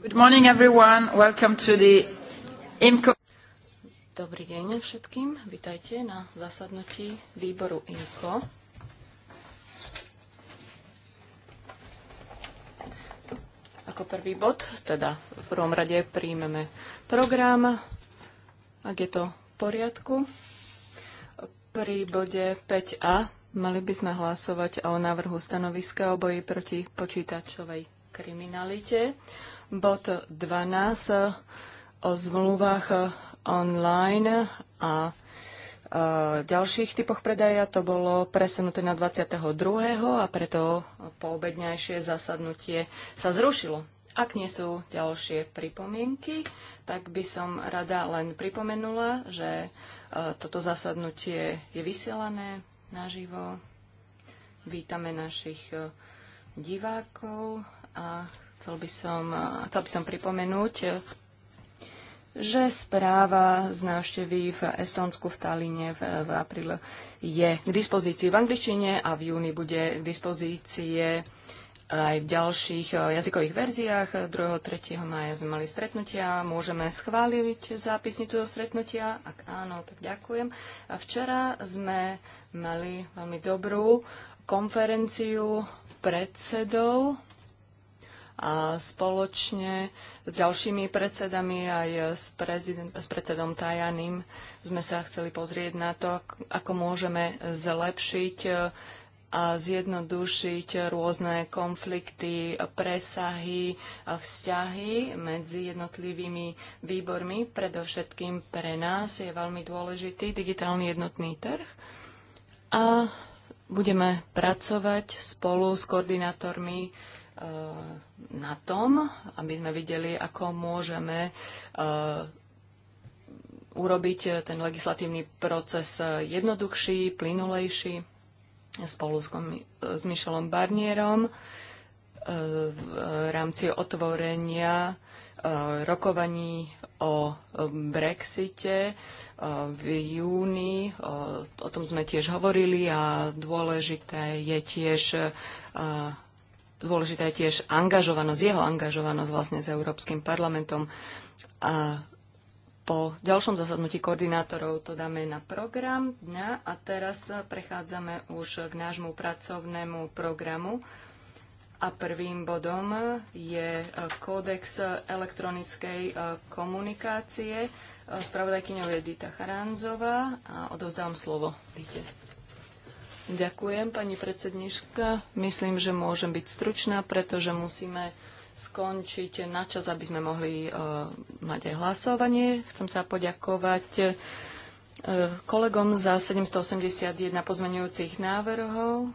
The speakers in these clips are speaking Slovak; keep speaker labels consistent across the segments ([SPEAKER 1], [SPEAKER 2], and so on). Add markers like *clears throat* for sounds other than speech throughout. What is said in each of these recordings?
[SPEAKER 1] Good morning everyone. Welcome to the IMCO. Dobrý
[SPEAKER 2] deň všetkým. Vítajte na zasadnutí výboru IMCO. Ako prvý bod, teda v prvom rade príjmeme
[SPEAKER 1] program,
[SPEAKER 2] ak je to v poriadku. Pri bode 5a Mali by sme hlasovať o návrhu stanoviska o boji proti počítačovej kriminalite, bod 12 o zmluvách online a ďalších typoch predaja to bolo presunuté na 22. a preto poobedňajšie zasadnutie sa zrušilo. Ak nie sú ďalšie pripomienky, tak by som rada len pripomenula, že e, toto zasadnutie je vysielané naživo. Vítame našich e, divákov a chcel by som, chcel by som pripomenúť, že správa z návštevy v Estonsku v Taline v, v apríle je k dispozícii v angličtine a v júni bude k dispozície aj v ďalších eh, jazykových verziách. 2. 3. maja sme mali stretnutia. Môžeme schváliť zápisnicu zo stretnutia? Ak áno, tak ďakujem. A včera sme mali veľmi dobrú konferenciu predsedov a spoločne s ďalšími predsedami aj s, prezident, s predsedom Tajaným sme sa chceli pozrieť na to, ako môžeme zlepšiť e, a zjednodušiť rôzne konflikty, presahy, a vzťahy medzi jednotlivými výbormi. Predovšetkým pre nás je veľmi dôležitý digitálny jednotný trh a budeme pracovať spolu s koordinátormi na tom, aby sme videli, ako môžeme eh, urobiť ten legislatívny proces jednoduchší, plynulejší spolu s, s Michelom Barnierom eh, v rámci otvorenia eh, rokovaní o Brexite v júni. O tom sme tiež hovorili a dôležité je tiež Dôležitá je tiež angažovanosť, jeho angažovanosť vlastne s Európskym parlamentom. A po ďalšom zasadnutí koordinátorov to dáme na program dňa a teraz prechádzame už k nášmu pracovnému programu. A prvým bodom je kódex elektronickej e, komunikácie. E, spravodajkyňou je Dita Charanzová a odovzdávam slovo. Dite. Ďakujem, pani predsedniška. Myslím, že môžem byť stručná, pretože musíme skončiť na čas, aby sme mohli uh, mať aj hlasovanie. Chcem sa poďakovať uh, kolegom za 781 pozmeňujúcich návrhov.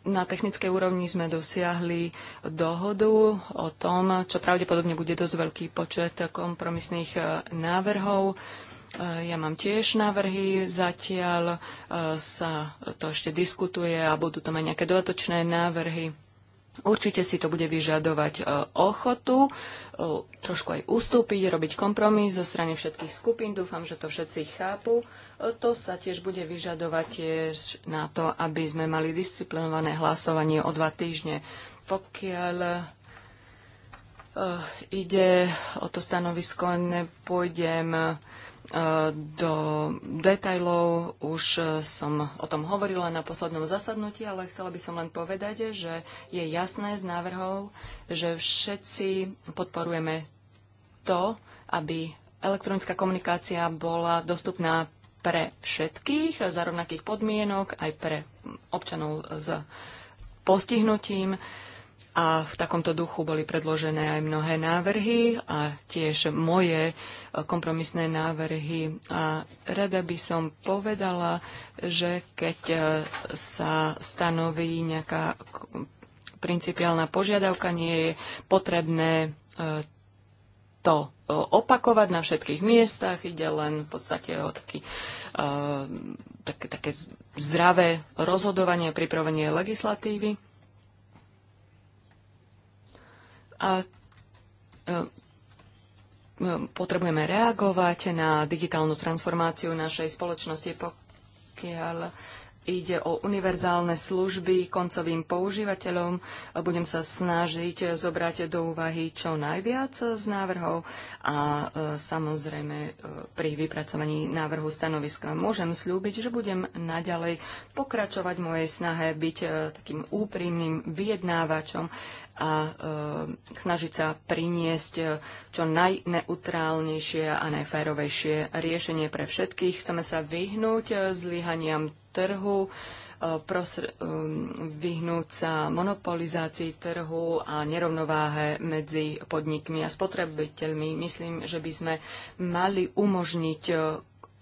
[SPEAKER 2] Na technickej úrovni sme dosiahli dohodu o tom, čo pravdepodobne bude dosť veľký počet kompromisných e, návrhov. Uh, Eh, ja mám tiež návrhy, zatiaľ eh, sa to ešte diskutuje a budú tam aj nejaké dodatočné návrhy. Určite si to bude vyžadovať eh, ochotu, trošku aj ustúpiť, robiť kompromis zo strany všetkých skupín. Dúfam, že to všetci chápu. To sa tiež bude vyžadovať tiež na to, aby sme mali disciplinované hlasovanie o dva týždne. Pokiaľ ide o to stanovisko, nepôjdem Eh, do detajlov už eh, som o tom hovorila na poslednom zasadnutí, ale chcela by som len povedať, že je jasné z návrhov, že všetci podporujeme to, aby elektronická komunikácia bola dostupná pre všetkých za rovnakých podmienok, aj pre občanov s postihnutím. Uh, a v takomto duchu boli predložené aj mnohé návrhy a tiež moje e, kompromisné návrhy. A rada by som povedala, že keď e, sa stanoví nejaká principiálna požiadavka, nie je potrebné e, to opakovať na všetkých miestach. Ide len v podstate o taký, také, také zdravé rozhodovanie a pripravenie legislatívy. A e, e, potrebujeme reagovať na digitálnu transformáciu našej spoločnosti, pokiaľ ide o univerzálne služby koncovým používateľom. Budem sa snažiť zobrať do úvahy čo najviac z návrhov a e, samozrejme pri vypracovaní návrhu stanoviska môžem slúbiť, že budem naďalej pokračovať mojej snahe byť takým úprimným vyjednávačom a e, snažiť sa priniesť e, čo najneutrálnejšie a najférovejšie riešenie pre všetkých. Chceme sa vyhnúť e, zlyhaniam trhu, e, prosr- vyhnúť sa monopolizácii trhu a nerovnováhe medzi podnikmi a spotrebiteľmi. Myslím, že by sme mali umožniť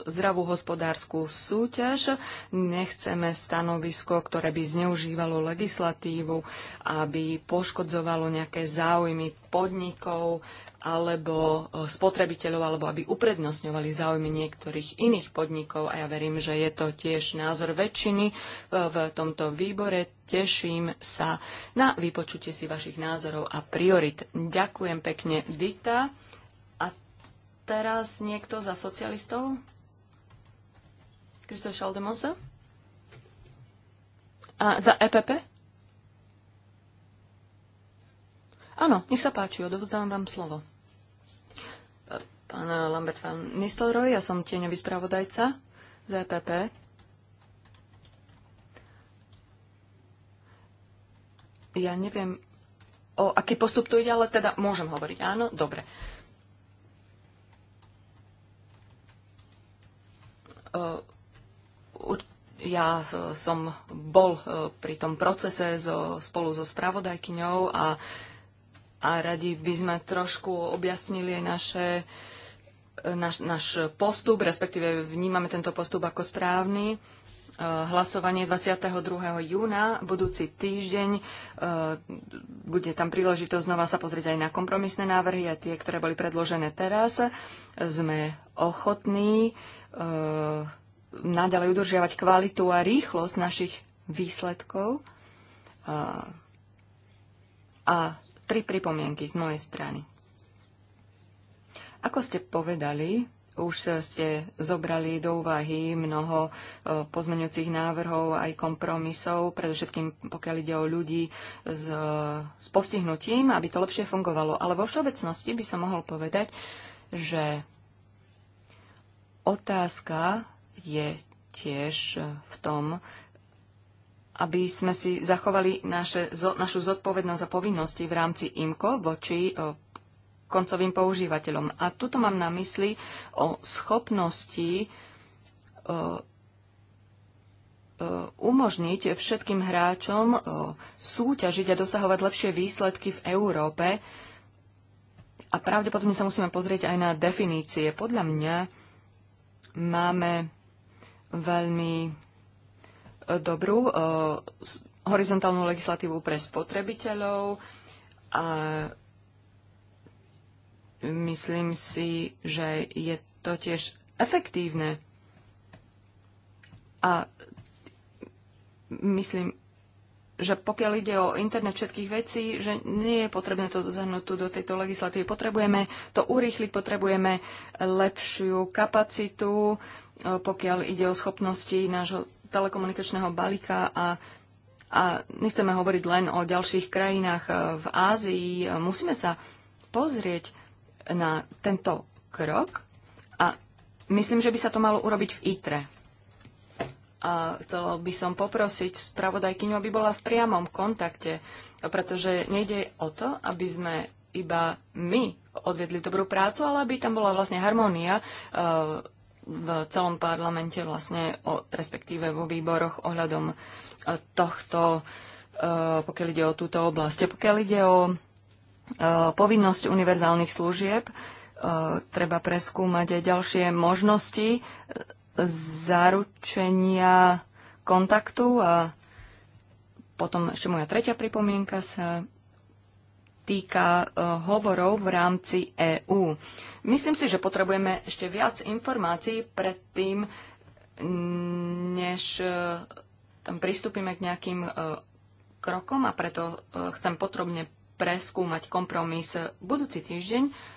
[SPEAKER 2] zdravú hospodárskú súťaž. Nechceme stanovisko, ktoré by zneužívalo legislatívu, aby poškodzovalo nejaké záujmy podnikov alebo eh, spotrebiteľov, alebo aby uprednostňovali záujmy niektorých iných podnikov. A ja verím, že je to tiež názor väčšiny eh, v tomto výbore. Teším sa na vypočutie si vašich názorov a priorit. Ďakujem pekne, Dita. A teraz niekto za socialistov? Kristof Šaldemosa. A za EPP? Áno, nech sa páči, odovzdávam vám slovo. Pán Lambert van Nistelrooy, ja som tieňový spravodajca za EPP. Ja neviem, o aký postup tu ide, ale teda môžem hovoriť. Áno, dobre. Uh, ja e, som bol e, pri tom procese so, spolu so spravodajkyňou a, a radi by sme trošku objasnili aj naše, e, naš, náš postup, respektíve vnímame tento postup ako správny. Hlasovanie 22. júna, budúci týždeň, bude tam príležitosť znova sa pozrieť aj na kompromisné návrhy a tie, ktoré boli predložené teraz. Sme ochotní nadalej udržiavať kvalitu a rýchlosť našich výsledkov. A, a tri pripomienky z mojej strany. Ako ste povedali, už ste zobrali do úvahy mnoho e, pozmeňujúcich návrhov aj kompromisov, predovšetkým pokiaľ ide o ľudí s, s postihnutím, aby to lepšie fungovalo. Ale vo všeobecnosti by som mohol povedať, že otázka je tiež e, v tom, aby sme si zachovali naše, zo, našu zodpovednosť a povinnosti v rámci IMCO voči o, e, koncovým používateľom. A tuto mám na mysli o schopnosti o, e, umožniť všetkým hráčom súťažiť a dosahovať lepšie výsledky v Európe. A pravdepodobne sa musíme pozrieť aj na definície. Podľa mňa máme veľmi e, dobrú e, horizontálnu legislatívu pre spotrebiteľov a myslím si, že je to tiež efektívne. A myslím, že pokiaľ ide o internet všetkých vecí, že nie je potrebné to zahrnúť tu do tejto legislatívy. Potrebujeme to urýchliť, potrebujeme lepšiu kapacitu, E, pokiaľ ide o schopnosti nášho telekomunikačného balíka a, a nechceme hovoriť len o ďalších krajinách e, v Ázii. E, musíme sa pozrieť na tento krok a myslím, že by sa to malo urobiť v ITRE. A chcel by som poprosiť spravodajkyňu, aby bola v priamom kontakte, pretože nejde o to, aby sme iba my odvedli dobrú prácu, ale aby tam bola vlastne harmónia v celom parlamente, vlastne, o, respektíve vo výboroch ohľadom e, tohto, e, pokiaľ ide o túto oblasť. Pokiaľ ide o e, povinnosť univerzálnych služieb, treba preskúmať aj ďalšie možnosti zaručenia kontaktu a potom ešte moja tretia pripomienka sa týka e, hovorov v rámci EÚ. Myslím si, že potrebujeme ešte viac informácií predtým, než e, tam pristúpime k nejakým e, krokom a preto chcem potrebne preskúmať kompromis budúci týždeň.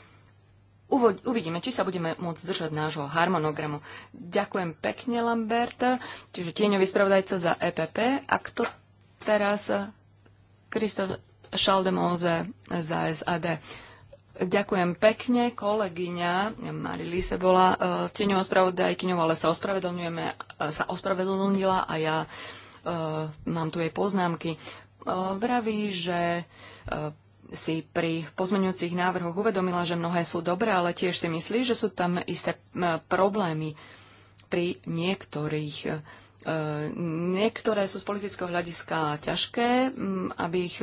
[SPEAKER 2] Uvidíme, či sa budeme môcť držať nášho harmonogramu. Ďakujem pekne, Lambert, čiže tieňový spravodajca za EPP. A kto teraz? Kristof Šaldemóze za SAD. Ďakujem pekne. Kolegyňa se bola uh, e, tieňovou spravodajkyňou, ale sa, ospravedlňujeme, e, sa ospravedlnila a ja uh, mám tu jej poznámky. Uh, vraví, že uh, si pri pozmeňujúcich návrhoch uvedomila, že mnohé sú dobré, ale tiež si myslí, že sú tam isté problémy pri niektorých. Niektoré sú z politického hľadiska ťažké, aby ich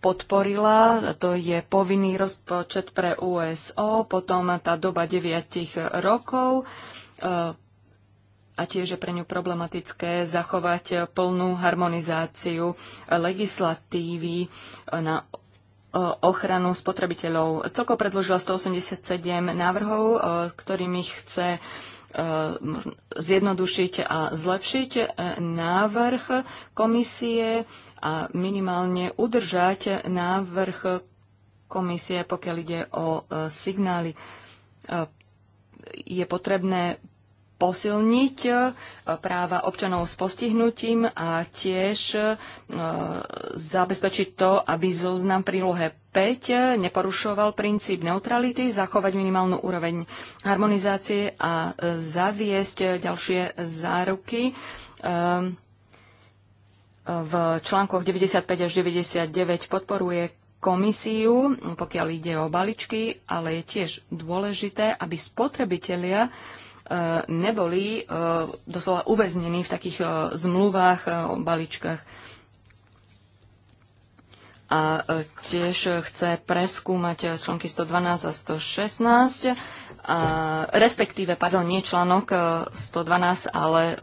[SPEAKER 2] podporila. To je povinný rozpočet pre USO, potom tá doba 9 rokov eh, a tiež je pre ňu problematické zachovať plnú harmonizáciu legislatívy eh, na eh, ochranu spotrebiteľov. Celko predložila 187 návrhov, ktorými chce zjednodušiť a zlepšiť návrh komisie a minimálne udržať návrh komisie, pokiaľ ide o e, signály. E, je potrebné posilniť e, práva občanov s postihnutím a tiež zabezpečiť to, aby zoznam prílohe 5 neporušoval princíp neutrality, zachovať minimálnu úroveň harmonizácie a zaviesť ďalšie záruky. Um, v článkoch 95 až 99 podporuje komisiu, pokiaľ ide o baličky, ale je tiež dôležité, aby spotrebitelia e, neboli e, doslova uväznení v takých e, zmluvách o baličkách. A tiež chce preskúmať články 112 a 116 respektíve, pardon, nie článok 112, e, ale e,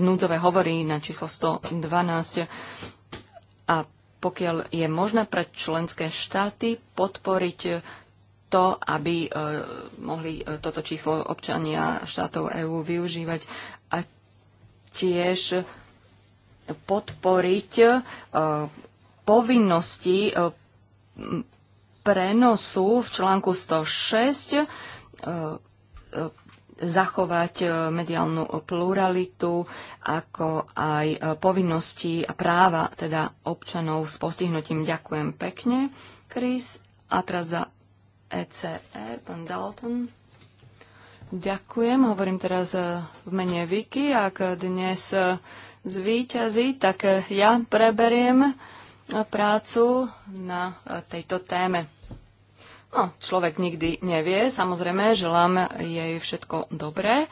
[SPEAKER 2] núdzové hovorí na číslo 112. A pokiaľ je možné pre členské štáty podporiť to, aby e, mohli toto číslo občania štátov EÚ využívať a tiež podporiť povinnosti prenosu v článku 106 E, e, zachovať e, mediálnu pluralitu, ako aj povinnosti a práva teda občanov s postihnutím. Ďakujem pekne, Chris. A teraz za ECR, pán Dalton. Ďakujem, hovorím teraz v mene Viki. Ak dnes zvýťazí, tak ja preberiem prácu na tejto téme. No, človek nikdy nevie. Samozrejme, želám jej všetko dobré.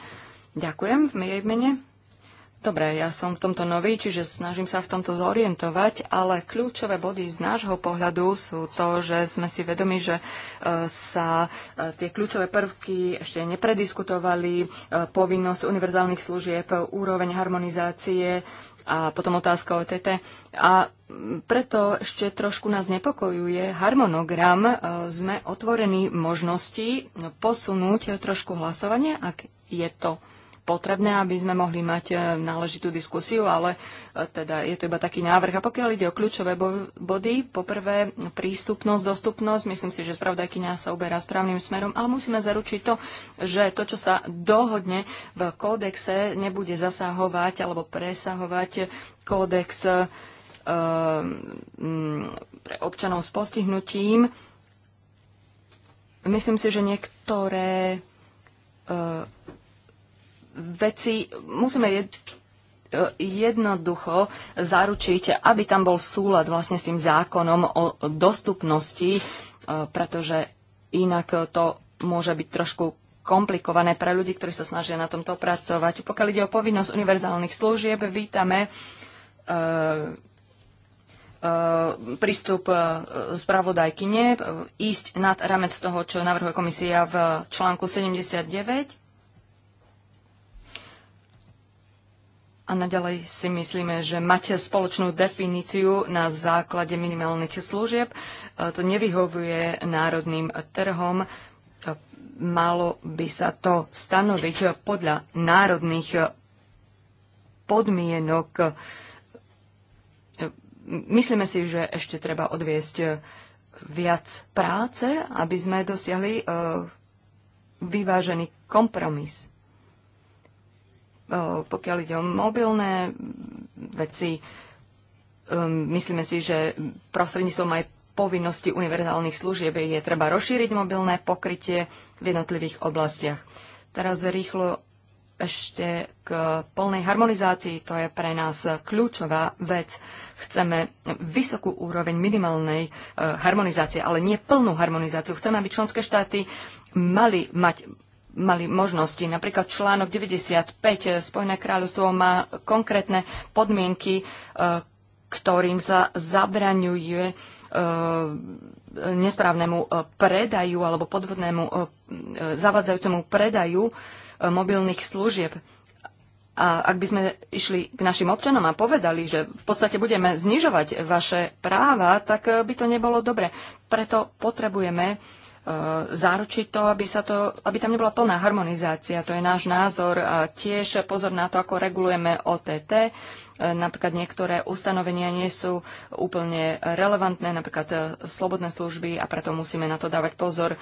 [SPEAKER 2] Ďakujem v jej mene. Dobre, ja som v tomto nový, čiže snažím sa v tomto zorientovať, ale kľúčové body z nášho pohľadu sú to, že sme si vedomi, že e, sa e, tie kľúčové prvky ešte neprediskutovali, e, povinnosť univerzálnych služieb, úroveň harmonizácie, a potom otázka o TT. A preto ešte trošku nás nepokojuje harmonogram. E, Sme otvorení možnosti posunúť trošku hlasovanie, ak je to potrebné, aby sme mohli mať e, náležitú diskusiu, ale e, teda je to iba taký návrh. A pokiaľ ide o kľúčové body, poprvé prístupnosť, dostupnosť, myslím si, že spravodajkyňa sa uberá správnym smerom, ale musíme zaručiť to, že to, čo sa dohodne v kódexe, nebude zasahovať alebo presahovať kódex e, mm, pre občanov s postihnutím. Myslím si, že niektoré veci musíme e, jednoducho zaručiť, aby tam bol súlad vlastne s tým zákonom o dostupnosti, e, pretože inak to môže byť trošku komplikované pre ľudí, ktorí sa snažia na tomto pracovať. Pokiaľ ide o povinnosť univerzálnych služieb, vítame e, prístup spravodajkyne ísť nad ramec toho, čo navrhuje komisia v článku 79 A naďalej si myslíme, že máte spoločnú definíciu na základe minimálnych služieb. E, to nevyhovuje národným trhom. E, malo by sa to stanoviť podľa národných podmienok. E, myslíme si, že ešte treba odviesť viac práce, aby sme dosiahli vyvážený kompromis pokiaľ ide o mobilné veci, um, myslíme si, že prostredníctvom aj povinnosti univerzálnych služieb je treba rozšíriť mobilné pokrytie v jednotlivých oblastiach. Teraz rýchlo ešte k plnej harmonizácii, to je pre nás kľúčová vec. Chceme vysokú úroveň minimálnej e, harmonizácie, ale nie plnú harmonizáciu. Chceme, aby členské štáty mali mať mali možnosti. Napríklad článok 95 eh, Spojené kráľovstvo má konkrétne podmienky, eh, ktorým sa zabraňuje eh, nesprávnemu predaju alebo podvodnému zavadzajúcemu predaju mobilných služieb. A ak by sme išli k našim občanom a povedali, že v podstate budeme znižovať vaše práva, tak by to nebolo dobre. Preto potrebujeme uh, E, záručiť to, aby, sa to, aby tam nebola plná harmonizácia. To je náš názor. A tiež pozor na to, ako regulujeme OTT. E, napríklad niektoré ustanovenia nie sú úplne relevantné, napríklad e, slobodné služby a preto musíme na to dávať pozor.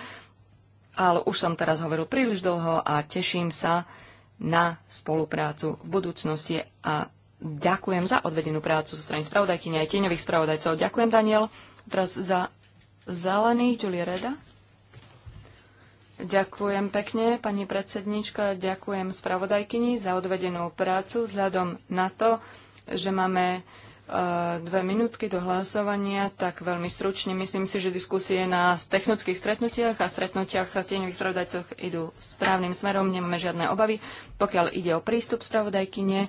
[SPEAKER 2] Ale už som teraz hovoril príliš dlho a teším sa na spoluprácu v budúcnosti a ďakujem za odvedenú prácu zo strany spravodajkyne aj tieňových spravodajcov. Ďakujem, Daniel. Teraz za zelený Julie Reda. Ďakujem pekne, pani predsednička, ďakujem spravodajkyni za odvedenú prácu vzhľadom na to, že máme eh, dve minútky do hlasovania, tak veľmi stručne. Myslím si, že diskusie na technických stretnutiach a stretnutiach tieňových spravodajcoch idú správnym smerom, nemáme žiadne obavy. Pokiaľ ide o prístup spravodajkyne, eh,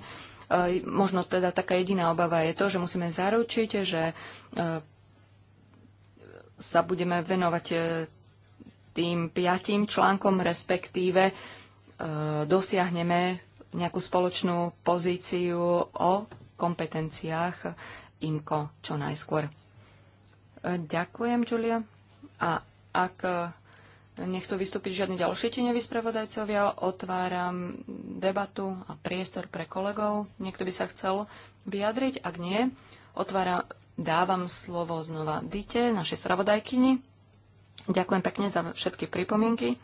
[SPEAKER 2] možno teda taká jediná obava je to, že musíme zaručiť, že eh, sa budeme venovať tým piatým článkom, respektíve e, dosiahneme nejakú spoločnú pozíciu o kompetenciách IMCO čo najskôr. E, ďakujem, Julia. A ak e, nechcú vystúpiť žiadni ďalší tieňoví spravodajcovia, otváram debatu a priestor pre kolegov. Niekto by sa chcel vyjadriť? Ak nie, otváram, dávam slovo znova Dite, našej spravodajkyni. Ďakujem pekne za všetky pripomienky.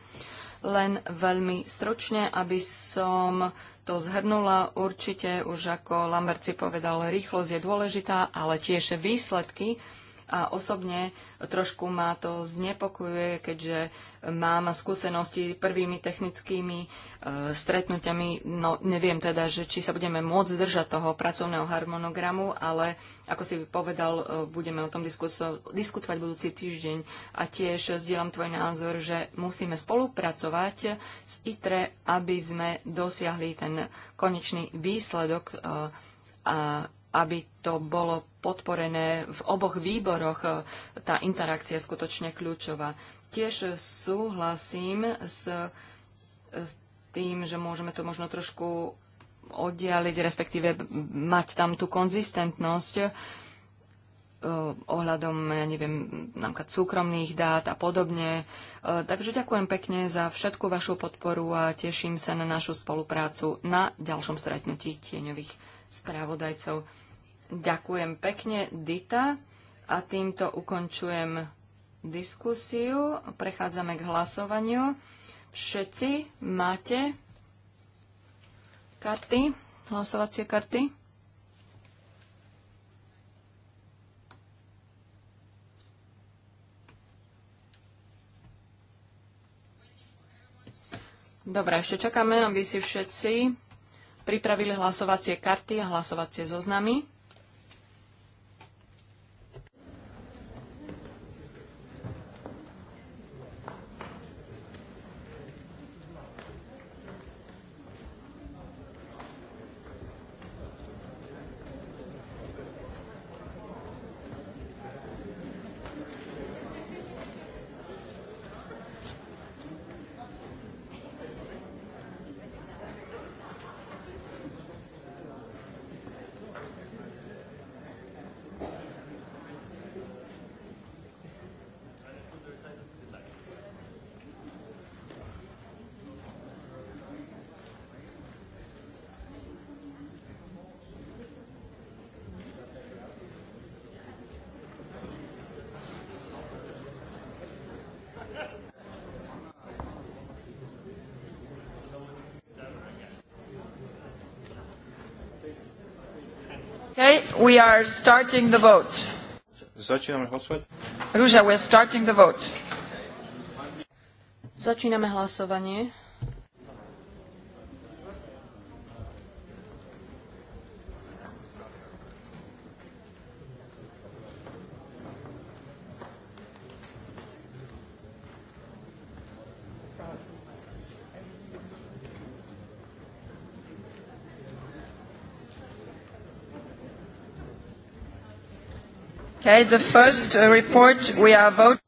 [SPEAKER 2] Len veľmi stručne, aby som to zhrnula, určite už ako Lambert si povedal, rýchlosť je dôležitá, ale tiež výsledky a osobne trošku ma to znepokojuje, keďže mám skúsenosti prvými technickými e, stretnutiami. No neviem teda, že či sa budeme môcť držať toho pracovného harmonogramu, ale ako si povedal, e, budeme o tom diskuso- diskutovať budúci týždeň. A tiež zdieľam tvoj názor, že musíme spolupracovať s ITRE, aby sme dosiahli ten konečný výsledok e, a aby to bolo podporené v oboch výboroch. E, tá interakcia je skutočne kľúčová. Tiež súhlasím s, e, s tým, že môžeme to možno trošku oddialiť, respektíve mať tam tú konzistentnosť e, ohľadom, ja neviem, napríklad súkromných dát a podobne. takže ďakujem pekne za všetku vašu podporu a teším sa na našu spoluprácu na ďalšom stretnutí tieňových spravodajcov. Ďakujem pekne, Dita, a týmto ukončujem diskusiu. Prechádzame k hlasovaniu. Všetci máte karty, hlasovacie karty? Dobre, ešte čakáme, aby si všetci pripravili hlasovacie karty a hlasovacie zoznamy.
[SPEAKER 1] We are starting the vote. Začíname hlasovať. Rúža, we are starting the vote. Začíname hlasovanie. Okay, the first uh, report we are
[SPEAKER 2] voting.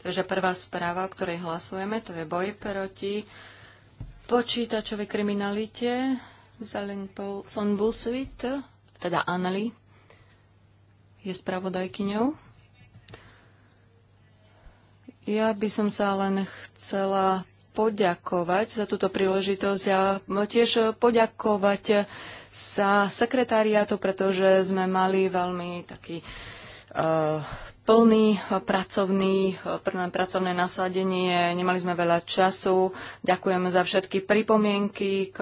[SPEAKER 2] Takže prvá správa, o ktorej hlasujeme, to je boj proti počítačovej kriminalite za von Buswit, teda Anneli, je spravodajkyňou. Ja by som sa len chcela poďakovať za túto príležitosť a tiež poďakovať sa sekretariátu, pretože sme mali veľmi taký uh, Eh, plný eh, pracovný, eh, plné pracovné nasadenie. Nemali sme veľa času. Ďakujem za všetky pripomienky k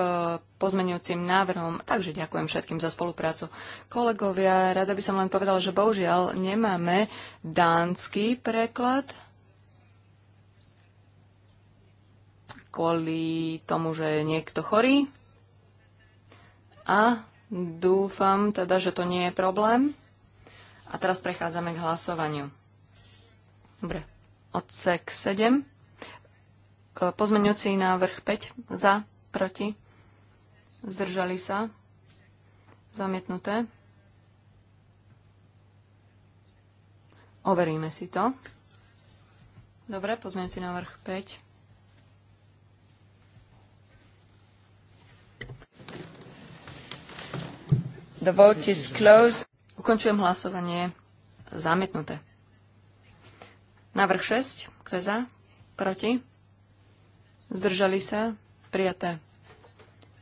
[SPEAKER 2] pozmenujúcim návrhom. Takže ďakujem všetkým za spoluprácu. Kolegovia, rada by som len povedala, že bohužiaľ nemáme dánsky preklad kvôli tomu, že je niekto chorý. A dúfam teda, že to nie je problém. A teraz prechádzame k hlasovaniu. Dobre, odsek 7. E, pozmeňujúci návrh 5. Za, proti. Zdržali sa. Zamietnuté. Overíme si to. Dobre, pozmeňujúci návrh 5.
[SPEAKER 1] The vote is
[SPEAKER 2] closed. Ukončujem hlasovanie. Zamietnuté. Návrh 6. Kto je za? Proti? Zdržali sa? Prijaté.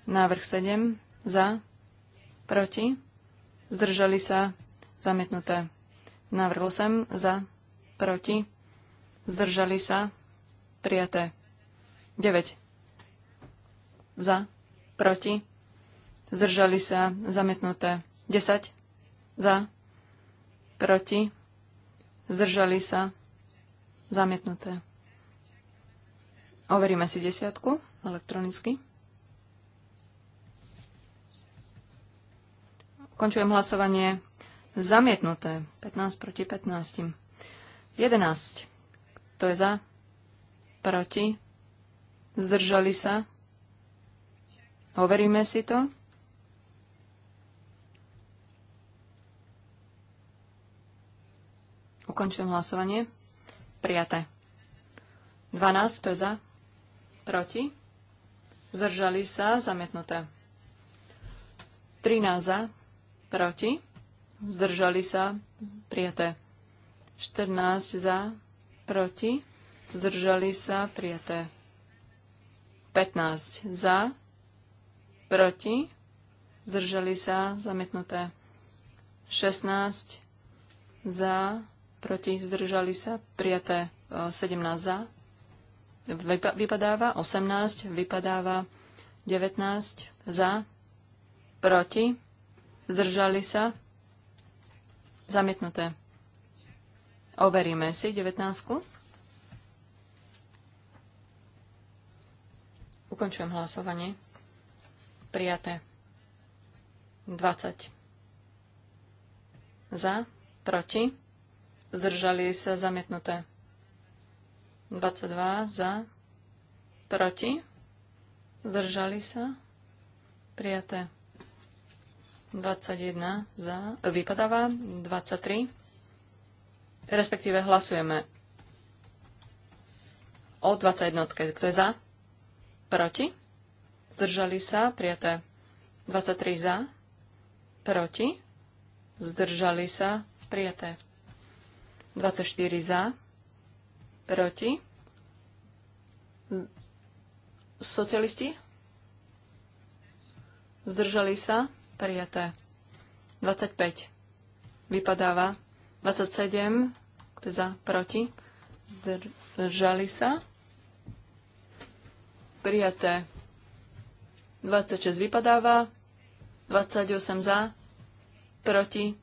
[SPEAKER 2] Návrh 7. Za? Proti? Zdržali sa? Zamietnuté. Návrh 8. Za? Proti? Zdržali sa? Prijaté. 9. Za? Proti? Zdržali sa? Zamietnuté. 10. Za. Proti. Zdržali sa. Zamietnuté. Overíme si desiatku elektronicky. Končujem hlasovanie. Zamietnuté. 15 proti 15. 11. Kto je za? Proti? Zdržali sa? Overíme si to. Ukončujem hlasovanie. Prijaté. 12, to je za. Proti. Zdržali sa. Zamietnuté. 13 za. Proti. Zdržali sa. Prijaté. 14 za. Proti. Zdržali sa. Prijaté. 15 za. Proti. Zdržali sa. Zamietnuté. 16 za proti, zdržali sa, prijaté 17 e, za, vypadáva 18, vypadáva 19 za, proti, zdržali sa, zamietnuté. Overíme si 19. Ukončujem hlasovanie. Prijaté. 20. Za, proti zdržali sa zamietnuté. 22 za, proti, zdržali sa, prijaté. 21 za, vypadáva, 23, respektíve hlasujeme o 21, kto je za, proti, zdržali sa, prijaté. 23 za, proti, zdržali sa, prijaté. 24 za, proti. Socialisti? Zdržali sa? Prijaté. 25. Vypadáva. 27. za? Proti. Zdržali sa? Prijaté. 26 vypadáva. 28 za. Proti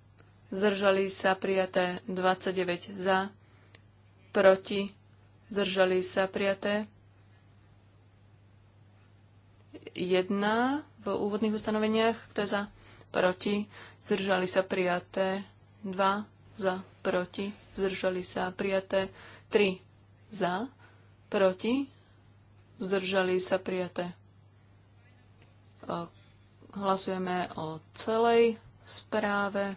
[SPEAKER 2] zdržali sa prijaté 29 za, proti, zdržali sa prijaté 1 v úvodných ustanoveniach, kto je za, proti, zdržali sa prijaté 2 za, proti, zdržali sa prijaté 3 za, proti, zdržali sa prijaté. Hlasujeme o celej správe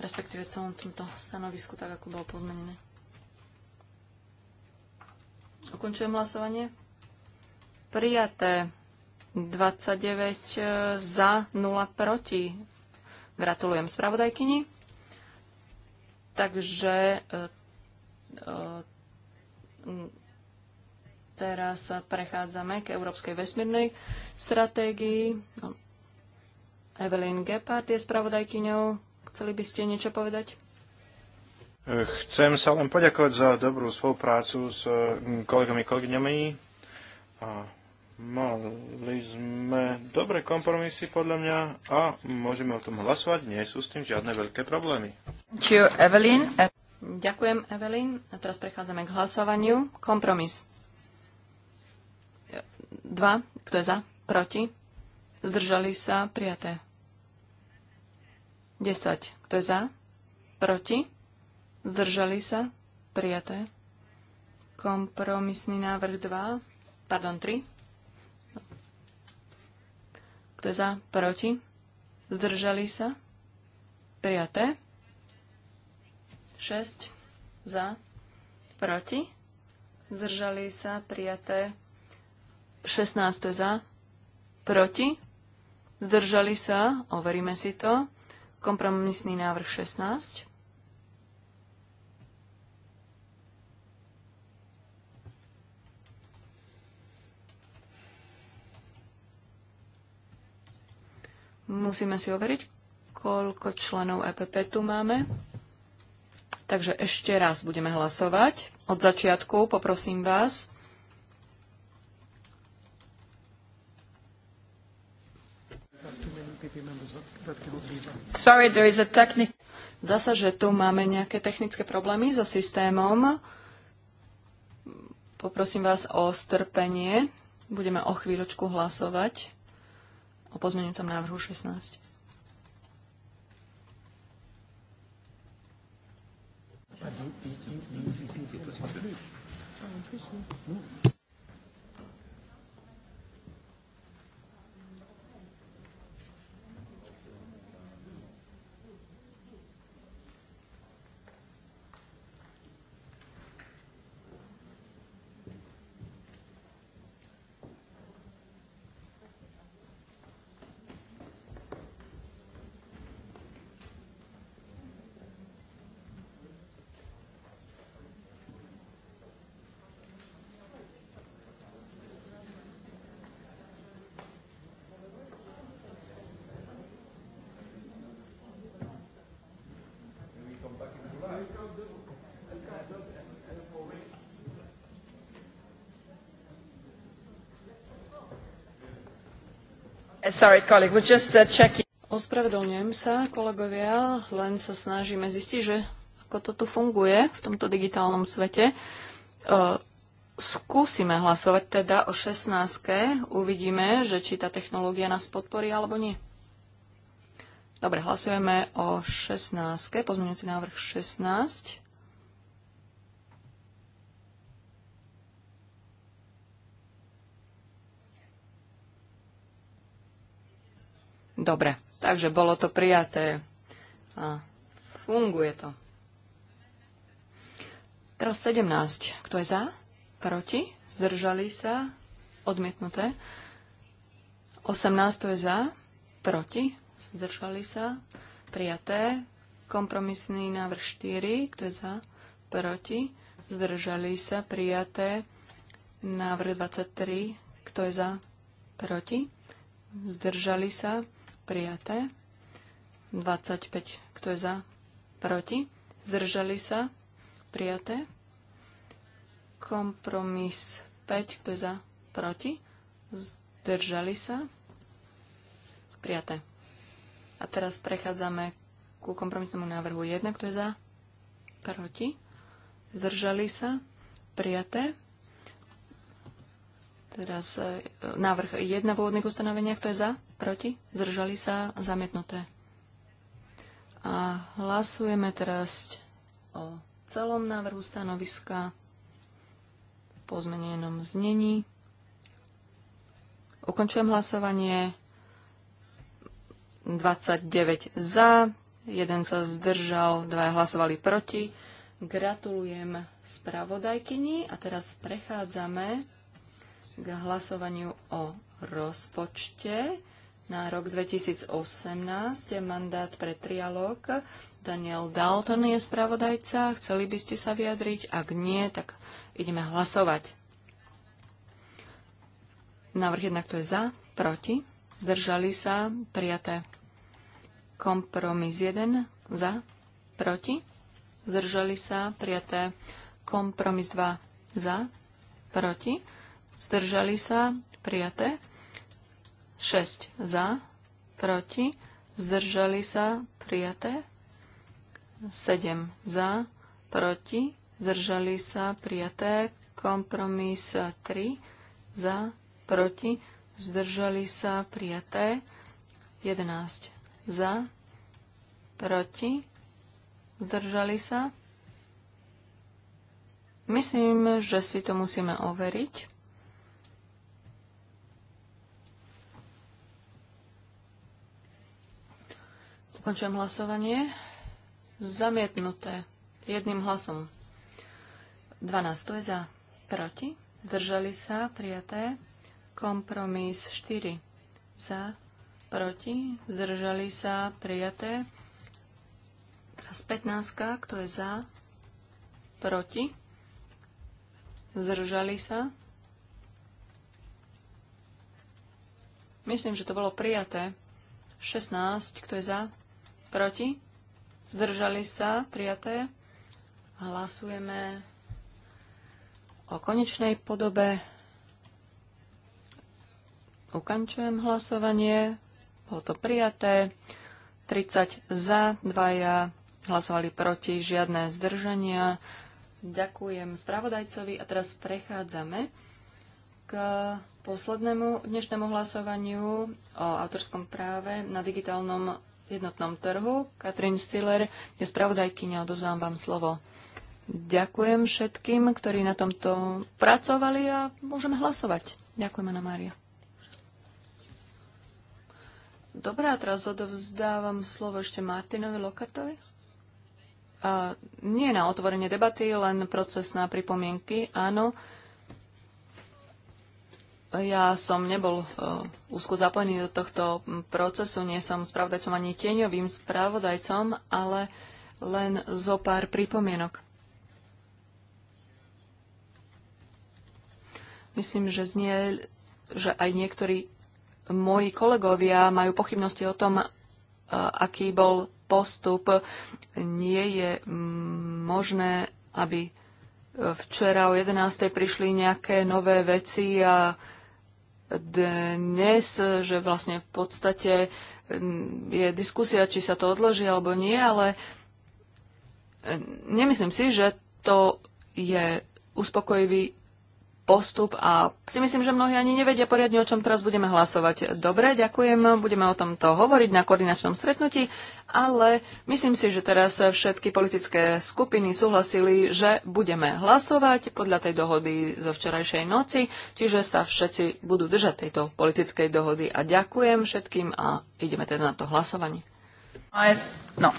[SPEAKER 2] respektíve celom tomto stanovisku, tak ako bolo pozmenené. Ukončujem hlasovanie. Prijaté 29 eh, za, 0 proti. Gratulujem spravodajkyni. Takže eh, eh, teraz prechádzame k Európskej vesmírnej stratégii. No, Evelyn Gepard je spravodajkyňou. Chceli by ste niečo povedať?
[SPEAKER 3] Chcem sa len poďakovať za dobrú spoluprácu s mm, kolegami, kolegyňami. A mali sme dobré kompromisy podľa mňa a môžeme o tom hlasovať. Nie sú s tým žiadne veľké problémy.
[SPEAKER 1] Ďakujem,
[SPEAKER 2] Evelyn. Ďakujem, Evelyn. A teraz prechádzame k hlasovaniu. Kompromis. Dva, Kto je za? Proti? Zdržali sa? Prijaté. 10. Kto je za? Proti? Zdržali sa? Prijaté. Kompromisný návrh 2. Pardon, 3. Kto je za? Proti? Zdržali sa? Prijaté. 6. Za? Proti? Zdržali sa? Prijaté. 16. za? Proti? Zdržali sa? Overíme si to. Kompromisný návrh 16. Musíme si overiť, koľko členov EPP tu máme. Takže ešte raz budeme hlasovať. Od začiatku poprosím vás. Sorry, there is a technic- Zasa, že tu máme nejaké technické problémy so systémom. Poprosím vás o strpenie. Budeme o chvíľočku hlasovať o pozmeňujúcom návrhu 16.
[SPEAKER 3] No.
[SPEAKER 1] Sorry, colleague, we're just uh, checking. Ospravedlňujem sa,
[SPEAKER 2] kolegovia, len sa snažíme zistiť, že ako to tu funguje v tomto digitálnom svete. E, skúsime hlasovať teda o 16. Uvidíme, že či tá technológia nás podporí alebo nie. Dobre, hlasujeme o 16. Pozmeňujúci návrh 16. Dobre, takže bolo to prijaté a funguje to. Teraz 17. Kto je za? Proti? Zdržali sa? Odmietnuté. 18. Kto je za? Proti? Zdržali sa? Prijaté. Kompromisný návrh 4. Kto je za? Proti? Zdržali sa? Prijaté. Návrh 23. Kto je za? Proti? Zdržali sa? prijaté. 25, kto je za, proti, zdržali sa, prijaté. Kompromis 5, kto je za, proti, zdržali sa, prijaté. A teraz prechádzame ku kompromisnému návrhu 1, kto je za, proti, zdržali sa, prijaté. Teraz e, návrh 1 v úvodných ustanoveniach, kto je za, proti, zdržali sa, zamietnuté. A hlasujeme teraz o celom návrhu stanoviska v pozmenenom znení. Ukončujem hlasovanie. 29 za, jeden sa zdržal, dva hlasovali proti. Gratulujem spravodajkyni a teraz prechádzame k hlasovaniu o rozpočte na rok 2018, je mandát pre trialog. Daniel Dalton je spravodajca. Chceli by ste sa vyjadriť? Ak nie, tak ideme hlasovať. Návrh jednak to je za, proti, zdržali sa, prijaté. Kompromis 1, za, proti, zdržali sa, prijaté. Kompromis 2, za, proti, zdržali sa, prijaté. 6 za, proti, zdržali sa, prijaté. 7 za, proti, zdržali sa, prijaté. Kompromis 3 e, za, proti, zdržali sa, prijaté. 11 za, proti, zdržali sa. Myslím, že si to musíme overiť. Končujem hlasovanie. Zamietnuté. Jedným hlasom. 12. To je za. Proti. Zdržali sa. Prijaté. Kompromis 4. Za. Proti. Zdržali sa. Prijaté. Teraz 15. Kto je za? Proti. Zdržali sa. Myslím, že to bolo prijaté. 16. Kto je za? proti, zdržali sa, prijaté. Hlasujeme o konečnej podobe. Ukončujem hlasovanie. Bolo to prijaté. 30 za, 2 ja, hlasovali proti, žiadne zdržania. Ďakujem spravodajcovi a teraz prechádzame k poslednému dnešnému hlasovaniu o autorskom práve na digitálnom jednotnom trhu. Katrin Stiller je spravodajkyňa, odovzdám vám slovo. Ďakujem všetkým, ktorí na tomto pracovali a môžeme hlasovať. Ďakujem, Ana Mária. Dobre, a teraz odovzdávam slovo ešte Martinovi Lokatovi. A nie na otvorenie debaty, len procesná pripomienky. Áno, ja som nebol e, úzko zapojený do tohto procesu, nie som spravodajcom ani tieňovým spravodajcom, ale len zo pár pripomienok. Myslím, že znie, že aj niektorí moji kolegovia majú pochybnosti o tom, e, aký bol postup. Nie je mm, možné, aby e, včera o 11.00 prišli nejaké nové veci a dnes, že vlastne v podstate je diskusia, či sa to odloží alebo nie, ale e, nemyslím si, že to je uspokojivý postup a si myslím, že mnohí ani nevedia poriadne, o čom teraz budeme hlasovať. Dobre, ďakujem, budeme o tomto hovoriť na koordinačnom stretnutí, ale myslím si, že teraz všetky politické skupiny súhlasili, že budeme hlasovať podľa tej dohody zo včerajšej noci, čiže sa všetci budú držať tejto politickej dohody a ďakujem všetkým a ideme teda na to hlasovanie.
[SPEAKER 1] No.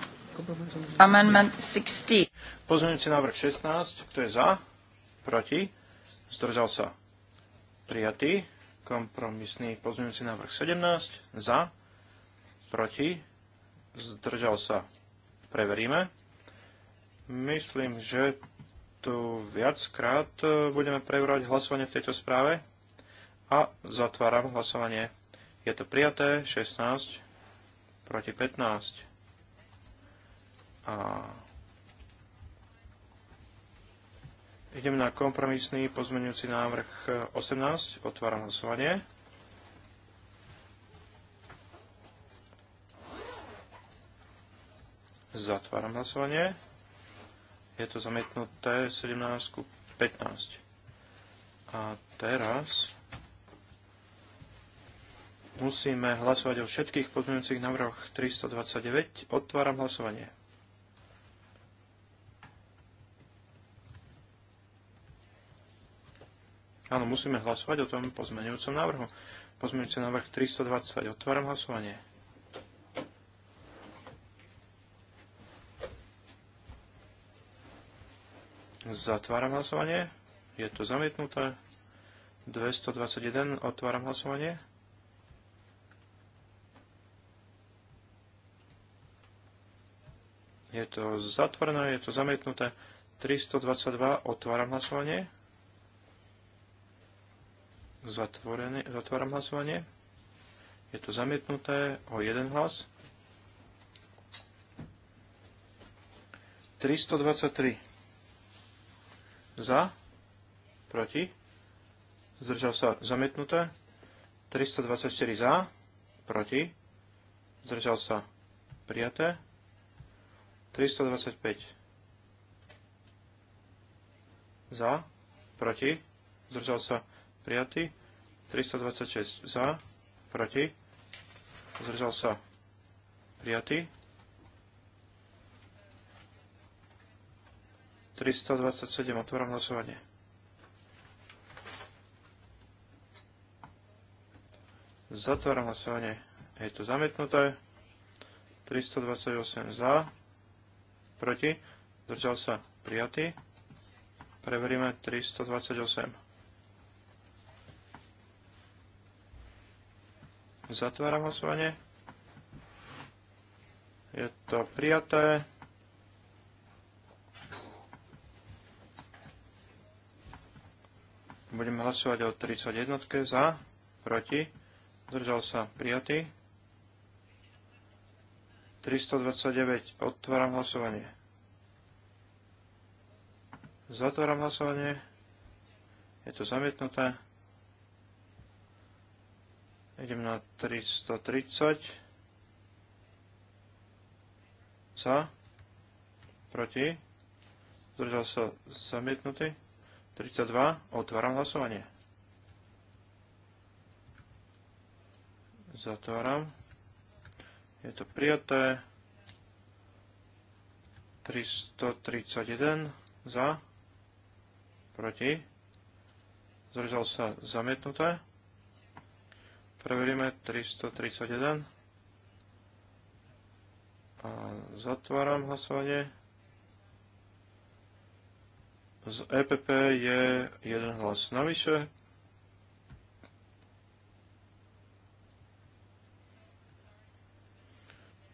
[SPEAKER 1] Amendment 60. Pozmeňujúci návrh 16. Kto je
[SPEAKER 3] za? Proti? zdržal sa prijatý. Kompromisný pozmeňujúci návrh 17 za, proti, zdržal sa. Preveríme. Myslím, že tu viackrát e, budeme preverovať hlasovanie v tejto správe. A zatváram hlasovanie. Je to prijaté 16 proti 15. A Idem na kompromisný pozmeňujúci návrh 18. Eh, Otváram hlasovanie. Zatváram hlasovanie. Je to zamietnuté 17 ku 15. A teraz musíme hlasovať o všetkých pozmeňujúcich návrhoch 329. Otváram hlasovanie. Áno, musíme hlasovať o tom pozmeňujúcom návrhu. Pozmenujúci návrh 320. Otváram hlasovanie. Zatváram hlasovanie. Je to zamietnuté. 221. Otváram hlasovanie. Je to zatvorené, je to zamietnuté. 322. Otváram hlasovanie. Zatvorené, zatváram hlasovanie. Je to zamietnuté o jeden hlas. 323 za, proti, zdržal sa zamietnuté, 324 za, proti, zdržal sa prijaté, 325 za, proti, zdržal sa prijaté, prijatý. 326 za, proti, zdržal sa, prijatý. 327, otváram hlasovanie. Zatváram hlasovanie, je to zamietnuté. 328 za, proti, zdržal sa, prijatý. Preveríme 328. Zatváram hlasovanie. Je to prijaté. Budeme hlasovať o 31 za, proti, zdržal sa prijatý. 329, otváram hlasovanie. Zatváram hlasovanie. Je to zamietnuté. Idem na 330. Za. Proti. Zdržal sa zamietnutý. 32. Otváram hlasovanie. Zatváram. Je to prijaté. 331 za, proti, zdržal sa zamietnuté, Preveríme 331. A zatváram hlasovanie. Z EPP je jeden hlas navyše.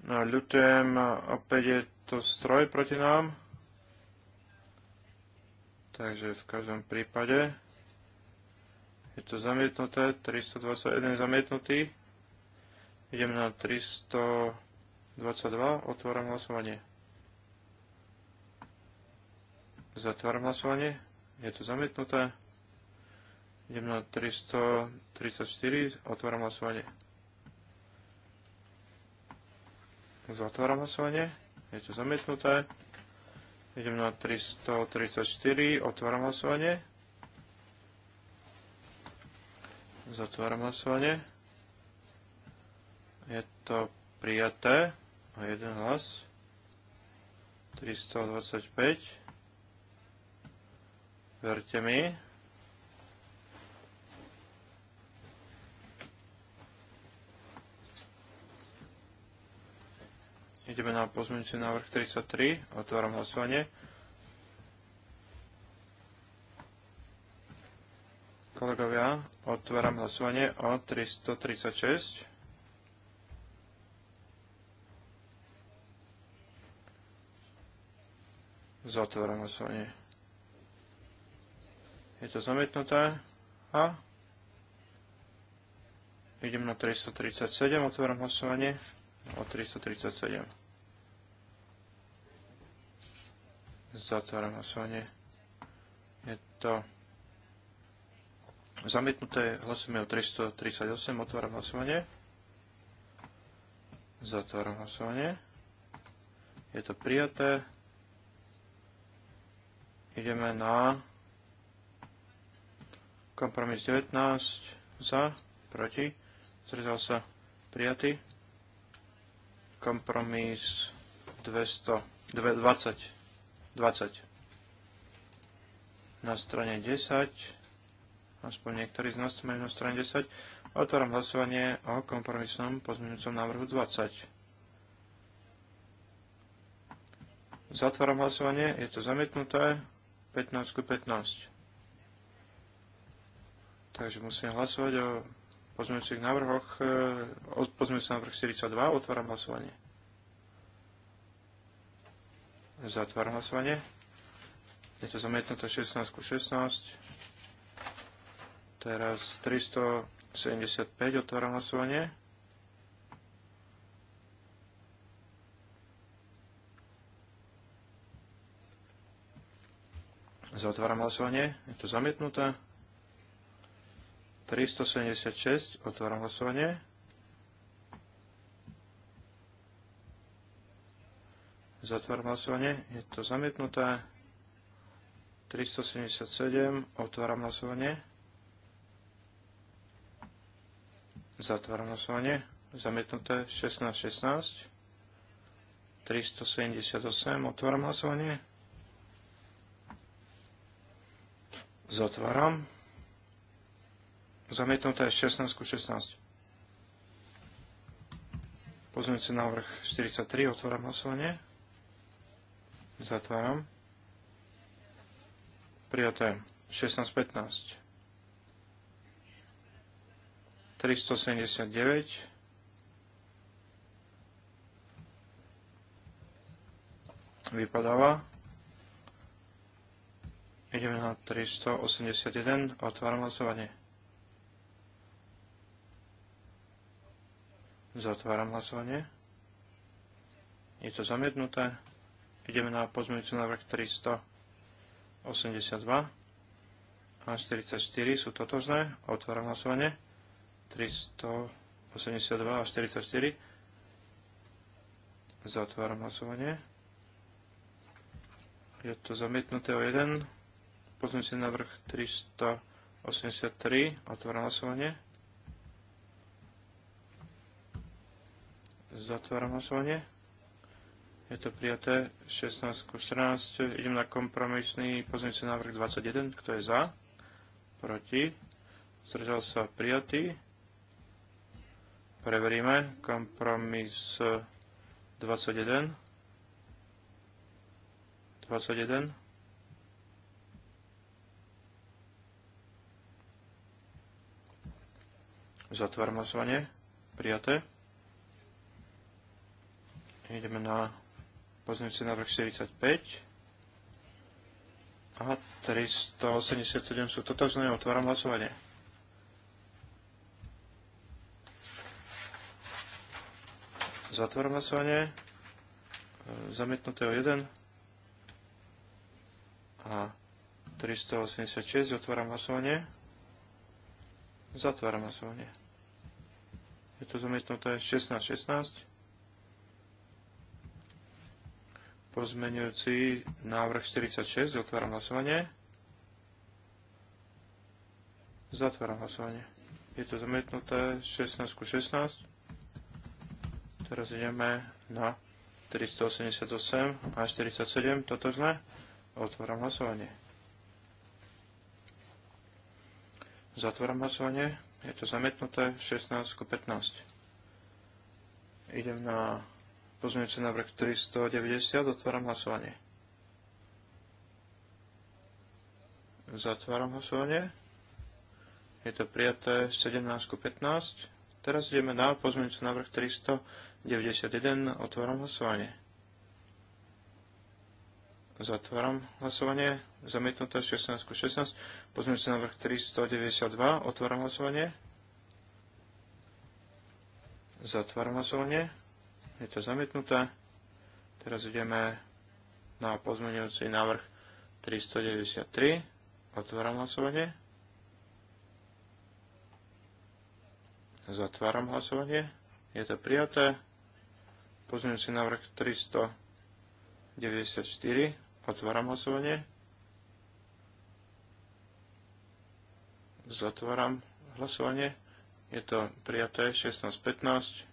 [SPEAKER 3] No, ľutujem, opäť je to stroj proti nám. Takže v každom prípade je to zamietnuté. 321 zamietnutý. Idem na 322. Otváram hlasovanie. Zatváram hlasovanie. Je to zamietnuté. Idem na 334, otváram hlasovanie. Zatváram hlasovanie, je to zamietnuté. Idem na 334, otváram hlasovanie. Zatváram hlasovanie. Je to prijaté. A jeden hlas. 325. Verte mi. Ideme na pozmeňujúci návrh 33. Otváram hlasovanie. kolegovia. Otváram hlasovanie o 336. Zatváram hlasovanie. Je to zamietnuté. A idem na 337. Otváram hlasovanie o 337. Zatváram hlasovanie. Je to Zamietnuté hlasujeme o 338. Otváram hlasovanie. Zatváram hlasovanie. Je to prijaté. Ideme na kompromis 19. Za, proti. Zdržal sa prijatý. Kompromis 200, 20. 20. Na strane 10 aspoň niektorí z nás sme na strane 10. Otváram hlasovanie o kompromisnom pozmeňujúcom návrhu 20. Zatváram hlasovanie, je to zamietnuté 15 ku 15. Takže musíme hlasovať o pozmeňujúcich návrhoch, e, od pozmeňujúci návrh 42, otváram hlasovanie. Zatváram hlasovanie. Je to zamietnuté 16 ku 16. Teraz 375, otváram hlasovanie. Zatváram hlasovanie. Je to zamietnuté. 376. Otváram hlasovanie. Zatváram hlasovanie. Je to zamietnuté. 377. Otváram hlasovanie. Zatváram hlasovanie. Zamietnuté 16, 16. 378. Otváram hlasovanie. Zatváram. Zamietnuté 16 ku 16. Pozmeňujúci návrh 43. Otváram hlasovanie. Zatváram. Prijaté 15. 379. Vypadáva. Ideme na 381. Otváram hlasovanie. Zatváram hlasovanie. Je to zamietnuté. Ideme na pozmeňujúci návrh 382 a 44 sú totožné. Otváram hlasovanie. 382 a 44. Zatváram hlasovanie. Je to zamietnuté o 1. Pozmeňujúci návrh 383. Otváram hlasovanie. Zatváram hlasovanie. Je to prijaté 16 ku 14. Idem na kompromisný pozmeňujúci návrh 21. Kto je za? Proti? Zdržal sa prijatý. Preveríme. Kompromis 21. E, 21. Zatváram hlasovanie. Prijaté. Ideme na pozmeňujúci návrh 45. Aha, 387 sú totožné. Otváram hlasovanie. Zatvorím hlasovanie. Zamietnuté 1. A 386. Otváram hlasovanie. Zatváram hlasovanie. Je to zamietnuté 16, 16. Pozmenujúci návrh 46. Otváram hlasovanie. Zatváram hlasovanie. Je to zamietnuté 16 16. Teraz ideme na 388 a 47, toto sme. Otváram hlasovanie. Zatváram hlasovanie. Je to zametnuté 16 ku 15. Idem na pozmeňujúce návrh 390. Otváram hlasovanie. Zatváram hlasovanie. Je to prijaté 17 ku 15. Teraz ideme na pozmeňujúce návrh 391. 91. Otváram hlasovanie. Zatváram hlasovanie. Zamietnuté 16 16. Pozrieme sa na vrch 392. Otváram hlasovanie. Zatváram hlasovanie. Je to zamietnuté. Teraz ideme na pozmeňujúci návrh 393. Otváram hlasovanie. Zatváram hlasovanie. Je to prijaté. Pozmeňujúci návrh 394. Otváram hlasovanie. Zatváram hlasovanie. Je to prijaté 16.15.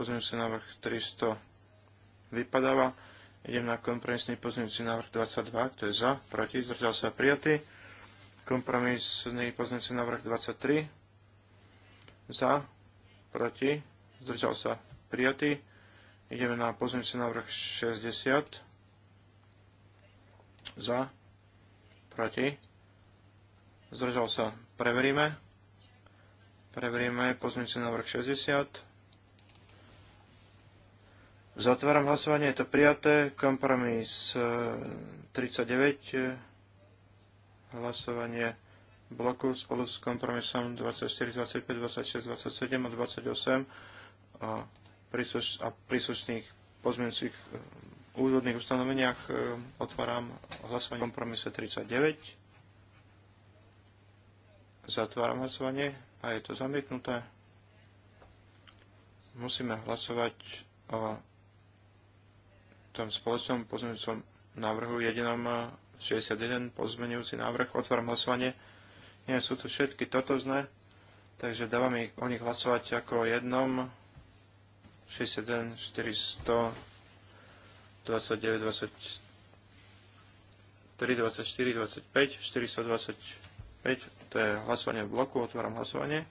[SPEAKER 3] Pozmeňujúci návrh 300 vypadáva. Idem na kompromisný pozmeňujúci návrh 22, kto je za, proti, zdržal sa prijatý. Kompromisný pozmeňujúci návrh 23, za, proti, zdržal sa prijatý. Ideme na na návrh 60. Za. Proti. Zdržal sa. Preveríme. Preveríme na návrh 60. Zatváram hlasovanie, je to prijaté. Kompromis 39. E, hlasovanie bloku spolu s kompromisom 24, 25, 26, 27 a 28. A prísluš- a príslušných pozmeňujúcich eh, úvodných ustanoveniach eh, otváram hlasovanie kompromise 39. Zatváram hlasovanie a je to zamietnuté. Musíme hlasovať o tom spoločnom pozmeňujúcom návrhu jedinom 61 eh, pozmeňujúci návrh. Otváram hlasovanie. Nie, sú tu všetky totožné, takže dávam ich, o nich hlasovať ako jednom 425, to je hlasovanie v bloku, otváram hlasovanie.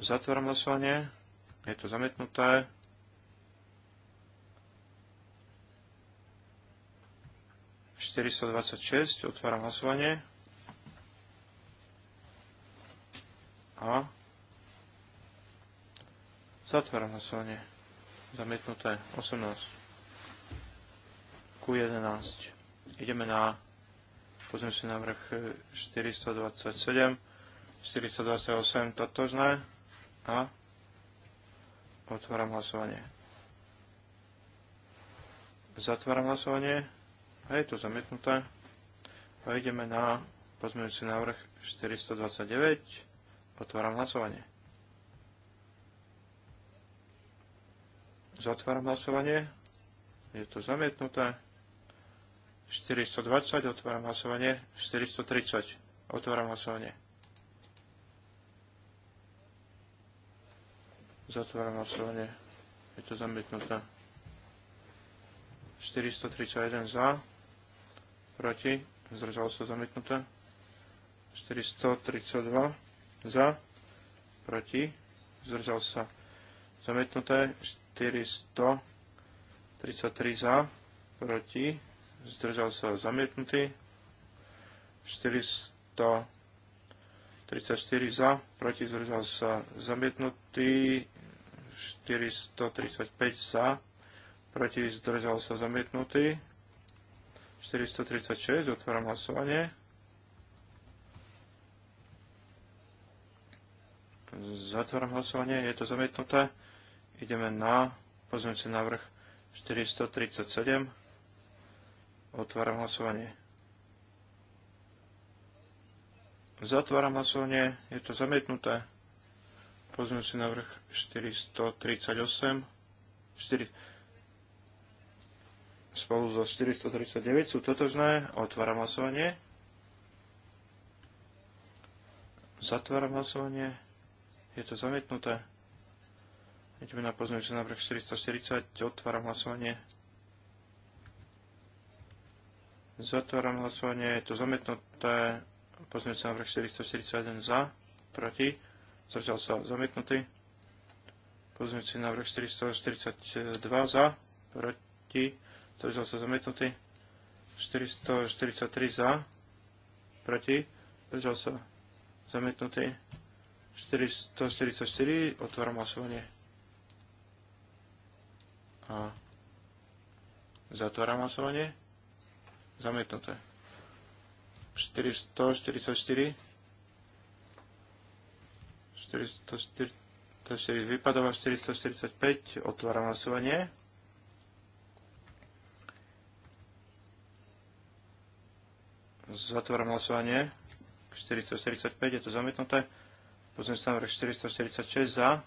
[SPEAKER 3] Zatváram hlasovanie, je to zametnuté. Štyristo dvadsať otváram hlasovanie. A. Zatváram hlasovanie. Zamietnuté 18. Q11. Ideme na si návrh 427, e, 428 totožné a otváram hlasovanie. Zatváram hlasovanie a je to zamietnuté. A ideme na pozmeňujúci návrh 429, Otváram hlasovanie. Zatváram hlasovanie. Je to zamietnuté. 420, otváram hlasovanie. 430, otváram hlasovanie. Zatváram hlasovanie. Je to zamietnuté. 431 za, proti, zdržalo sa zamietnuté. 432 za, proti, zdržal sa zamietnuté, 433 za, proti, zdržal sa zamietnutý, 434 za, proti, zdržal sa zamietnutý, 435 za, proti, zdržal sa zamietnutý, 436, otváram hlasovanie. Zatváram hlasovanie, je to zamietnuté. Ideme na pozmeňujúci návrh 437. Otváram hlasovanie. Zatváram hlasovanie, je to zamietnuté. Pozmeňujúci návrh 438. 4 spolu so 439 sú totožné. Otváram hlasovanie. Zatváram hlasovanie. Je to zamietnuté. Ideme na pozmeňujúci návrh 440. Otváram hlasovanie. Zatváram hlasovanie. Je to zamietnuté. Pozmeňujúci návrh 441 za. Proti. Zdržal sa zamietnutý. Pozmeňujúci návrh 442 za. Proti. Zdržal sa zamietnutý. 443 za. Proti. Zdržal sa zamietnutý. 444, otváram hlasovanie. A zatváram hlasovanie. Zamietnuté. 444. 444 vypadáva 445, otváram hlasovanie. Zatváram hlasovanie. 445, je to zamietnuté. Pozmeňujúci návrh 446 za,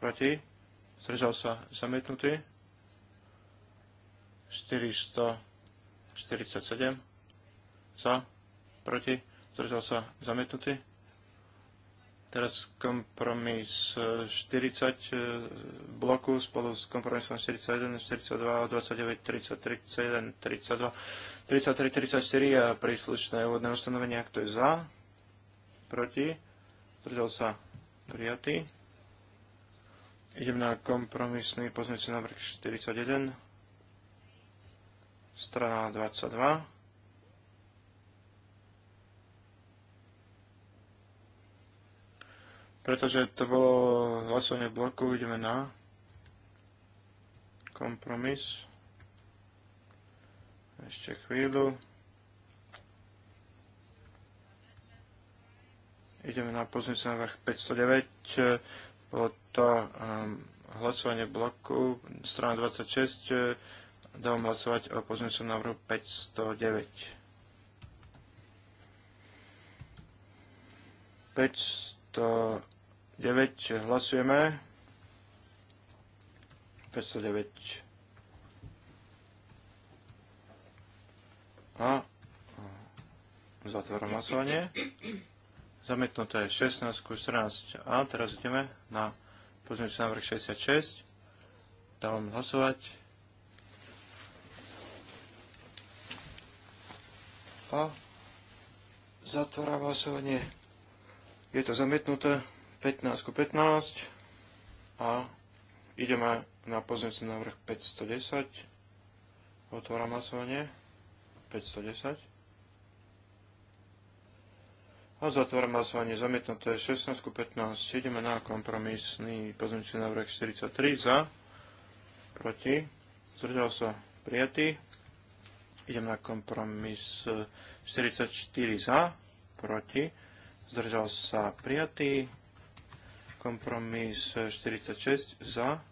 [SPEAKER 3] proti, zdržal sa zamietnutý. 447 za, proti, zdržal sa zamietnutý. Teraz kompromis 40 e, bloku spolu s kompromisom 41, 42, 29, 30, 31, 32, 33, 34 a príslušné úvodné ustanovenia, kto je za, proti, Zdržal sa prijatý. Idem na kompromisný pozmeňujúci návrh 41, strana 22. Pretože to bolo hlasovanie bloku, ideme na kompromis. Ešte chvíľu. Ideme na pozornosť na vrch 509. Bolo to ehm, hlasovanie bloku, strana 26. E, dávam hlasovať o pozornosť vrhu 509. 509 hlasujeme. 509. A e, zatváram hlasovanie zametnuté 16 ku 14. A teraz ideme na pozmeňujúci návrh 66. Dávam hlasovať. A zatváram hlasovanie. Je to zametnuté 15 ku 15. A ideme na pozmeňujúci návrh 510. Otváram hlasovanie. 510. Zatváram hlasovanie zamietnuté 16 ku 15. Ideme na kompromisný pozemčný návrh 43 za, proti, zdržal sa prijatý. Idem na kompromis 44 e, za, proti, zdržal sa prijatý. Kompromis 46 e, za,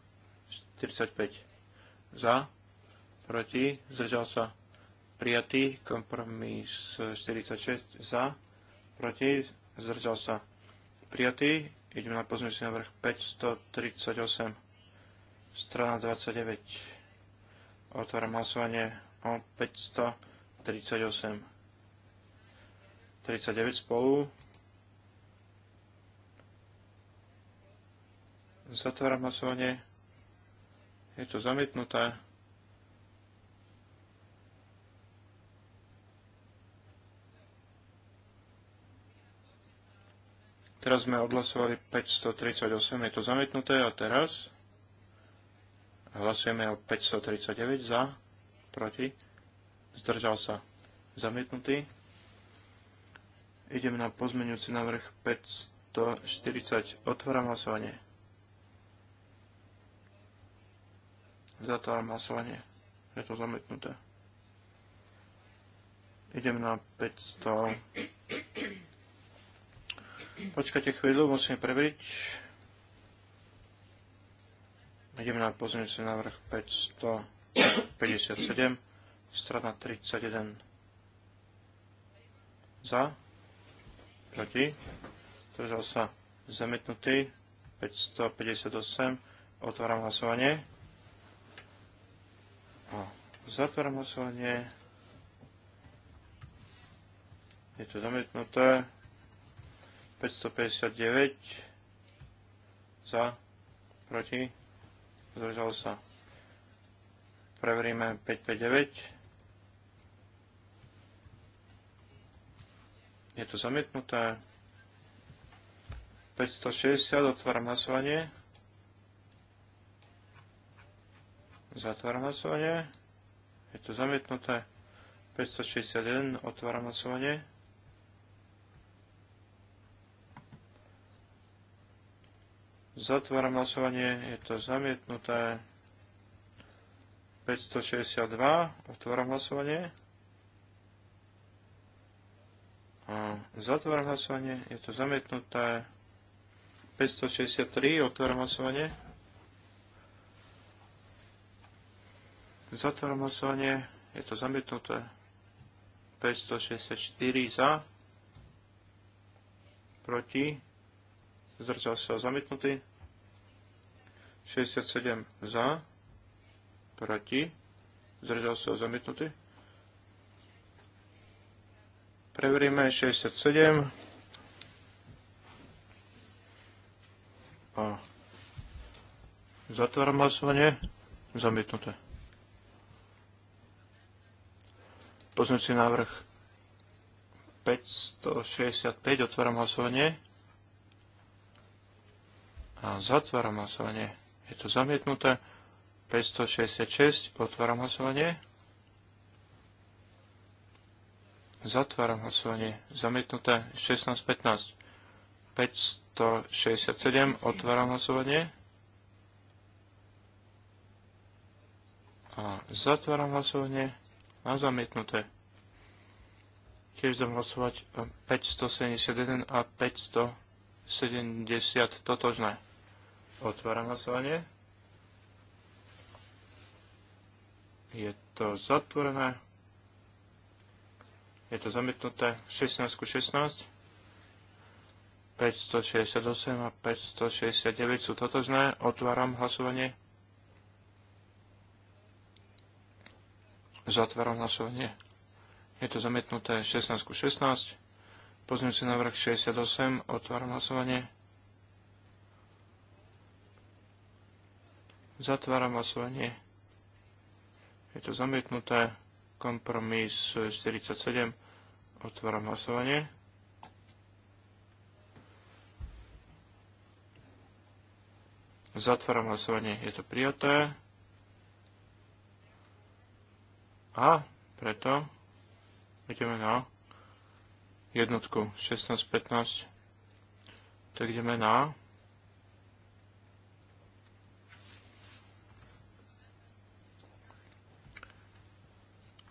[SPEAKER 3] 45 za, proti, zdržal sa prijatý. Kompromis 46 e, za, proti, zdržal sa prijatý. Ideme na pozmeňujúci návrh 538, strana 29. Otváram hlasovanie o 538. 39 spolu. Zatváram hlasovanie. Je to zamietnuté. Teraz sme odhlasovali 538, je to zamietnuté a teraz hlasujeme o 539 za, proti, zdržal sa zamietnutý. Ideme na pozmeňujúci návrh 540. Otváram hlasovanie. Zatváram hlasovanie. Je to zamietnuté. Idem na 500 Počkajte chvíľu, musím preveriť. Ideme na pozornici návrh 557, strana 31. Za, proti, zdržal sa zamietnutý, 558, otváram hlasovanie. A zatváram hlasovanie. Je to zamietnuté. 559 za, proti, zdržal sa. Preveríme 559. Je to zamietnuté. 560, otváram hlasovanie. Zatváram hlasovanie. Je to zamietnuté. 561, otváram hlasovanie. Zatváram hlasovanie, je to zamietnuté. 562, otváram hlasovanie. zatváram hlasovanie, je to zamietnuté. 563, otváram hlasovanie. Zatváram hlasovanie, je to zamietnuté. 564 za, proti zdržal sa zamietnutý. 67 za, proti, zdržal sa zamietnutý. Preveríme 67. A zatváram hlasovanie. Zamietnuté. si návrh 565. Otváram hlasovanie. A zatváram hlasovanie. Je to zamietnuté. 566. Otváram hlasovanie. Zatváram hlasovanie. Zamietnuté 1615. 567. Otváram hlasovanie. A zatváram hlasovanie. A zamietnuté. Tiež dám hlasovať 571 eh, a 570 totožné. Otváram hlasovanie. Je to zatvorené. Je to zamietnuté 16 ku 16. 568 a 569 sú totožné. Otváram hlasovanie. Zatváram hlasovanie. Je to zamietnuté 16 ku 16. Pozmeňujúci návrh 68. Otváram hlasovanie. Zatváram hlasovanie. Je to zamietnuté. Kompromis 47. Otváram hlasovanie. Zatváram hlasovanie. Je to prijaté. A preto ideme na jednotku 16.15. Tak ideme na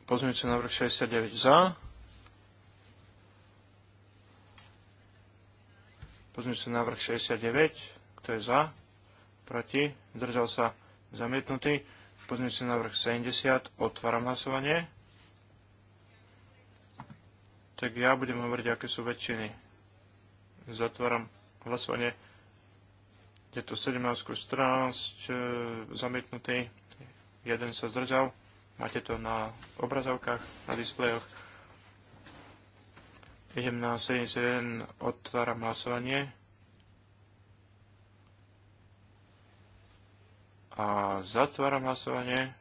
[SPEAKER 3] Pozmeňujúci návrh 69 za. Pozmeňujúci návrh 69. Kto je za? Proti? Zdržal sa? Zamietnutý. Pozmeňujúci návrh 70. Otváram hlasovanie. Tak ja budem hovoriť, aké sú väčšiny. Zatváram hlasovanie. Je to 17 14, e, zamietnutý, jeden sa zdržal. Máte to na obrazovkách, na displejoch. Idem na 71, otváram hlasovanie. A zatváram hlasovanie.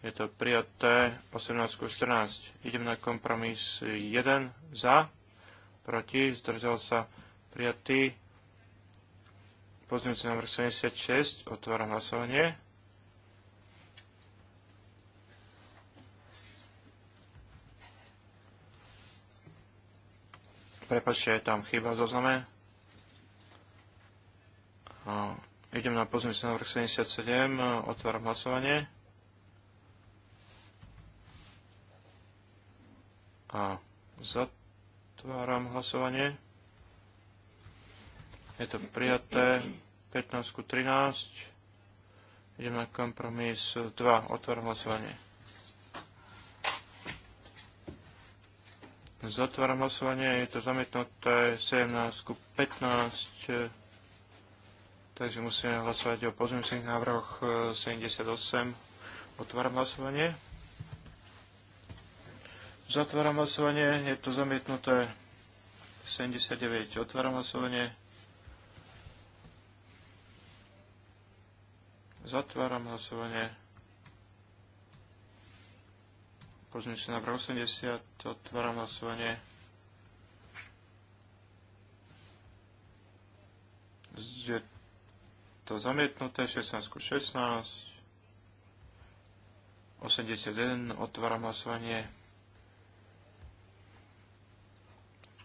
[SPEAKER 3] Je to prijaté 18 14. Idem na kompromis 1 za, proti, zdržal sa prijatý. Pozmeňujúci návrh 76, otváram hlasovanie. Prepačte, je tam chyba zo zozname. Idem na pozmysel vrch 77, otváram hlasovanie. A zatváram hlasovanie. Je to prijaté 15 ku 13. Idem na kompromis 2, otváram hlasovanie. Zatváram hlasovanie, je to zamietnuté 17 ku 15, e, takže musíme hlasovať o pozmeňujúcich návrhoch 78. E, Otváram hlasovanie. Zatváram hlasovanie, je to zamietnuté 79. Otváram hlasovanie. Zatváram hlasovanie. Pozmeňujúci návrh 80, otváram hlasovanie. Je to zamietnuté, 16 ku 16. 81, otváram hlasovanie.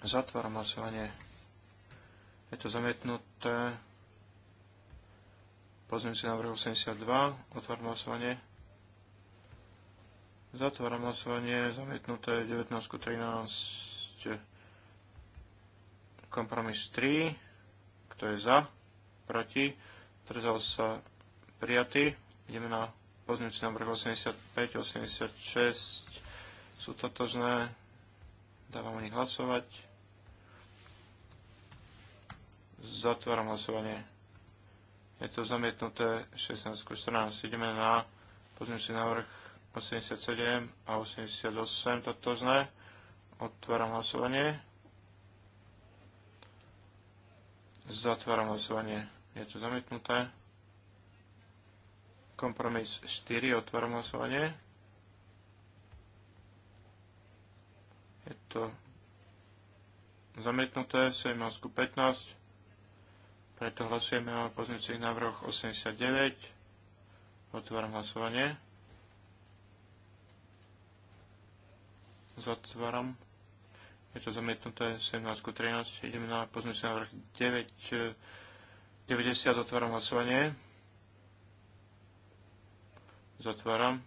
[SPEAKER 3] Zatváram hlasovanie. Je to zamietnuté. Pozmeňujúci návrh 82, otváram hlasovanie. Zatváram hlasovanie, zamietnuté 19.13. Kompromis 3. Kto je za? Proti? trzal sa prijatý. Ideme na pozmeňujúci návrh 85, 86. Sú totožné. Dávam o nich hlasovať. Zatváram hlasovanie. Je to zamietnuté 1614 Ideme na pozmeňujúci návrh 87 a 88 totožné. Otváram hlasovanie. Zatváram hlasovanie. Je to zamietnuté. Kompromis 4. Otváram hlasovanie. Je to zamietnuté. 7 15. Preto hlasujeme o pozniciach návrhoch 89. Otváram hlasovanie. zatváram. Je to zamietnuté 17 13. Ideme na pozmysel návrh 9, 90. Eh, Otváram hlasovanie. Zatváram.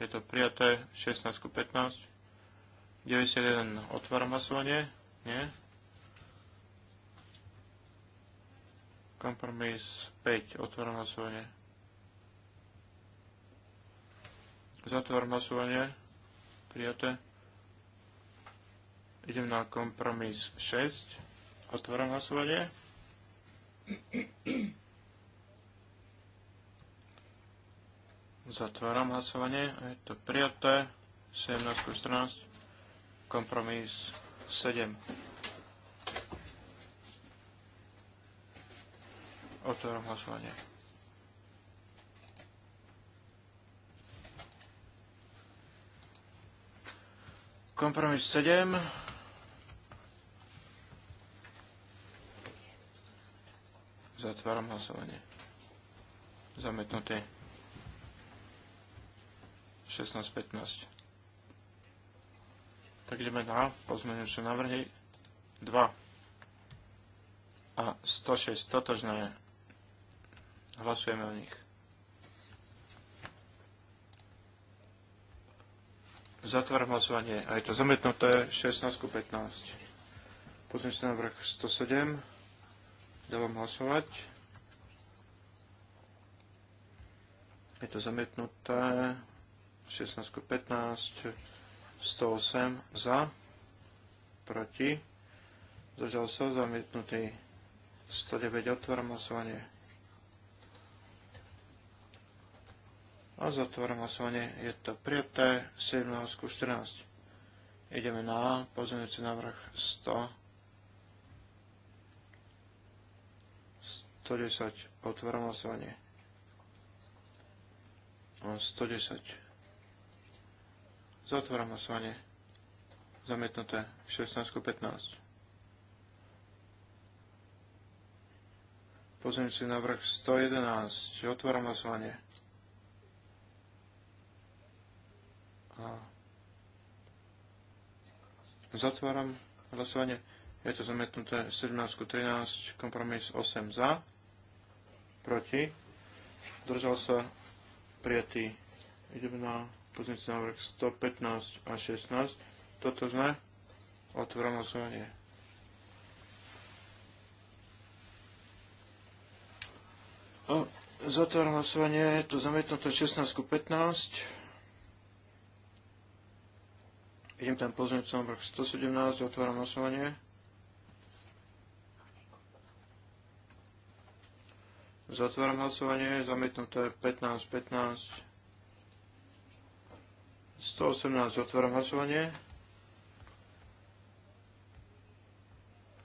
[SPEAKER 3] Je to prijaté 16 15. 91. Otváram hlasovanie. Nie. Kompromis 5. Otváram hlasovanie. Zatváram hlasovanie. Prijaté. Idem na kompromis 6. Otváram hlasovanie. Zatváram hlasovanie. Je to prijaté. 17 14. Kompromis 7. Otváram hlasovanie. Kompromis 7. Zatváram hlasovanie. Zametnuté. 16.15. Tak ideme na pozmeňujúce návrhy 2 a 106 totožné. Hlasujeme o nich. Zatváram hlasovanie a je to zamietnuté 16 Pozmeňujúce 15. 107. návrh 107 Dávam hlasovať. Je to zamietnuté. 16 15. 108 za. Proti. Zdržal sa zamietnutý. 109 otváram hlasovanie. A zatváram hlasovanie. Je to prijaté. 17 14. Ideme na pozornici návrh 100. 110. Otváram hlasovanie. O 110. Zatváram hlasovanie. Zamietnuté 16 15. na návrh 111. Otváram hlasovanie. A zatváram hlasovanie. Je to zamietnuté 17 13, kompromis 8 za proti, zdržal sa, prijatý. Ideme na pozornici návrh 115 a 16. sme. Otváram hlasovanie. A zatváram hlasovanie, to zamietnuté 16 ku 15. Idem tam pozrieť návrh 117, otváram hlasovanie. Zatváram hlasovanie, zamietnuté 15, 15. 118, zatváram hlasovanie.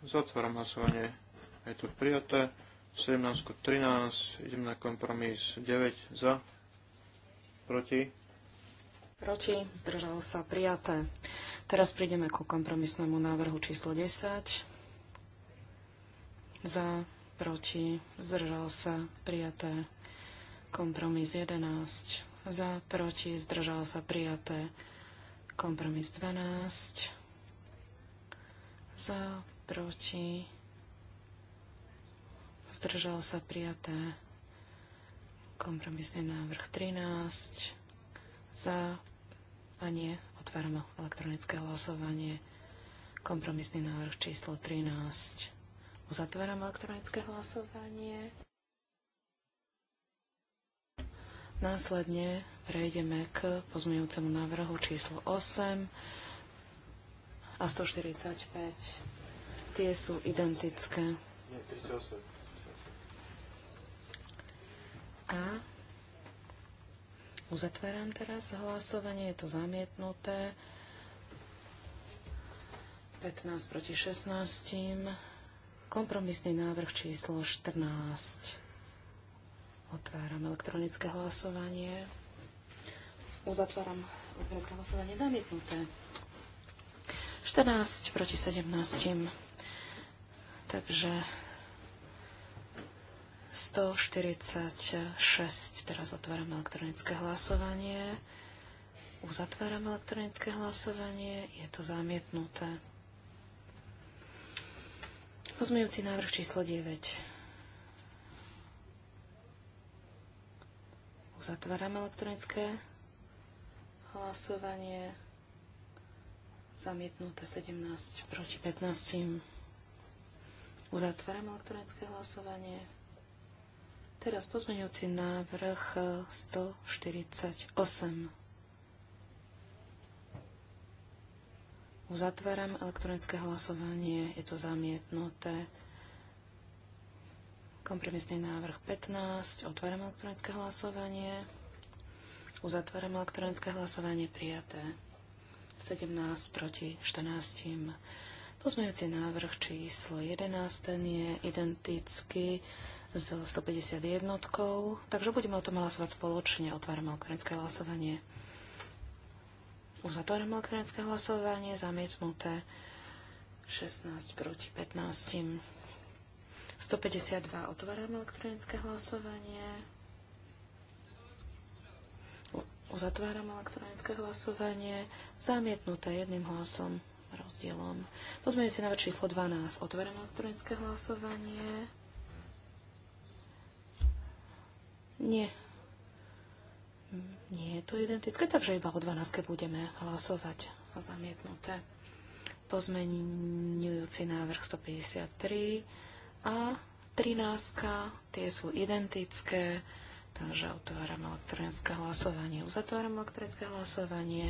[SPEAKER 3] Zatváram hlasovanie. Je to prijaté. 17 13. Idem na kompromis. 9 za. Proti.
[SPEAKER 4] Proti. Zdržalo sa prijaté. Teraz prídeme ku kompromisnému návrhu číslo 10. Za proti, zdržal sa, prijaté. Kompromis 11, za, proti, zdržal sa, prijaté. Kompromis 12, za, proti, zdržal sa, prijaté. Kompromisný návrh 13, za, a nie, otváram elektronické hlasovanie. Kompromisný návrh číslo 13. Uzatváram elektronické hlasovanie. Následne prejdeme k pozmeňujúcemu návrhu číslo 8 a 145. Tie sú identické. A uzatváram teraz hlasovanie, je to zamietnuté. 15 proti 16. Kompromisný návrh číslo 14. Otváram elektronické hlasovanie. Uzatváram elektronické hlasovanie zamietnuté. 14 proti 17. Takže 146. Teraz otváram elektronické hlasovanie. Uzatváram elektronické hlasovanie. Je to zamietnuté. Pozmejúci návrh číslo 9. Uzatváram elektronické hlasovanie. Zamietnuté 17 proti 15. Uzatváram elektronické hlasovanie. Teraz pozmeňujúci návrh 148. Uzatváram elektronické hlasovanie, je to zamietnuté. Kompromisný návrh 15, otváram elektronické hlasovanie. Uzatváram elektronické hlasovanie, prijaté. 17 proti 14. Pozmejúci návrh číslo 11 ten je identický so 151, takže budeme o tom hlasovať spoločne. Otváram elektronické hlasovanie uzatvorím elektronické hlasovanie, zamietnuté 16 proti 15. 152 otváram elektronické hlasovanie. Uzatváram elektronické hlasovanie, zamietnuté jedným hlasom rozdielom. Pozmeňujem si na číslo 12. Otváram elektronické hlasovanie. Nie, nie je to identické, takže iba o 12. budeme hlasovať o zamietnuté. Pozmenujúci návrh 153 a 13. Tie sú identické, takže otváram elektronické hlasovanie. Uzatváram elektronické hlasovanie.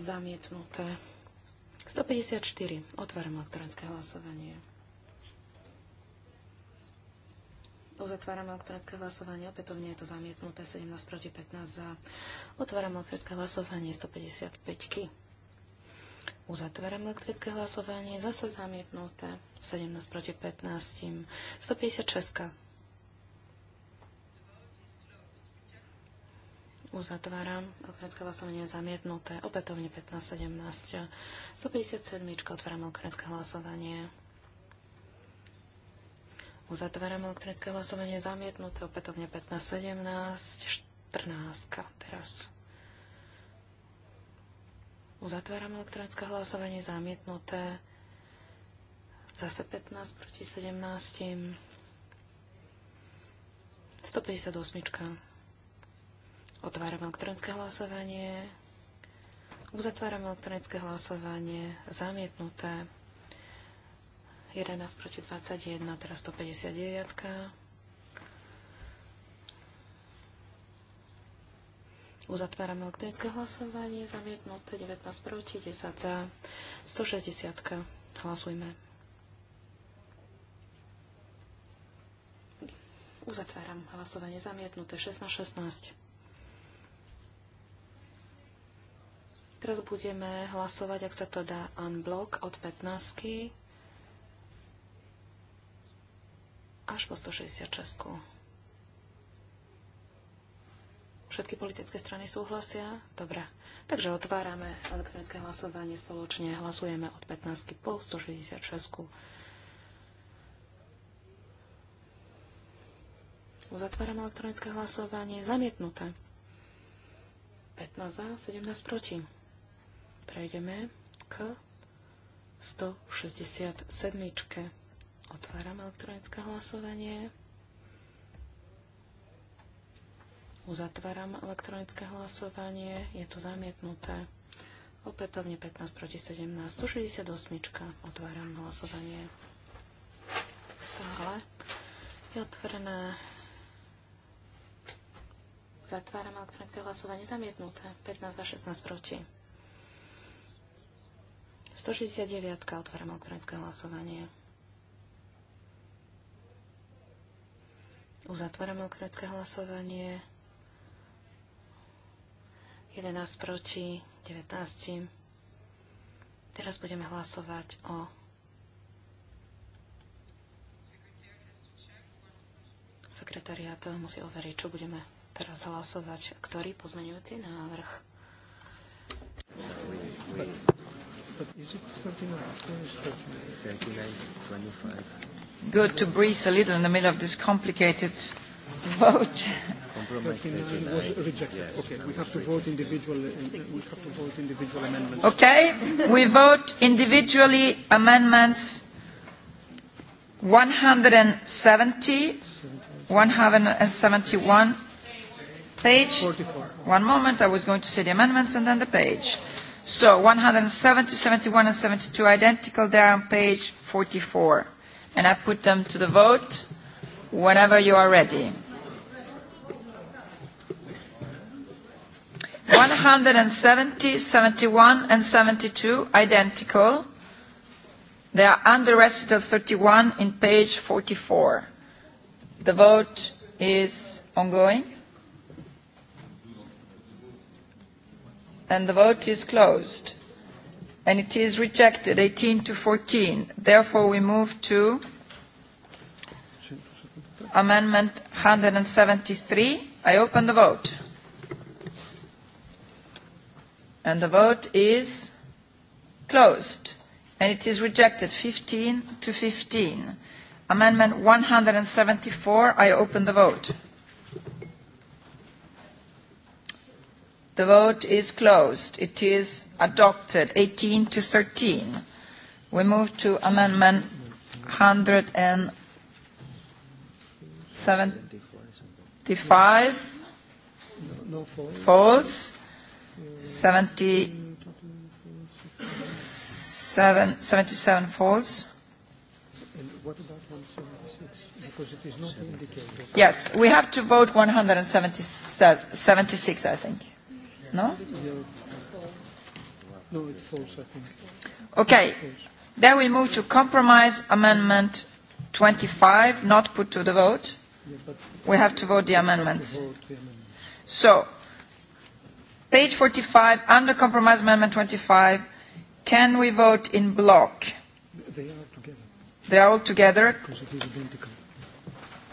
[SPEAKER 4] Zamietnuté. 154. Otváram elektronické hlasovanie. Uzatváram elektronické hlasovanie. Opätovne je to zamietnuté 17 proti 15 za. Otváram elektronické hlasovanie 155. -ky. Uzatváram elektrické hlasovanie. Zase zamietnuté 17 proti 15. 156. -ka. Uzatváram. elektronické hlasovanie zamietnuté. Opätovne 15-17. 157. Otváram elektronické hlasovanie. Uzatváram elektronické hlasovanie zamietnuté opätovne 15, 17, 14 teraz. Uzatváram elektronické hlasovanie zamietnuté zase 15 proti 17. 158. Otváram elektronické hlasovanie. Uzatváram elektronické hlasovanie. Zamietnuté. 11 proti 21, teraz 159. Uzatváram elektronické hlasovanie, zamietnuté 19 proti, 10 za, 160. Hlasujme. Uzatváram hlasovanie zamietnuté 16-16. Teraz budeme hlasovať, ak sa to dá, unblock od 15. až po 166. Všetky politické strany súhlasia? Dobre. Takže otvárame elektronické hlasovanie spoločne. Hlasujeme od 15 po 166. Uzatváram elektronické hlasovanie. Zamietnuté. 15 za, 17 proti. Prejdeme k 167. Otváram elektronické hlasovanie. Uzatváram elektronické hlasovanie. Je to zamietnuté. Opätovne 15 proti 17. 168. Otváram hlasovanie. Stále je otvorené. Zatváram elektronické hlasovanie. Zamietnuté. 15 a 16 proti. 169. Otváram elektronické hlasovanie. Uzatváram elektronické hlasovanie. 11 proti 19. Teraz budeme hlasovať o sekretariat musí overiť, čo budeme teraz hlasovať. Ktorý pozmeňujúci návrh?
[SPEAKER 3] But is it something like 29, 25? good to breathe
[SPEAKER 1] a little in the middle of this complicated *laughs* vote. Okay, we vote individually amendments 170, 171, page. 44. One moment, I was going to say the amendments and then the page. So 170, 71 and 72 identical, they are on page 44 and I put them to the vote whenever you are ready. 170, 71, and 72 identical. They are under Recital 31 in page 44. The vote is ongoing. And the vote is closed and it is rejected 18 to 14 therefore we move to amendment 173 i open the vote and the vote is closed and it is rejected 15 to 15 amendment 174 i open the vote The vote is closed. It is adopted, 18 to 13. We move to amendment 175. False. 77, false.
[SPEAKER 3] what about 176? Because it is not indicated.
[SPEAKER 1] Yes, we have to vote 176, I think. No? No, it's false, I think. Okay. Then we move to compromise amendment 25, not put to the vote. We have to vote the amendments. So, page 45, under compromise amendment 25, can we vote in block? They are together. They are all together? Because it is identical.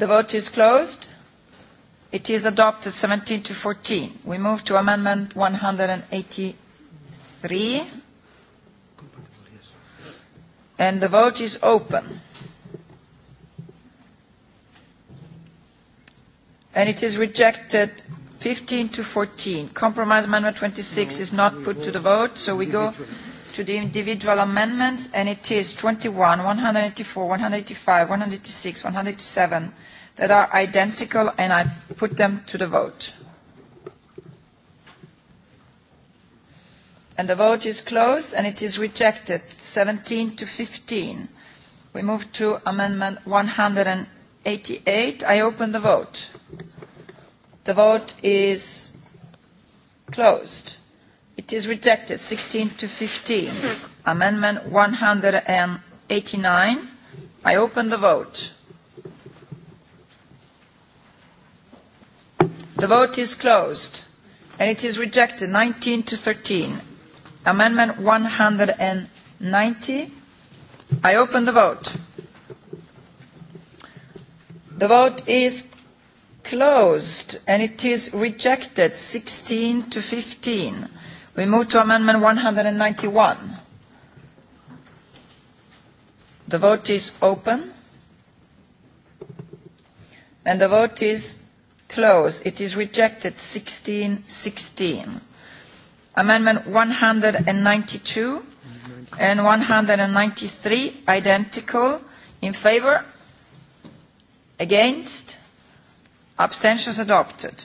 [SPEAKER 1] The vote is closed. It is adopted 17 to 14. We move to amendment 183. And the vote is open. And it is rejected 15 to 14. Compromise amendment 26 is not put to the vote, so we go to the individual amendments, and it is 21, 184, 185, 186, 187 that are identical, and I put them to the vote. And the vote is closed, and it is rejected, 17 to 15. We move to amendment 188. I open the vote. The vote is closed It is rejected. 16 to 15. Amendment 189. I open the vote. The vote is closed, and it is rejected. 19 to 13. Amendment 190. I open the vote. The vote is closed, and it is rejected. 16 to 15. We move to amendment 191. The vote is open, and the vote is closed. It is rejected, 1616. Amendment 192 and 193, identical. In favor? Against? Abstentions adopted.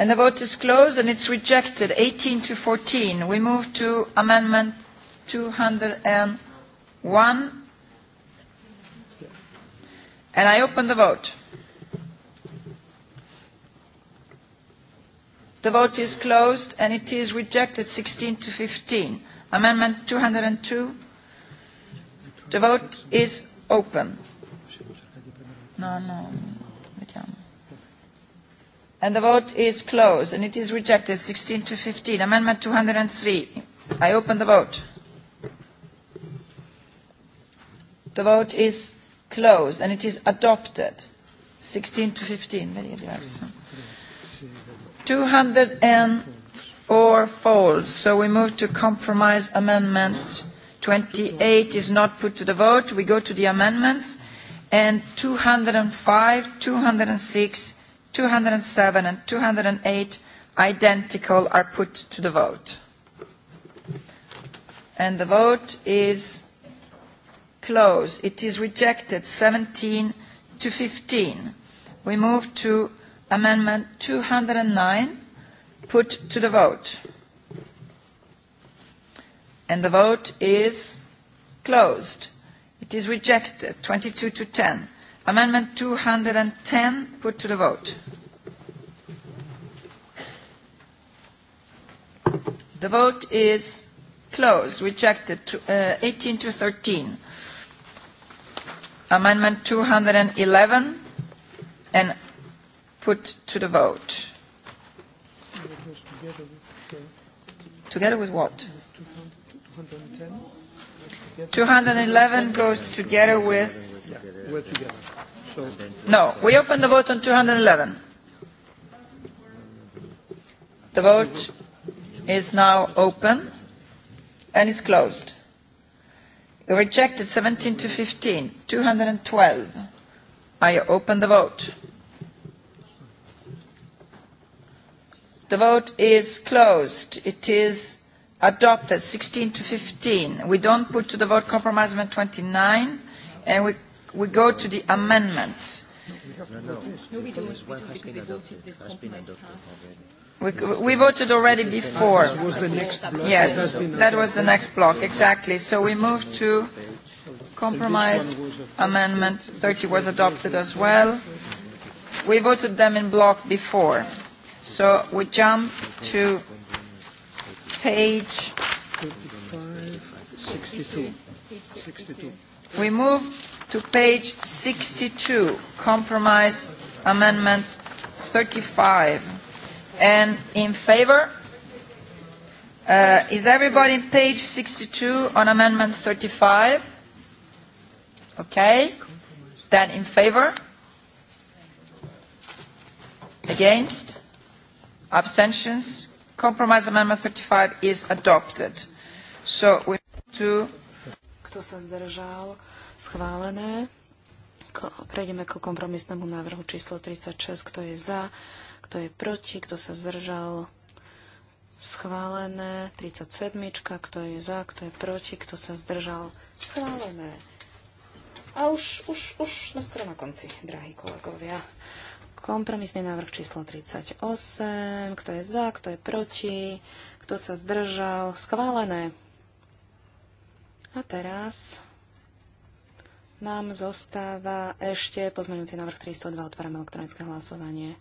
[SPEAKER 1] And the vote is closed and it's rejected, 18 to 14. We move to amendment 201. And I open the vote. The vote is closed and it is rejected, 16 to 15. Amendment 202. The vote is open. No, no, And the vote is closed, and it is rejected, 16 to 15. Amendment 203. I open the vote. The vote is closed, and it is adopted, 16 to 15. 204 falls, so we move to compromise amendment 28 is not put to the vote. We go to the amendments, and 205, 206, two hundred and seven and two hundred and eight identical are put to the vote and the vote is closed it is rejected seventeen to fifteen we move to amendment two hundred and nine put to the vote and the vote is closed it is rejected twenty two to ten Amendment two hundred and ten put to the vote. The vote is closed. Rejected. to Uh, eighteen to thirteen. Amendment two hundred and put to the vote. Together with what? 211 goes together with. Yeah, we're together. No, we open the vote on 211. The vote is now open and is closed. You rejected 17 to 15, 212. I open the vote. The vote is closed. It is adopted 16 to 15. We don't put to the vote compromise amendment 29, and we we go to the amendments. We, we voted already before. Yes, that was the next block, exactly. So we move to compromise amendment 30 was adopted as well. We voted them in block before. So we jump to page
[SPEAKER 4] 62.
[SPEAKER 1] We move to page 62, compromise amendment 35. And in favor? Uh, is everybody in page 62 on amendment 35? Okay. Then in favor? Against? Abstentions? Compromise amendment 35 is adopted. So we to... Kto sa zdržal? schválené. Prejdeme k
[SPEAKER 4] kompromisnému návrhu číslo 36. Kto je za? Kto je proti? Kto sa zdržal? Schválené. 37. Kto je za? Kto je proti? Kto sa zdržal? Schválené. A už, už, už sme skoro na konci, drahí kolegovia. Kompromisný návrh číslo 38. Kto je za? Kto je proti? Kto sa zdržal? Schválené. A teraz nám zostáva ešte pozmeňujúci návrh 302. Otváram elektronické hlasovanie.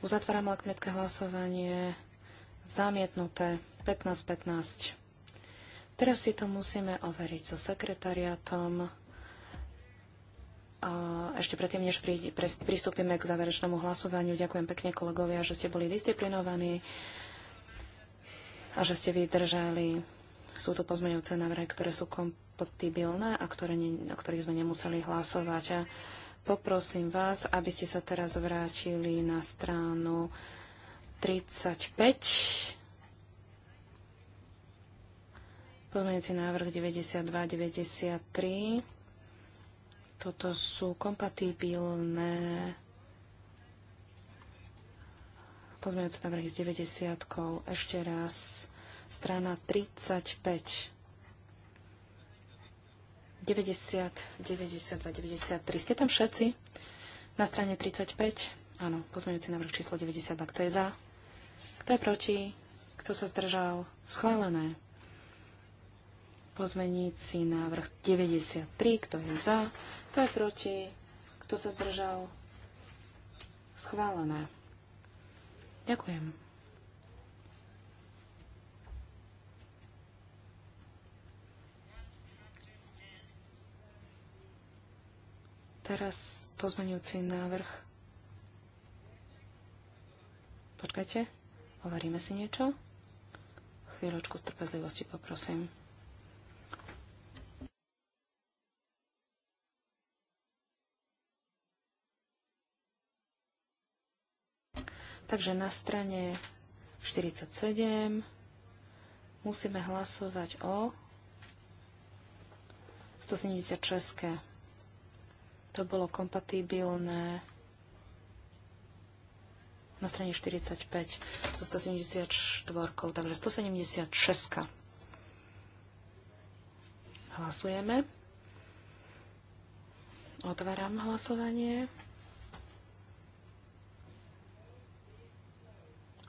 [SPEAKER 4] Uzatváram elektronické hlasovanie. Zamietnuté. 15-15. Teraz si to musíme overiť so sekretariatom. A ešte predtým, než pristúpime k záverečnému hlasovaniu, ďakujem pekne kolegovia, že ste boli disciplinovaní a že ste vydržali sú to pozmeňujúce návrhy, ktoré sú kompatibilné a ktoré, o ktorých sme nemuseli hlasovať. A poprosím vás, aby ste sa teraz vrátili na stránu 35. Pozmeňujúci návrh 92-93. Toto sú kompatibilné pozmeňujúce návrhy s 90 -kou. Ešte raz strana 35. 90, 92, 93. Ste tam všetci? Na strane 35? Áno, pozmeňujúci návrh číslo 92. Kto je za? Kto je proti? Kto sa zdržal? Schválené. Pozmeníci návrh 93. Kto je za? Kto je proti? Kto sa zdržal? Schválené. Ďakujem. Teraz pozmenujúci návrh. Počkajte, hovoríme si niečo. Chvíľočku z trpezlivosti poprosím. Takže na strane 47 musíme hlasovať o 176 to bolo kompatibilné na strane 45 so 174, takže 176. Hlasujeme. Otváram hlasovanie.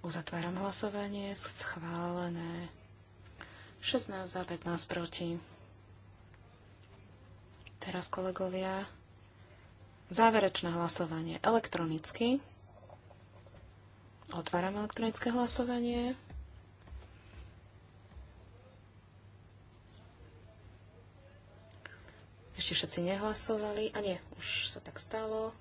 [SPEAKER 4] Uzatváram hlasovanie. Schválené. 16 za 15 proti. Teraz, kolegovia, Záverečné hlasovanie elektronicky. Otváram elektronické hlasovanie. Ešte všetci nehlasovali. A nie, už sa tak stalo.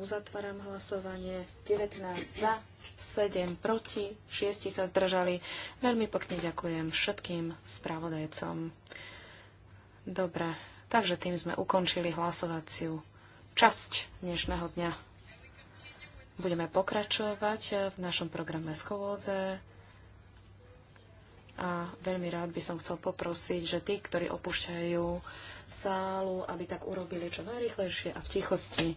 [SPEAKER 4] Uzatváram hlasovanie. 19 za, 7 proti, 6 sa zdržali. Veľmi pekne ďakujem všetkým spravodajcom. Dobre, takže tým sme ukončili hlasovaciu časť dnešného dňa. Budeme pokračovať v našom programe Skovodze. a veľmi rád by som chcel poprosiť, že tí, ktorí opúšťajú sálu, aby tak urobili čo najrychlejšie a v tichosti.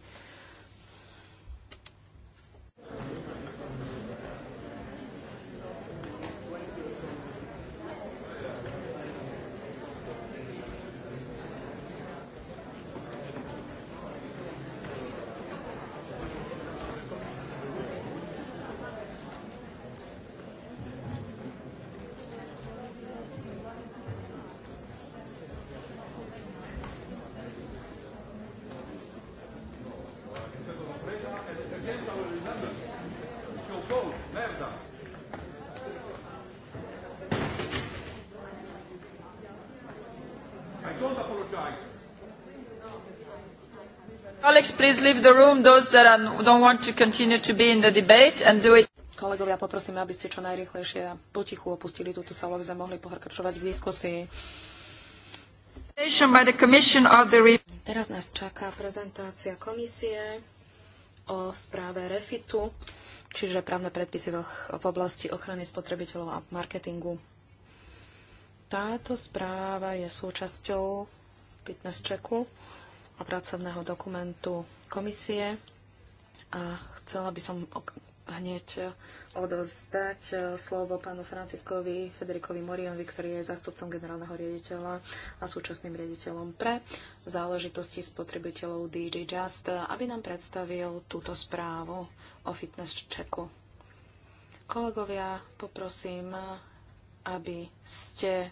[SPEAKER 1] please leave the room, those that are, don't want to continue to be in the debate and do it.
[SPEAKER 4] Kolegovia, poprosím, aby ste čo najrychlejšie a potichu opustili túto salu, aby sme mohli pokračovať v diskusii. Teraz nás čaká prezentácia komisie o správe Refitu, čiže právne predpisy v oblasti ochrany spotrebiteľov a marketingu. Táto správa je súčasťou fitness checku pracovného dokumentu komisie a chcela by som hneď odozdať e, slovo pánu Franciskovi Federikovi Morionovi, ktorý je zastupcom generálneho riaditeľa a súčasným riaditeľom pre záležitosti spotrebiteľov DJ Just, e, aby nám predstavil túto správu o fitness checku. Kolegovia, poprosím, e, aby ste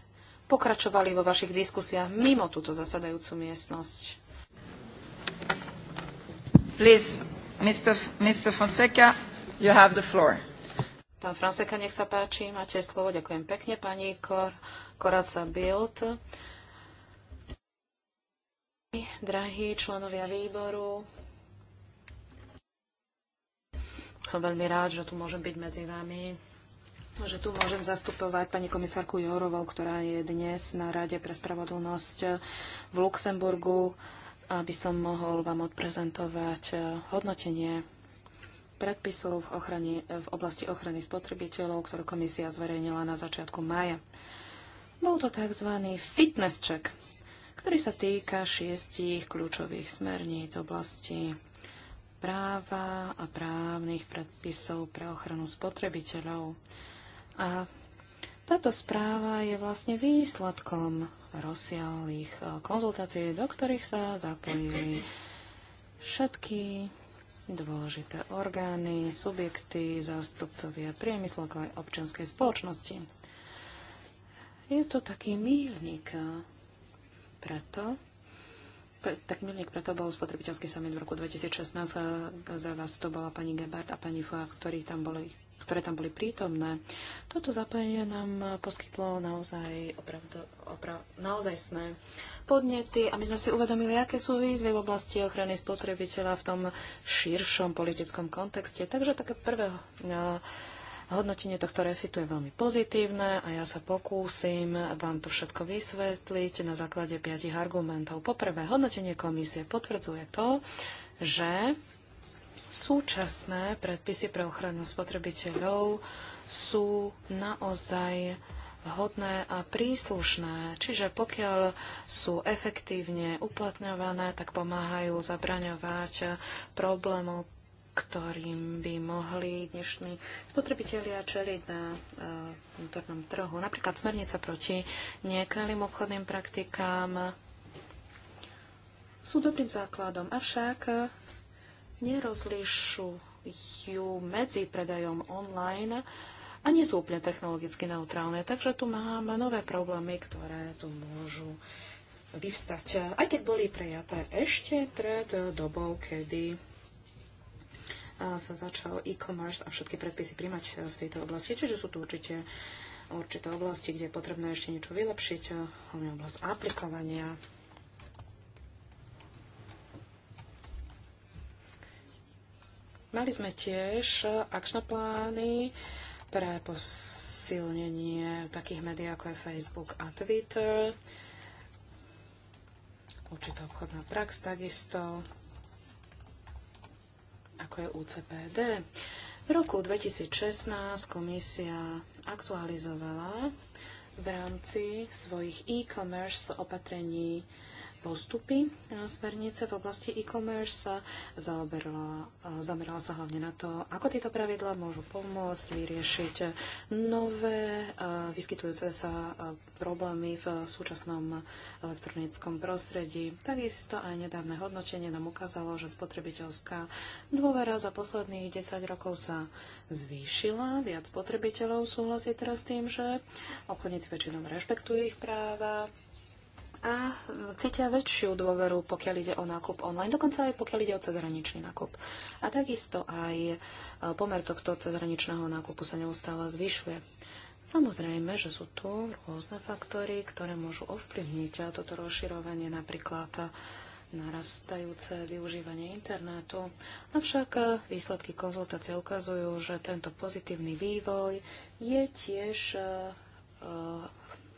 [SPEAKER 4] pokračovali vo vašich diskusiách mimo túto zasadajúcu
[SPEAKER 1] miestnosť. Please, Fonseca, Pán Franseka, nech sa páči, máte slovo. Ďakujem pekne,
[SPEAKER 4] pani Kor, Koraca Bild. Drahí členovia výboru, som veľmi rád, že tu môžem byť medzi vami že tu môžem zastupovať pani komisárku Jourovou, ktorá je dnes na Rade pre spravodlnosť v Luxemburgu aby som mohol vám odprezentovať eh, hodnotenie predpisov v, ochrane, v oblasti ochrany spotrebiteľov, ktorú komisia zverejnila na začiatku maja, Bol to tzv. fitness check, ktorý sa týka šiestich kľúčových smerníc oblasti práva a právnych predpisov pre ochranu spotrebiteľov. A táto správa je vlastne výsledkom rozsiahlých e, konzultácií, do ktorých sa zapojili všetky dôležité orgány, subjekty, zástupcovia priemyslu, občianskej spoločnosti. Je to taký mílnik e, preto, tak milník preto bol spotrebiteľský summit v roku 2016. E, za vás to bola pani Gebhardt a pani Fuach, ktorí tam boli ktoré tam boli prítomné. Toto zapojenie nám poskytlo naozaj, opravdu, oprav, naozaj sné podnety a my sme si uvedomili, aké sú výzvy v oblasti ochrany spotrebiteľa v tom širšom politickom kontexte. Takže také prvé no, hodnotenie tohto refitu je veľmi pozitívne a ja sa pokúsim vám to všetko vysvetliť na základe piatich argumentov. Poprvé, hodnotenie komisie potvrdzuje to, že Súčasné predpisy pre ochranu spotrebiteľov sú naozaj vhodné a príslušné. Čiže pokiaľ sú efektívne uplatňované, tak pomáhajú zabraňovať problémov, ktorým by mohli dnešní spotrebitelia čeliť na eh, vnútornom trhu. Napríklad smernica proti nekalým obchodným praktikám sú dobrým základom, avšak nerozlišujú medzi predajom online a nie sú úplne technologicky neutrálne. Takže tu máme nové problémy, ktoré tu môžu vyvstať, aj keď boli prejaté ešte pred dobou, kedy sa začal e-commerce a všetky predpisy príjmať e, v tejto oblasti. Čiže sú tu určite určité oblasti, kde je potrebné ešte niečo vylepšiť, e, hlavne oblasť aplikovania Mali sme tiež akčné plány pre posilnenie takých médií ako je Facebook a Twitter, určitá obchodná prax takisto, ako je UCPD. V roku 2016 komisia aktualizovala v rámci svojich e-commerce opatrení postupy. smernice v oblasti e-commerce zaoberala, zamerala sa hlavne na to, ako tieto pravidlá môžu pomôcť vyriešiť nové vyskytujúce sa problémy v súčasnom elektronickom prostredí. Takisto aj nedávne hodnotenie nám ukázalo, že spotrebiteľská dôvera za posledných 10 rokov sa zvýšila. Viac spotrebiteľov súhlasí teraz s tým, že obchodníci väčšinou rešpektujú ich práva, a cítia väčšiu dôveru, pokiaľ ide o nákup online, dokonca aj pokiaľ ide o cezhraničný nákup. A takisto aj e, pomer tohto cezhraničného nákupu sa neustále zvyšuje. Samozrejme, že sú tu rôzne faktory, ktoré môžu ovplyvniť toto rozširovanie, napríklad narastajúce využívanie internetu. Avšak e, výsledky konzultácie ukazujú, že tento pozitívny vývoj je tiež e,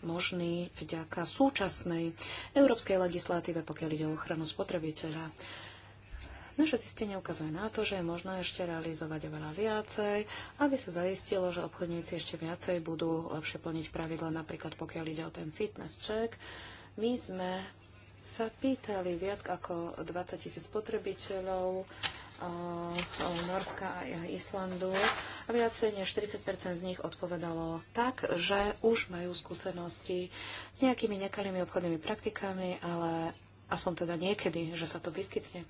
[SPEAKER 4] možný vďaka súčasnej európskej legislatíve, pokiaľ ide o ochranu spotrebiteľa. Naše zistenie ukazuje na to, že je možné ešte realizovať oveľa viacej, aby sa zaistilo, že obchodníci ešte viacej budú lepšie plniť pravidla, napríklad pokiaľ ide o ten fitness check. My sme sa pýtali viac ako 20 tisíc spotrebiteľov Norska a Islandu a viacej než 40 z nich odpovedalo tak, že už majú skúsenosti s nejakými nekalými obchodnými praktikami, ale aspoň teda niekedy, že sa to vyskytne.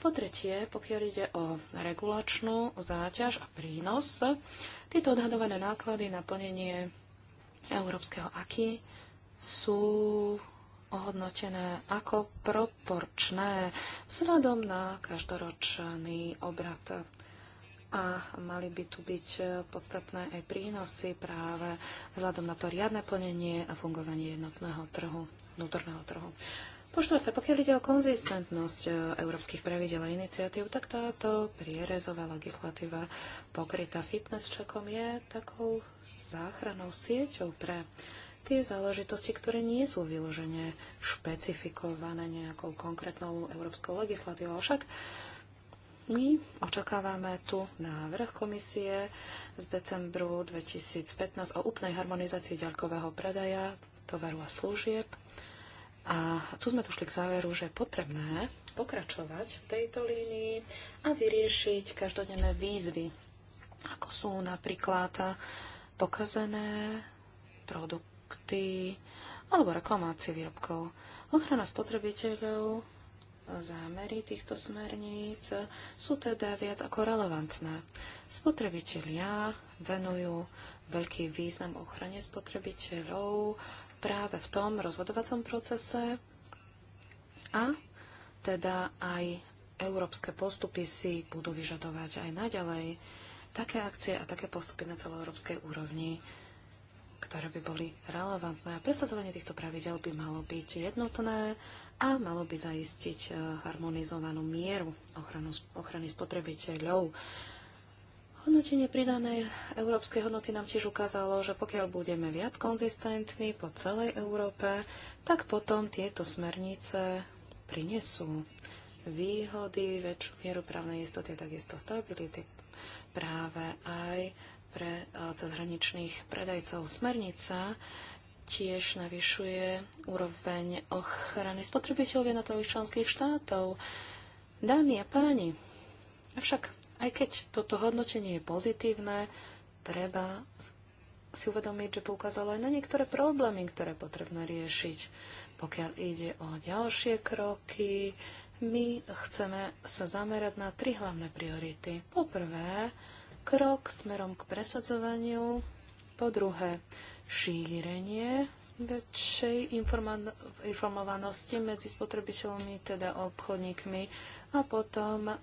[SPEAKER 4] Po tretie, pokiaľ ide o regulačnú záťaž a prínos, tieto odhadované náklady na plnenie európskeho AKI sú ohodnotené ako proporčné vzhľadom na každoročný obrat. A mali by tu byť podstatné aj prínosy práve vzhľadom na to riadne plnenie a fungovanie jednotného trhu, vnútorného trhu. Po štvrté, pokiaľ ide o konzistentnosť e, európskych pravidel a iniciatív, tak táto prierezová legislatíva pokrytá fitness čekom je takou záchranou sieťou pre tie záležitosti, ktoré nie sú vyložené špecifikované nejakou konkrétnou európskou legislatívou. Však my očakávame tu návrh komisie z decembru 2015 o úplnej harmonizácii ďalkového predaja tovaru a služieb. A tu sme došli k záveru, že je potrebné pokračovať v tejto línii a vyriešiť každodenné výzvy, ako sú napríklad pokazené produkty produkty alebo reklamácie výrobkov. Ochrana spotrebiteľov zámery týchto smerníc sú teda viac ako relevantné. Spotrebitelia venujú veľký význam ochrane spotrebiteľov práve v tom rozhodovacom procese a teda aj európske postupy si budú vyžadovať aj naďalej také akcie a také postupy na celoeurópskej úrovni ktoré by boli relevantné. A presadzovanie týchto pravidel by malo byť jednotné a malo by zaistiť e, harmonizovanú mieru ochranu, ochrany spotrebiteľov. Hodnotenie pridanej európskej hodnoty nám tiež ukázalo, že pokiaľ budeme viac konzistentní po celej Európe, tak potom tieto smernice prinesú výhody, väčšiu mieru právnej istoty, takisto stability práve aj pre e, cezhraničných predajcov. Smernica tiež navyšuje úroveň ochrany spotrebiteľov jednotlivých členských štátov. Dámy a páni, avšak aj keď toto hodnotenie je pozitívne, treba si uvedomiť, že poukázalo aj na niektoré problémy, ktoré potrebné riešiť. Pokiaľ ide o ďalšie kroky, my chceme sa zamerať na tri hlavné priority. Poprvé, krok smerom k presadzovaniu. Po druhé, šírenie väčšej informovanosti medzi spotrebiteľmi, teda obchodníkmi a potom uh, e,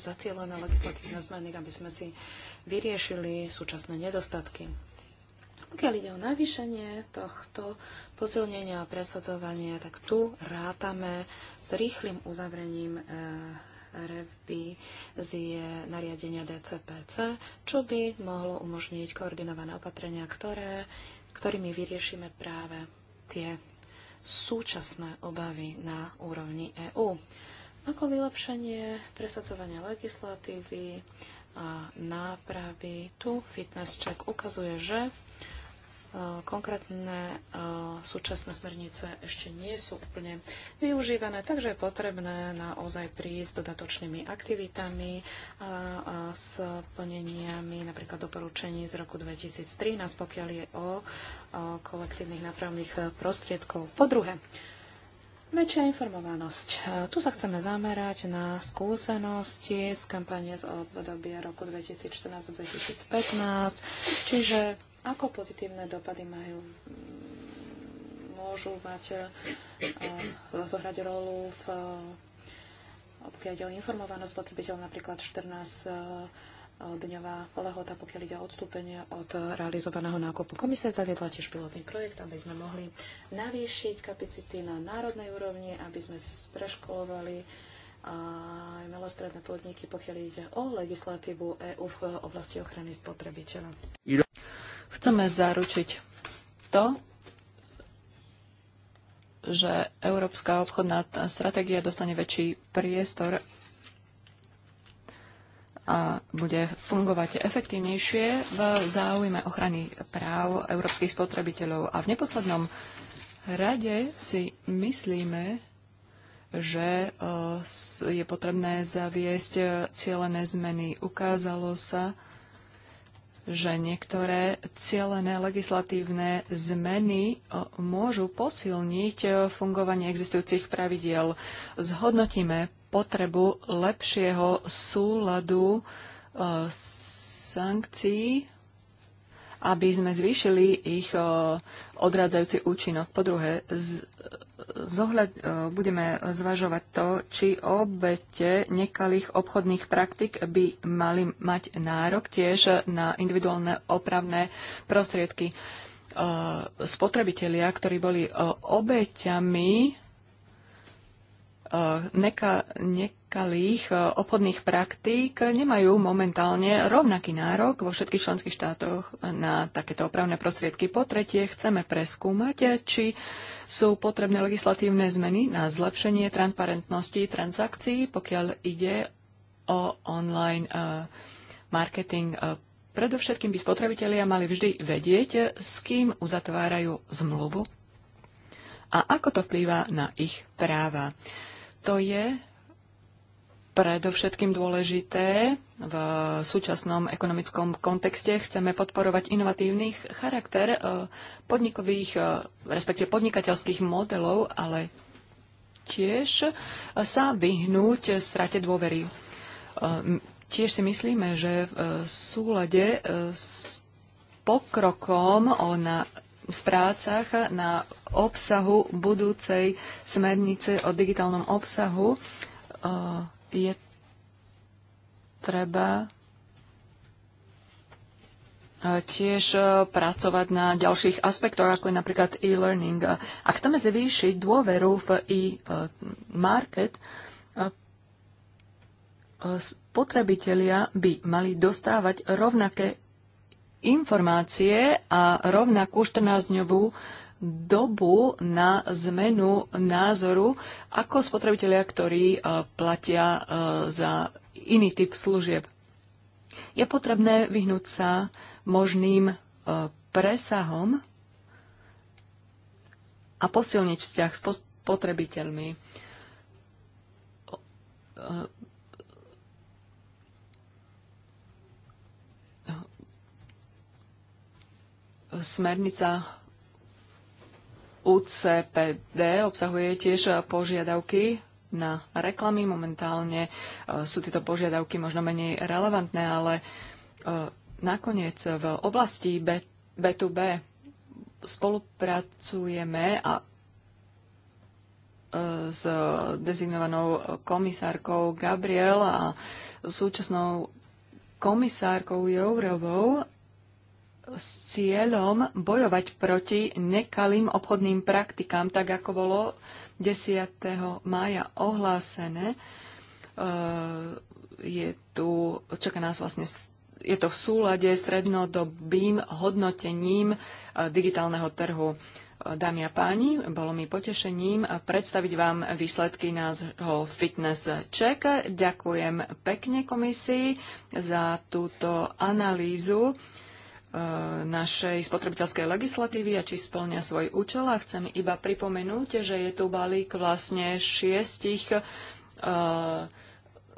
[SPEAKER 4] zatielené legislatívne zmeny, aby sme si vyriešili súčasné nedostatky. Pokiaľ ide o navýšenie tohto posilnenia a presadzovanie, tak tu rátame s rýchlým uzavrením uh, z nariadenia DCPC, čo by mohlo umožniť koordinované opatrenia, ktoré, ktorými vyriešime práve tie súčasné obavy na úrovni EÚ. Ako vylepšenie presadzovania legislatívy a nápravy, tu fitness check ukazuje, že Eh, konkrétne eh, súčasné smernice ešte nie sú úplne využívané, takže je potrebné naozaj prísť s dodatočnými aktivitami a s plneniami napríklad doporučení z roku 2013, pokiaľ je o eh, kolektívnych napravných prostriedkov. Po druhé, Väčšia informovanosť. Tu sa chceme zamerať na skúsenosti z kampane z obdobia roku 2014-2015, čiže ako pozitívne dopady majú? Môžu mať eh, eh, zohrať rolu v eh, pokiaľ ide o informovanosť spotrebiteľov, napríklad 14-dňová lehota, pokiaľ ide o odstúpenie od realizovaného nákupu. Komisia zaviedla tiež pilotný projekt, aby sme mohli navýšiť kapacity na národnej úrovni, aby sme preškolovali aj malostredné podniky, pokiaľ ide o legislatívu EÚ v oblasti ochrany spotrebiteľa.
[SPEAKER 2] Chceme zaručiť to, že európska obchodná stratégia dostane väčší priestor a bude fungovať efektívnejšie v záujme ochrany práv európskych spotrebiteľov. A v neposlednom rade si myslíme, že eh, je potrebné zaviesť eh, cieľené zmeny. Ukázalo sa, že niektoré cielené legislatívne zmeny e, môžu posilniť e, fungovanie existujúcich pravidiel. Zhodnotíme potrebu lepšieho súladu e, sankcií aby sme zvýšili ich e, odrádzajúci účinok. Po druhé, zohľad, e, budeme zvažovať to, či obete nekalých obchodných praktik by mali mať nárok tiež na individuálne opravné prostriedky. E, spotrebitelia, ktorí boli obeťami neka, nekalých e, obchodných praktík e, nemajú momentálne rovnaký nárok vo všetkých členských štátoch e, na takéto opravné prostriedky. Po tretie, chceme preskúmať, či sú potrebné legislatívne zmeny na zlepšenie transparentnosti transakcií, pokiaľ ide o online marketing. Predovšetkým by spotrebitelia mali vždy vedieť, s kým uzatvárajú zmluvu a ako to vplýva na ich práva. To je predovšetkým dôležité v súčasnom ekonomickom kontexte. Chceme podporovať inovatívny charakter e, podnikových, e, respektive podnikateľských modelov, ale tiež sa vyhnúť strate dôvery. E, tiež si myslíme, že v súlade s pokrokom o na v prácach na obsahu budúcej smernice o digitálnom obsahu je treba eh, tiež eh, pracovať na ďalších aspektoch, ako je napríklad e-learning. Ak chceme zvýšiť dôveru v e-market, eh, spotrebitelia by mali dostávať rovnaké informácie a rovnakú 14-dňovú dobu na zmenu názoru ako spotrebitelia, ktorí e, platia e, za iný typ služieb. Je potrebné vyhnúť sa možným e, presahom a posilniť vzťah s spotrebiteľmi. Smernica UCPD obsahuje tiež e, požiadavky na reklamy. Momentálne e, sú tieto požiadavky možno menej relevantné, ale e, nakoniec v oblasti B2B spolupracujeme a s dezignovanou komisárkou Gabriel a súčasnou komisárkou Jourovou s cieľom bojovať proti nekalým obchodným praktikám, tak ako bolo 10. mája ohlásené. E, je tu, čaká nás vlastne, je to v súlade srednodobým hodnotením e, digitálneho trhu. E, dámy a páni, bolo mi potešením predstaviť vám výsledky nášho fitness check. Ďakujem pekne komisii za túto analýzu našej spotrebiteľskej legislatívy a či splňa svoj účel. A chcem iba pripomenúť, že je tu balík vlastne šiestich eh,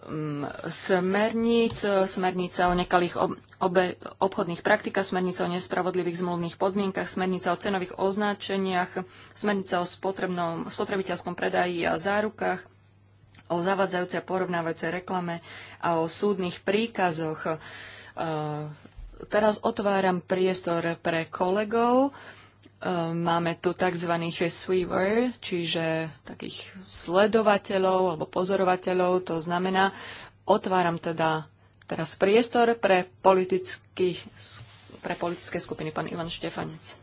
[SPEAKER 2] mm, smerníc, smernica o nekalých obe, obchodných praktikách, smernica o nespravodlivých zmluvných podmienkach, smernica o cenových označeniach, smernica o spotrebiteľskom predaji a zárukách, o zavadzajúcej a porovnávajúcej reklame a o súdnych príkazoch. Uh, teraz otváram priestor pre kolegov. E, máme tu tzv. sweaver, čiže takých sledovateľov alebo pozorovateľov. To znamená, otváram teda teraz priestor pre, pre politické skupiny. Pán Ivan Štefanec.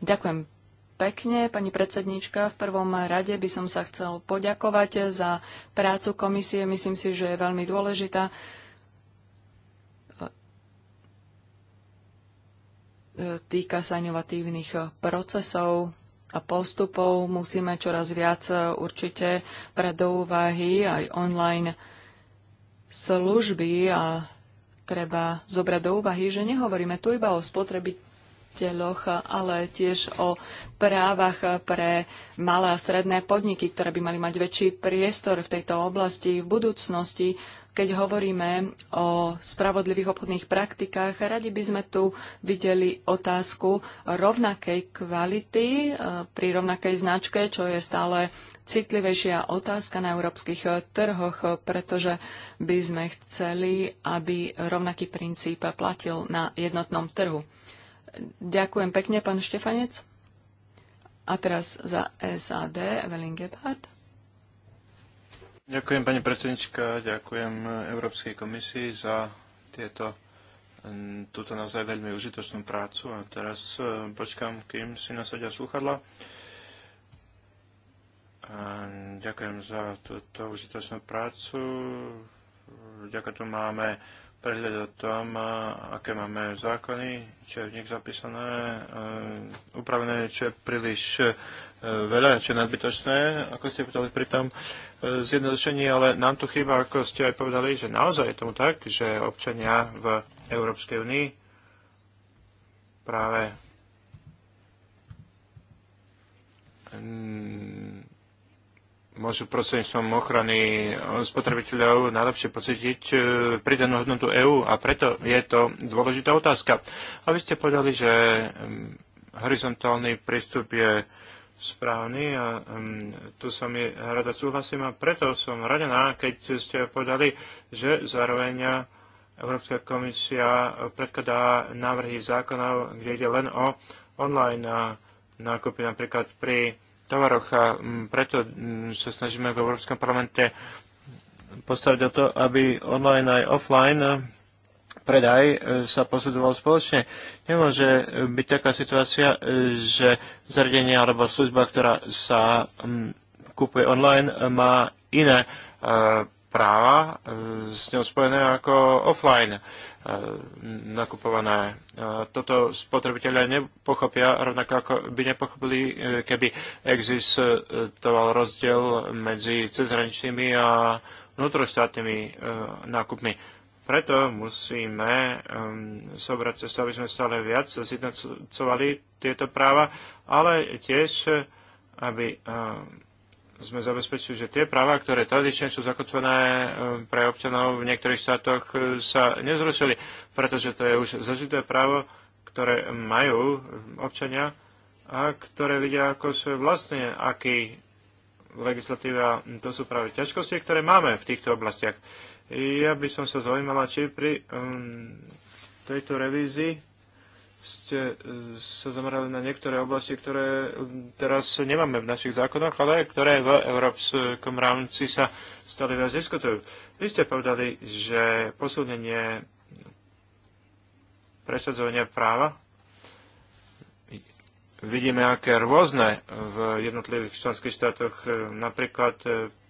[SPEAKER 2] Ďakujem pekne, pani predsedníčka. V prvom rade by som sa chcel poďakovať za prácu komisie. Myslím si, že je veľmi dôležitá týka sa inovatívnych procesov a postupov. Musíme čoraz viac určite brať do úvahy aj online služby a treba zobrať do úvahy, že nehovoríme tu iba o spotrebiteľoch, spotrebiteľoch, ale tiež o právach pre malé a stredné podniky, ktoré by mali mať väčší priestor v tejto oblasti v budúcnosti. Keď hovoríme o spravodlivých obchodných praktikách, radi by sme tu videli otázku rovnakej kvality e, pri rovnakej značke, čo je stále citlivejšia otázka na európskych trhoch, pretože by sme chceli, aby rovnaký princíp platil na jednotnom trhu. Ďakujem pekne, pán Štefanec. A teraz za SAD, Evelyn Gebhardt.
[SPEAKER 3] Ďakujem, pani predsednička, ďakujem Európskej komisii za tieto, túto naozaj veľmi užitočnú prácu. A teraz e, počkám, kým si nasadia slúchadla. A Ďakujem za túto užitočnú prácu. Ďakujem, tu máme prehľad o tom, aké máme zákony, čo je v nich zapísané, upravené, čo je príliš e, veľa, čo je nadbytočné, ako ste povedali pri tom e, zjednodušení, ale nám tu chýba, ako ste aj povedali, že naozaj je tomu tak, že občania v Európskej únii práve môžu prostredníctvom ochrany spotrebiteľov najlepšie pocítiť e, pridanú hodnotu EÚ a preto je to dôležitá otázka. A vy ste povedali, že mm, horizontálny prístup je správny a um, tu sa mi rada súhlasím a preto som radená, no, keď ste povedali, že zároveň Európska komisia predkladá návrhy zákonov, kde ide len o online nákupy napríklad pri tovaroch a mm, preto mm, sa snažíme v Európskom parlamente postaviť o to, aby online aj offline predaj e, sa posudzoval spoločne. Nemôže e, byť taká situácia, e, že zariadenie alebo služba, ktorá sa mm, kupuje online, má iné práva e, s ňou spojené ako offline e, nakupované. E, toto spotrebitelia nepochopia, rovnako ako by nepochopili, keby existoval rozdiel medzi cezhraničnými a vnútroštátnymi nákupmi. Preto musíme sobrať cestu, aby sme stále viac zjednocovali tieto práva, ale tiež, aby sme zabezpečili, že tie práva, ktoré tradične sú zakotvené e, pre občanov v niektorých štátoch, e, sa nezrušili, pretože to je už zažité právo, ktoré majú občania a ktoré vidia ako svoje vlastne, aký legislatíva, to sú práve ťažkosti, ktoré máme v týchto oblastiach. Ja by som sa zaujímala, či pri um, tejto revízii ste e, sa zamerali na niektoré oblasti, ktoré e, teraz nemáme v našich zákonoch, ale ktoré v európskom rámci sa stále viac diskutujú. Vy ste povedali, že posúdenie presadzovania práva vidíme, aké rôzne v jednotlivých členských štátoch, e, napríklad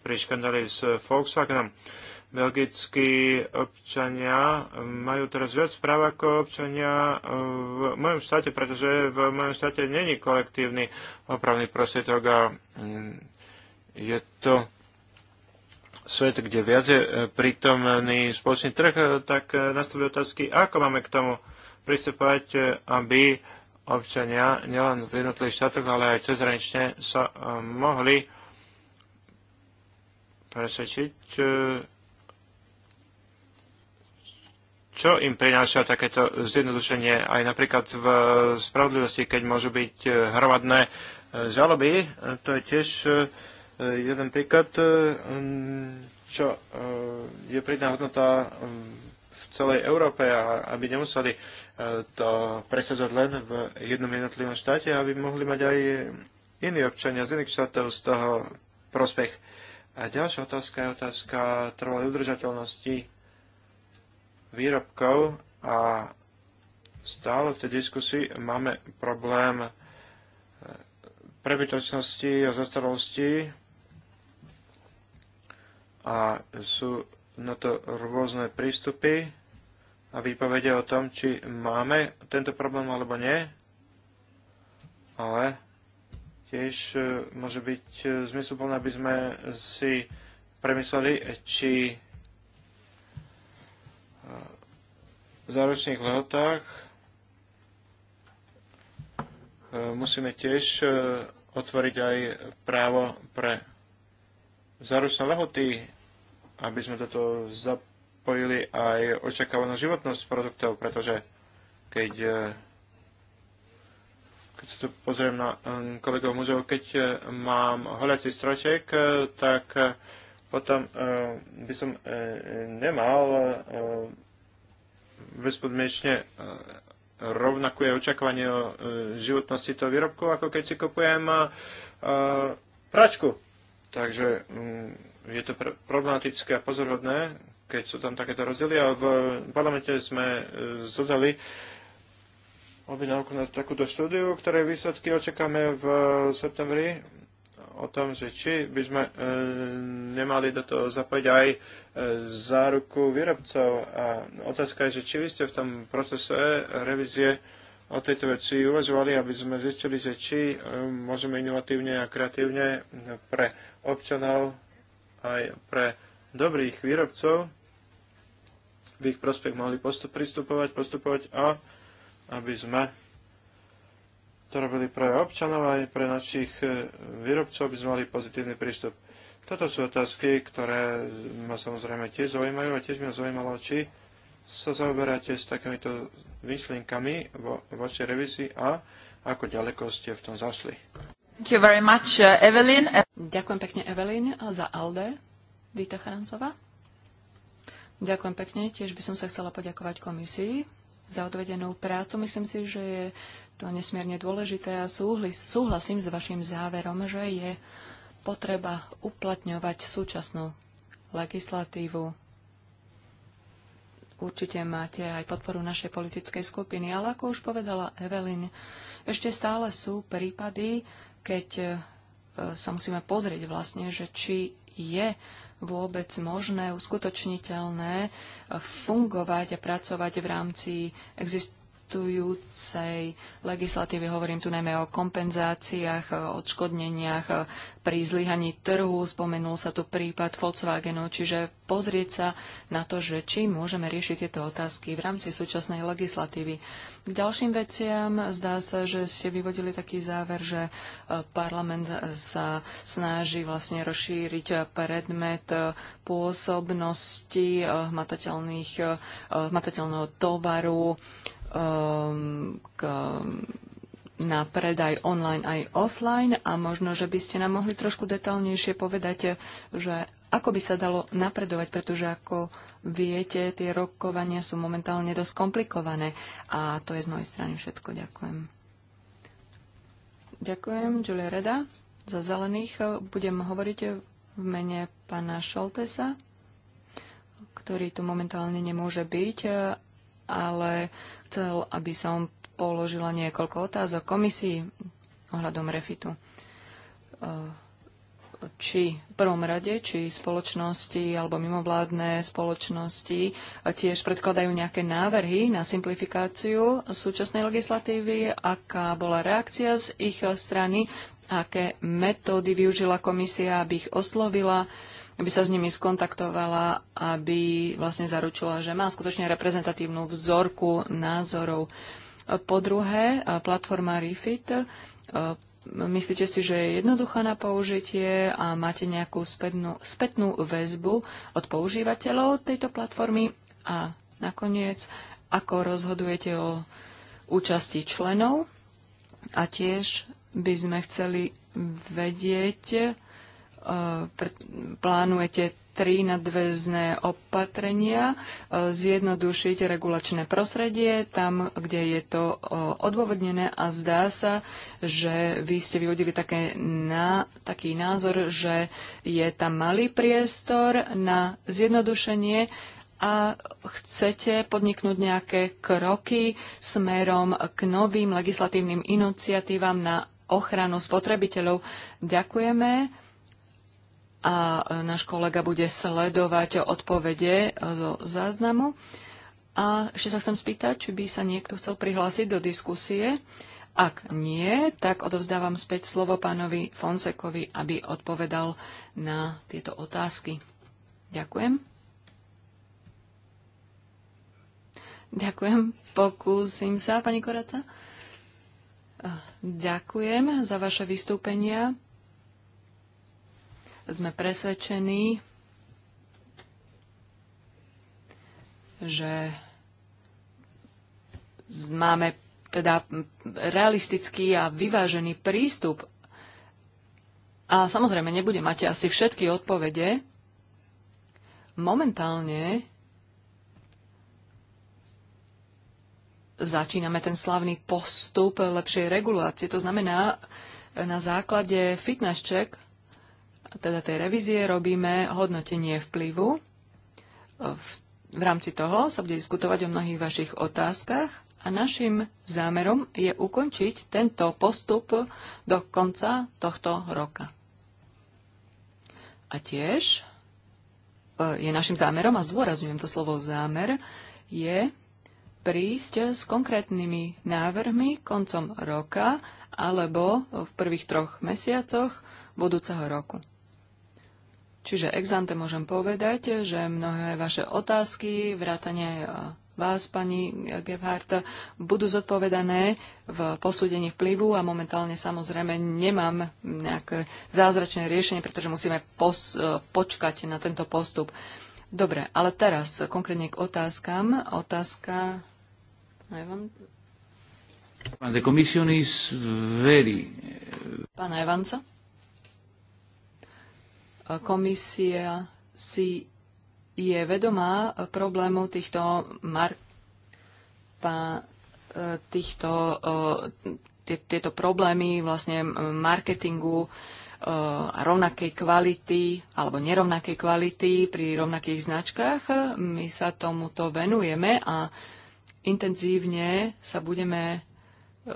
[SPEAKER 3] pri škandali s Volkswagenom belgickí občania ehm, majú teraz viac práv ako občania ehm, v mojom štáte, pretože v mojom štáte není kolektívny opravný prostriedok a ehm, je to svet, kde viac je e, prítomný spoločný trh, e, tak e, nastavujú otázky, ako máme k tomu pristupovať, aby občania nielen v jednotlivých štátoch, ale aj cezhranične sa mohli presvedčiť čo im prináša takéto zjednodušenie aj napríklad v spravodlivosti, keď môžu byť e, hromadné e, žaloby? E, to je tiež jeden príklad, čo je pridná hodnota v celej Európe, a aby nemuseli to presadzovať len v jednom jednotlivom štáte, aby mohli mať aj iní občania z iných štátov z toho prospech. A ďalšia otázka je otázka trvalej udržateľnosti výrobkov a stále v tej diskusii máme problém e, prebytočnosti a zastaralosti a sú na to rôzne prístupy a výpovede o tom, či máme tento problém alebo nie, ale tiež e, môže byť e, zmysluplné, aby sme si premysleli, či záročných lehotách e, musíme tiež e, otvoriť aj právo pre záručné lehoty, aby sme toto zapojili aj očakávanú životnosť produktov, pretože keď, e, keď sa tu pozriem na kolegov muzeov, keď mám holiací stroček, tak potom e, by som e, e, nemal bezpodmienečne rovnako je očakávanie o životnosti toho výrobku, ako keď si kupujem pračku. Takže mm, je to problematické a pozorhodné, keď sú tam takéto rozdiely. A v parlamente sme zodali objednávku na takúto štúdiu, ktoré výsledky očakáme v septembri o tom, že či by sme e, nemali do toho zapojiť aj e, záruku výrobcov. A otázka je, že či vy ste v tom procese revízie o tejto veci uvažovali, aby sme zistili, že či e, môžeme inovatívne a kreatívne pre občanov aj pre dobrých výrobcov v ich prospech mohli postup, pristupovať, postupovať a aby sme to robili pre občanov aj pre našich e, výrobcov, aby sme mali pozitívny prístup. Toto sú otázky, ktoré ma samozrejme tiež zaujímajú a tiež ma zaujímalo, či sa zaoberáte s takýmito myšlienkami vo vašej revízii a ako ďaleko ste v tom zašli.
[SPEAKER 2] Thank you very much, uh, Evelyn. Ďakujem pekne, Evelyn, za ALDE. Víta Charancová. Ďakujem pekne. Tiež by som sa chcela poďakovať komisii za odvedenú prácu. Myslím si, že je to nesmierne dôležité a súhlasím s vašim záverom, že je potreba uplatňovať súčasnú legislatívu. Určite máte aj podporu našej politickej skupiny, ale ako už povedala Evelyn, ešte stále sú prípady, keď e, sa musíme pozrieť vlastne, že či je vôbec možné, uskutočniteľné e, fungovať a pracovať v rámci existujúcich existujúcej legislatívy. Hovorím tu najmä o kompenzáciách, odškodneniach pri zlyhaní trhu. Spomenul sa tu prípad Volkswagenu, čiže pozrieť sa na to, že či môžeme riešiť tieto otázky v rámci súčasnej legislatívy. K ďalším veciam zdá sa, že ste vyvodili taký záver, že e, parlament sa snaží vlastne rozšíriť predmet e, pôsobnosti e, hmatateľného tovaru um, k, na predaj online aj offline a možno, že by ste nám mohli trošku detálnejšie povedať, že ako by sa dalo napredovať, pretože ako viete, tie rokovania sú momentálne dosť komplikované a to je z mojej strany všetko. Ďakujem. Ďakujem, Julia Reda. Za zelených budem hovoriť v mene pána Šoltesa, ktorý tu momentálne nemôže byť ale chcel, aby som položila niekoľko otázok komisii ohľadom refitu. E, či v prvom rade, či spoločnosti alebo mimovládne spoločnosti tiež predkladajú nejaké návrhy na simplifikáciu súčasnej legislatívy, aká bola reakcia z ich strany, aké metódy využila komisia, aby ich oslovila, uh, aby sa s nimi skontaktovala, aby vlastne zaručila, že má skutočne reprezentatívnu vzorku názorov. Po druhé, platforma Refit. E, myslíte si, že je jednoduchá na použitie a máte nejakú spätnú, spätnú väzbu od používateľov tejto platformy? A nakoniec, ako rozhodujete o účasti členov? A tiež by sme chceli vedieť, E, plánujete tri nadväzné opatrenia, e, zjednodušiť regulačné prostredie tam, kde je to e, odôvodnené a zdá sa, že vy ste vyvodili také na, taký názor, že je tam malý priestor na zjednodušenie a chcete podniknúť nejaké kroky smerom k novým legislatívnym iniciatívam na ochranu spotrebiteľov. Ďakujeme a e, náš kolega bude sledovať odpovede e, zo záznamu. A ešte sa chcem spýtať, či by sa niekto chcel prihlásiť do diskusie. Ak nie, tak odovzdávam späť slovo pánovi Fonsekovi, aby odpovedal na tieto otázky. Ďakujem. Ďakujem. Pokúsim sa, pani Koraca. Ďakujem za vaše vystúpenia sme presvedčení, že máme teda realistický a vyvážený prístup. A samozrejme, nebude mať asi všetky odpovede. Momentálne začíname ten slavný postup lepšej regulácie. To znamená, na základe fitness check teda tej revízie robíme hodnotenie vplyvu. V, v rámci toho sa bude diskutovať o mnohých vašich otázkach a našim zámerom je ukončiť tento postup do konca tohto roka. A tiež e, je našim zámerom, a zdôrazňujem to slovo zámer, je prísť s konkrétnymi návrhmi koncom roka alebo v prvých troch mesiacoch budúceho roku. Čiže exante môžem povedať, že mnohé vaše otázky, vrátane e, vás, pani Gebhardt, budú zodpovedané v posúdení vplyvu a momentálne samozrejme nemám nejaké zázračné riešenie, pretože musíme e, počkať na tento postup. Dobre, ale teraz konkrétne k otázkam. Otázka... Pán Evanca? Komisia si je vedomá problému týchto týchto, e, tieto problémy vlastne marketingu e, a rovnakej kvality alebo nerovnakej kvality pri rovnakých značkách. My sa tomuto venujeme a intenzívne sa budeme,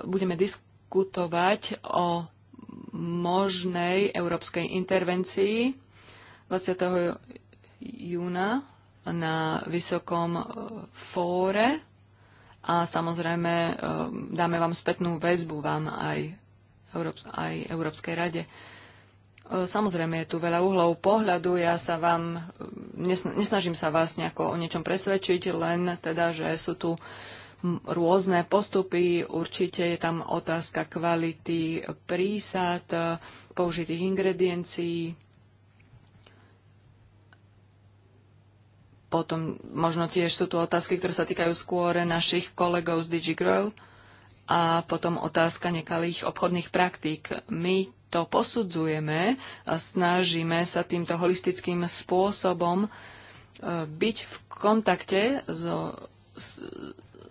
[SPEAKER 2] budeme diskutovať o možnej európskej intervencii 20. júna na Vysokom e, fóre a samozrejme e, dáme vám spätnú väzbu vám aj, Európs- aj Európskej rade. E, samozrejme je tu veľa uhlov pohľadu, ja sa vám, nesnažím sa vás nejako o niečom presvedčiť, len teda, že sú tu rôzne postupy, určite je tam otázka kvality prísad, použitých ingrediencií, Potom možno tiež sú tu otázky, ktoré sa týkajú skôr našich kolegov z DigiGrow a potom otázka nekalých obchodných praktík. My to posudzujeme a snažíme sa týmto holistickým spôsobom e, byť v kontakte so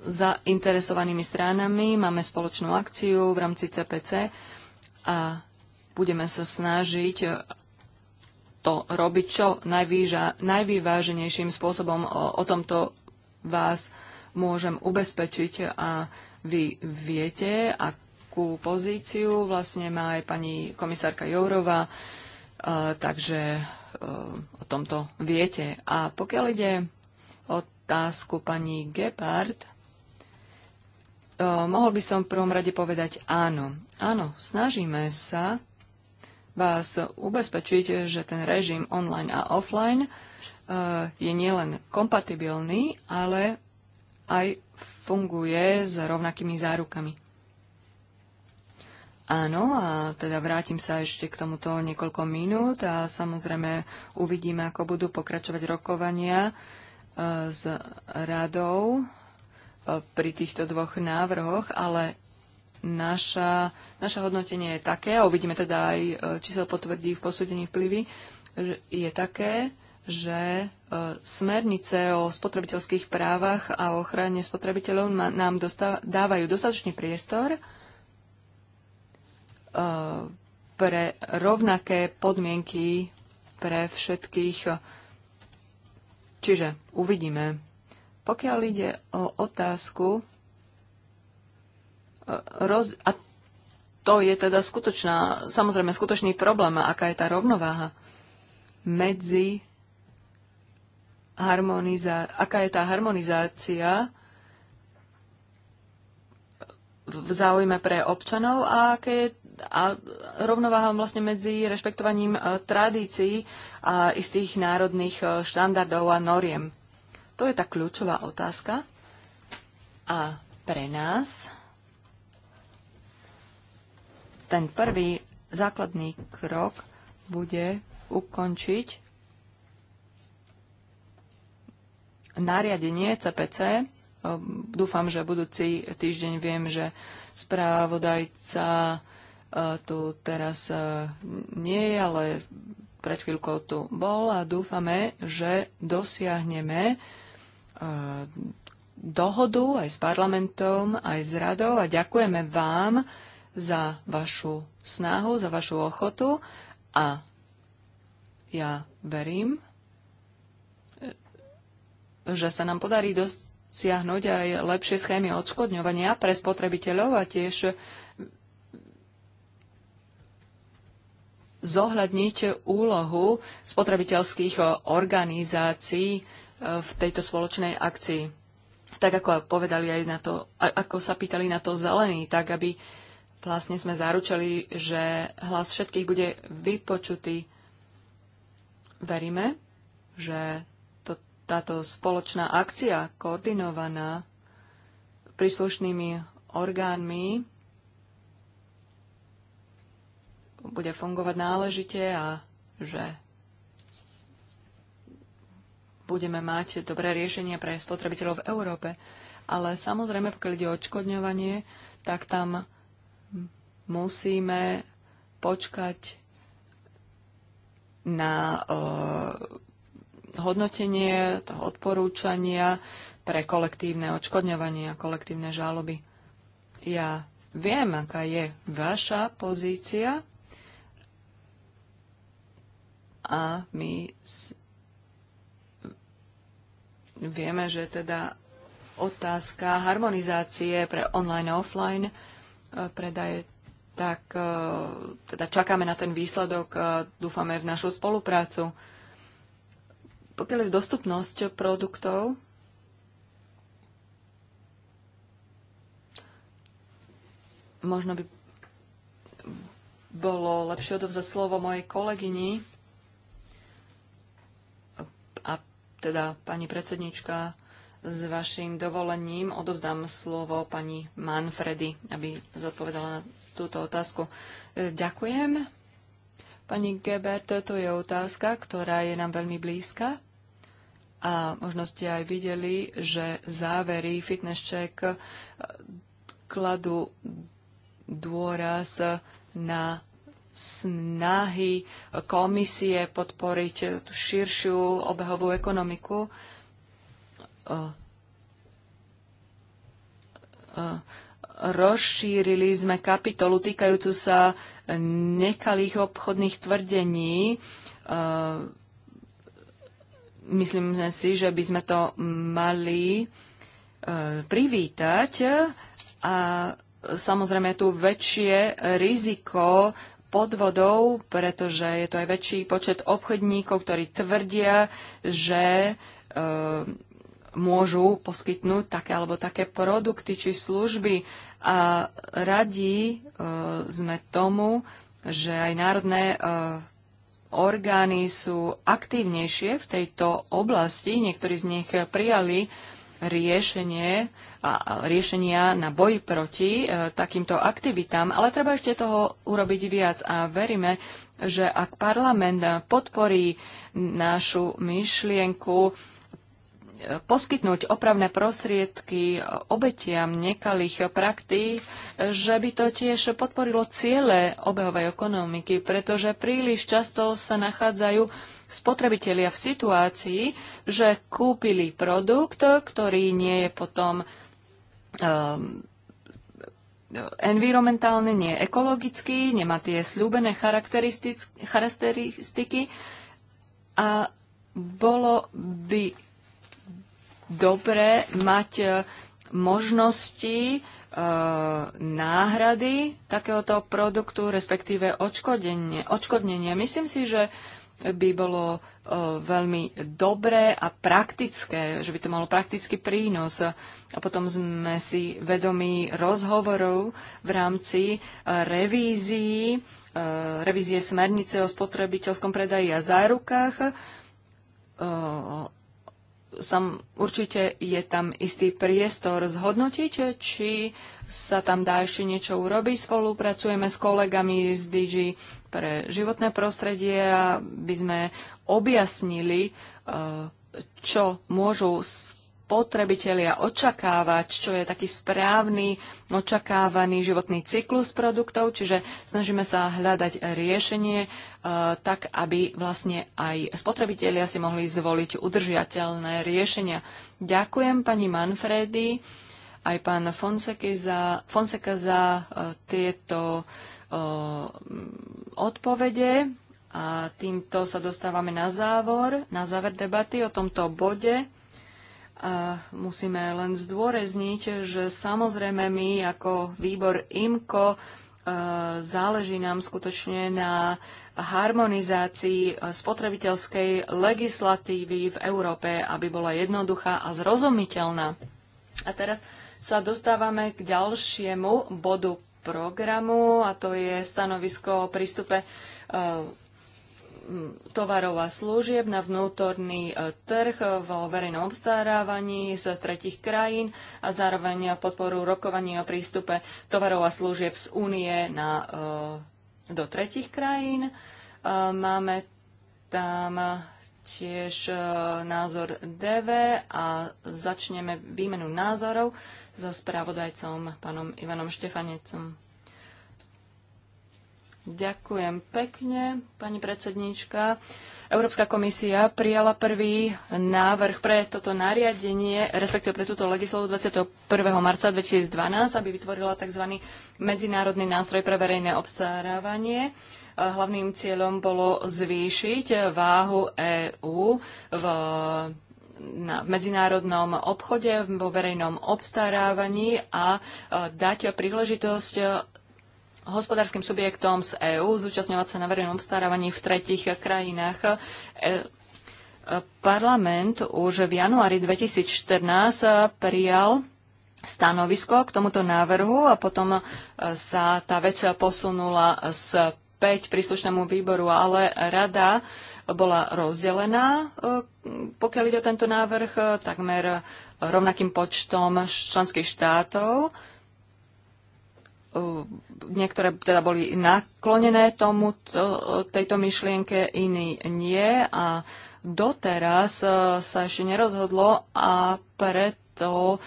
[SPEAKER 2] zainteresovanými stranami. Máme spoločnú akciu v rámci CPC a budeme sa snažiť to robiť čo najvýža, najvýváženejším spôsobom. O, o tomto vás môžem ubezpečiť a vy viete, akú pozíciu vlastne má aj pani komisárka e, takže e, o tomto viete. A pokiaľ ide otázku pani Gebhardt, e, mohol by som v prvom rade povedať áno. Áno, snažíme sa vás ubezpečiť, že ten režim online a offline e, je nielen kompatibilný, ale aj funguje s rovnakými zárukami. Áno, a teda vrátim sa ešte k tomuto niekoľko minút a samozrejme uvidíme, ako budú pokračovať rokovania e, s radou e, pri týchto dvoch návrhoch, ale naša, naše hodnotenie je také, a uvidíme teda aj, e, či sa potvrdí v posúdení vplyvy, je také, že e, smernice o spotrebiteľských právach a ochrane spotrebiteľov nám dávajú dostatočný priestor e, pre rovnaké podmienky pre všetkých. Čiže uvidíme. Pokiaľ ide o otázku, roz... A to je teda skutočná, samozrejme skutočný problém, aká je tá rovnováha medzi harmonizá... aká je tá harmonizácia v záujme pre občanov a aké je a rovnováha vlastne medzi rešpektovaním e, tradícií a istých národných e, štandardov a noriem. To je tá kľúčová otázka. A pre nás ten prvý základný krok bude ukončiť nariadenie CPC. Dúfam, že budúci týždeň viem, že správodajca e, tu teraz e, nie je, ale pred chvíľkou tu bol a dúfame, že dosiahneme e, dohodu aj s parlamentom, aj s radou a ďakujeme vám za vašu snahu, za vašu ochotu a ja verím, e, že sa nám podarí dosiahnuť aj lepšie schémy odškodňovania pre spotrebiteľov a tiež zohľadniť úlohu spotrebiteľských organizácií e, v tejto spoločnej akcii. Tak ako povedali aj na to, ako sa pýtali na to zelení, tak aby vlastne sme zaručili, že hlas všetkých bude vypočutý. Veríme, že to, táto spoločná akcia, koordinovaná príslušnými orgánmi, bude fungovať náležite a že budeme mať dobré riešenia pre spotrebiteľov v Európe. Ale samozrejme, pokiaľ ide o odškodňovanie, tak tam musíme počkať na e, hodnotenie toho odporúčania pre kolektívne odškodňovanie a kolektívne žaloby. Ja viem, aká je vaša pozícia a my s... vieme, že teda otázka harmonizácie pre online a offline e, predaje tak e, teda čakáme na ten výsledok, dúfame v našu spoluprácu. Pokiaľ je dostupnosť produktov, možno by bolo lepšie odovzať slovo mojej kolegyni a teda pani predsednička s vašim dovolením odovzdám slovo pani Manfredy, aby zodpovedala na túto otázku. E, ďakujem. Pani Gebert, to je otázka, ktorá je nám veľmi blízka. A možno ste aj videli, že závery fitness check e, kladú dôraz na snahy komisie podporiť tú širšiu obehovú ekonomiku. E, rozšírili sme kapitolu týkajúcu sa nekalých obchodných tvrdení. E, myslím si, že by sme to mali e, privítať a samozrejme je tu väčšie riziko podvodov, pretože je to aj väčší počet obchodníkov, ktorí tvrdia, že e, môžu poskytnúť také alebo také produkty či služby. A radí e, sme tomu, že aj národné e, orgány sú aktívnejšie v tejto oblasti. Niektorí z nich prijali riešenie a riešenia na boj proti e, takýmto aktivitám, ale treba ešte toho urobiť viac a veríme, že ak parlament podporí našu myšlienku poskytnúť opravné prostriedky obetiam nekalých praktí, že by to tiež podporilo ciele obehovej ekonomiky, pretože príliš často sa nachádzajú spotrebitelia v situácii, že kúpili produkt, ktorý nie je potom um, ehm, environmentálne, nie ekologický, nemá tie slúbené charakteristiky a bolo by dobre mať e, možnosti e, náhrady takéhoto produktu, respektíve odškodnenie. odškodnenie. Myslím si, že by bolo e, veľmi dobré a praktické, že by to malo praktický prínos. A potom sme si vedomí rozhovorov v rámci revízií, revízie smernice o spotrebiteľskom predaji a zárukách som, určite je tam istý priestor zhodnotiť, či sa tam dá ešte niečo urobiť. Spolupracujeme s kolegami z DG pre životné prostredie, aby sme objasnili, eh, čo môžu spotrebitelia očakávať, čo je taký správny, očakávaný životný cyklus produktov, čiže snažíme sa hľadať riešenie eh, tak, aby vlastne aj spotrebitelia si mohli zvoliť udržiateľné riešenia. Ďakujem pani Manfredy aj pán Fonseke za, Fonseca za eh, tieto eh, odpovede. A týmto sa dostávame na závor, na záver debaty o tomto bode. A musíme len zdôrezniť, že samozrejme my ako výbor IMCO e, záleží nám skutočne na harmonizácii e, spotrebiteľskej legislatívy v Európe, aby bola jednoduchá a zrozumiteľná. A teraz sa dostávame k ďalšiemu bodu programu a to je stanovisko o prístupe e, tovarov a služieb na vnútorný e, trh vo verejnom obstarávaní z tretich krajín a zároveň podporu rokovania o prístupe tovarov a služieb z únie na, e, do tretich krajín. E, máme tam tiež názor DV a začneme výmenu názorov so spravodajcom pánom Ivanom Štefanecom. Ďakujem pekne, pani predsedníčka. Európska komisia prijala prvý návrh pre toto nariadenie, respektíve pre túto legislatívu 21. marca 2012, aby vytvorila tzv. medzinárodný nástroj pre verejné obstarávanie. Hlavným cieľom bolo zvýšiť váhu EÚ v na medzinárodnom obchode, vo verejnom obstarávaní a dať príležitosť hospodárskym subjektom z EÚ zúčastňovať sa na verejnom obstarávaní v tretich krajinách. E, e, parlament už v januári 2014 prijal stanovisko k tomuto návrhu a potom e, sa tá vec posunula z 5 príslušnému výboru, ale rada bola rozdelená, pokiaľ ide o tento návrh, takmer rovnakým počtom členských štátov E, niektoré teda boli naklonené tomu, tejto myšlienke, iní nie a doteraz e, sa ešte nerozhodlo a preto e,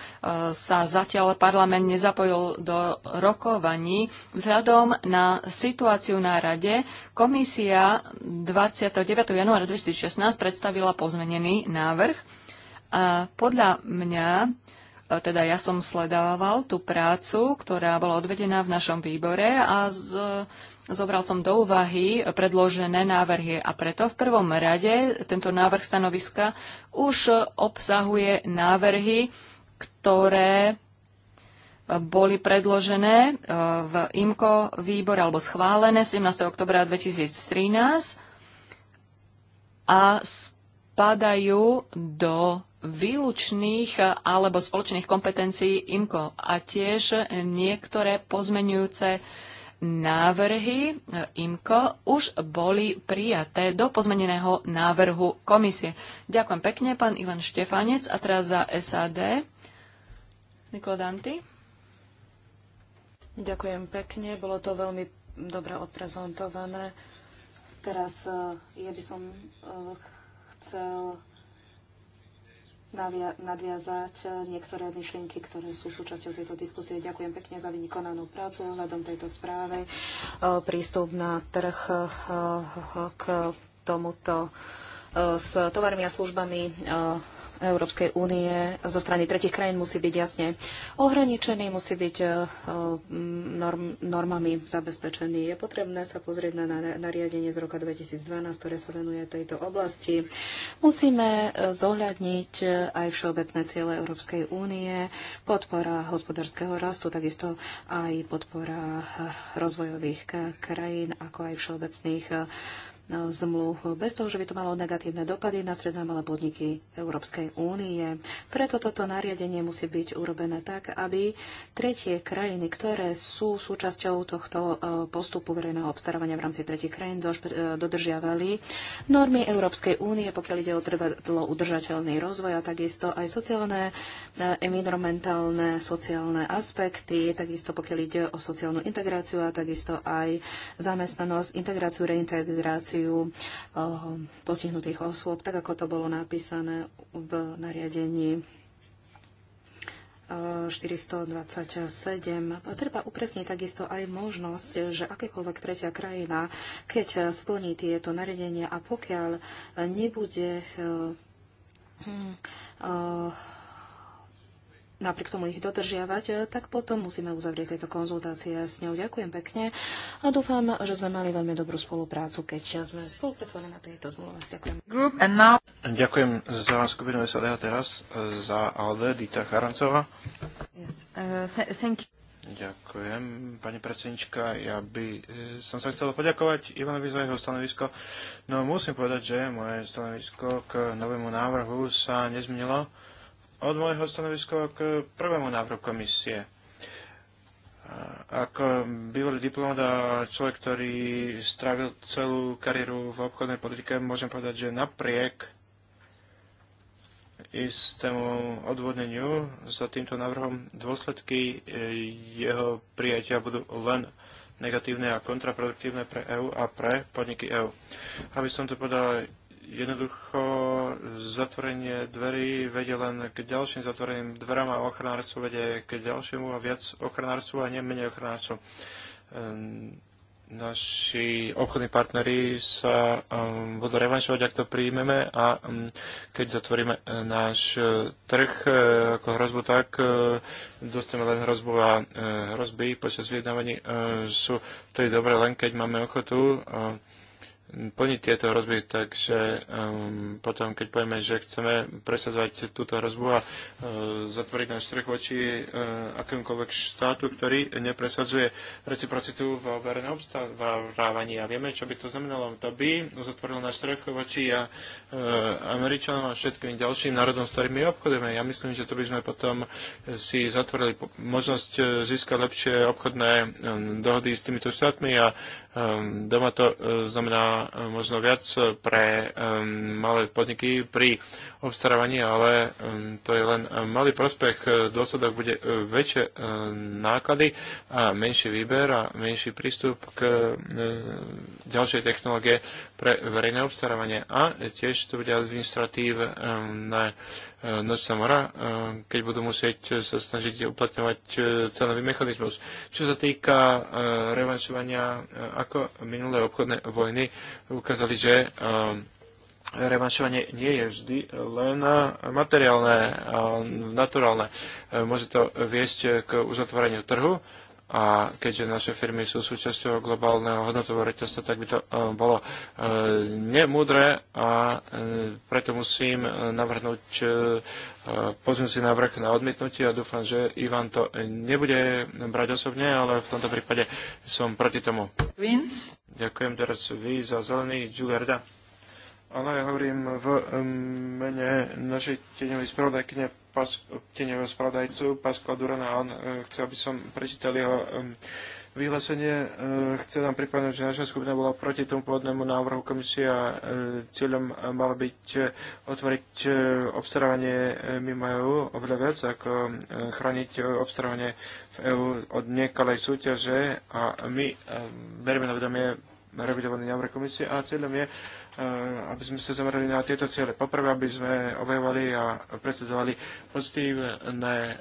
[SPEAKER 2] sa zatiaľ parlament nezapojil do rokovaní. Vzhľadom na situáciu na rade, komisia 29. januára 2016 predstavila pozmenený návrh. A podľa mňa teda ja som sledával tú prácu, ktorá bola odvedená v našom výbore a z, zobral som do úvahy predložené návrhy a preto v prvom rade tento návrh stanoviska už obsahuje návrhy, ktoré boli predložené e, v IMKO výbore alebo schválené 17. oktobra 2013 a spadajú do výlučných eh, alebo spoločných kompetencií IMCO a tiež niektoré pozmenujúce návrhy eh, IMCO už boli prijaté do pozmeneného návrhu komisie. Ďakujem pekne, pán Ivan Štefanec. A teraz za SAD.
[SPEAKER 4] Nikola Danty. Ďakujem pekne, bolo to veľmi dobre odprezentované. Teraz eh, ja by som chcel nadviazať eh, niektoré myšlienky, ktoré sú súčasťou tejto diskusie. Ďakujem pekne za vykonanú prácu ohľadom tejto správe. Eh, prístup na trh eh, k tomuto s tovarmi a službami Európskej únie zo strany tretich krajín musí byť jasne ohraničený, musí byť eh, mm, norm, normami zabezpečený. Je potrebné sa pozrieť na nariadenie z roka 2012, ktoré sa venuje tejto oblasti. Musíme eh, zohľadniť eh, aj všeobecné ciele Európskej únie, podpora hospodárskeho rastu, takisto aj podpora rozvojových krajín, ako aj všeobecných zmluv, bez toho, že by to malo negatívne dopady na stredné malé podniky Európskej únie. Preto toto nariadenie musí byť urobené tak, aby tretie krajiny, ktoré sú súčasťou tohto e, postupu verejného obstarávania v rámci tretich krajín, e, dodržiavali normy Európskej únie, pokiaľ ide o trvalo udržateľný rozvoj a takisto aj sociálne, e, environmentálne, sociálne aspekty, takisto pokiaľ ide o sociálnu integráciu a takisto aj zamestnanosť, integráciu, reintegráciu situáciu eh, postihnutých osôb, tak ako to bolo napísané v nariadení 427. Eh, Treba upresniť takisto aj možnosť, že akékoľvek tretia krajina, keď splní tieto nariadenia a pokiaľ nebude hmm, uh, napriek tomu ich dodržiavať, e, tak potom musíme uzavrieť tieto konzultácie s ňou. Ďakujem pekne a dúfam, že sme mali veľmi dobrú spoluprácu, keď sme spolupracovali na tejto zmluve. Ďakujem.
[SPEAKER 1] Now...
[SPEAKER 3] Ďakujem za skupinu SODA teraz, e, za Alde Dita Charancová.
[SPEAKER 1] Yes. Uh, th
[SPEAKER 3] Ďakujem, pani predsednička. Ja by som sa chcel poďakovať Ivanovi za jeho stanovisko. No musím povedať, že moje stanovisko k novému návrhu sa nezmenilo od môjho stanoviska k prvému návrhu komisie. Ako bývalý diplomat a človek, ktorý strávil celú kariéru v obchodnej politike, môžem povedať, že napriek istému odvodneniu za týmto návrhom dôsledky e, jeho prijatia budú len negatívne a kontraproduktívne pre EÚ a pre podniky EÚ. Aby som to povedal jednoducho zatvorenie dverí vedie len k ďalším zatvoreným dverám a ochranárstvo vedie k ďalšiemu a viac ochranárstvu a nie menej ochranárstvu. Ehm, naši obchodní partneri sa um, budú revanšovať, ak to príjmeme a um, keď zatvoríme e, náš e, trh uh, ako hrozbu, tak uh, dostaneme len hrozbu a uh, hrozby počas vyjednávaní uh, sú to dobré len, keď máme ochotu uh, plniť tieto hrozby, takže um, potom, keď povieme, že chceme presadzovať túto hrozbu a uh, zatvoriť náš trh voči uh, akýmkoľvek štátu, ktorý nepresadzuje reciprocitu v verejnom obstávávaní. A vieme, čo by to znamenalo. To by uzatvorilo náš trh voči a, uh, Američanom a všetkým ďalším národom, s ktorými obchodujeme. Ja myslím, že to by sme potom si zatvorili možnosť uh, získať lepšie obchodné um, dohody s týmito štátmi a uh, Ehm, doma to e, znamená e, možno viac e, pre malé podniky pri obstarávaní, ale to je len malý prospech. Dôsledok bude väčšie náklady a menší výber a menší prístup k ďalšej technológie, pre verejné obstarávanie. A tiež to bude administratív na e, nočná mora, keď budú musieť sa snažiť uplatňovať e, cenový mechanizmus. Čo sa týka e, revanšovania, ako minulé obchodné vojny ukázali, že revanšovanie nie je vždy len materiálne, naturálne. Môže to viesť k uzatvoreniu trhu a keďže naše firmy sú súčasťou globálneho hodnotového reťazca, tak by to e, bolo e, nemudré a e, preto musím navrhnúť pozmúci návrh na odmietnutie a dúfam, že Ivan to nebude brať osobne, ale v tomto prípade som proti tomu. Vince. Ďakujem teraz vy za zelený Giuliarda. Ale ja hovorím v mene našej teňovej spravodajkyne tieňového teňového spravodajcu Durana a on e, chcel aby som prečítal jeho vyhlásenie. E, Chcem nám pripomenúť, že naša skupina bola proti tomu pôvodnému návrhu komisia. E, cieľom malo byť otvoriť obstarávanie mimo EU oveľa viac, ako chrániť obstarávanie v EÚ od nekalej súťaže a my berieme na vedomie revidovaný návrh komisie a cieľom je aby sme sa zamerali na tieto ciele. Poprvé, aby sme objavovali a presadzovali pozitívne e,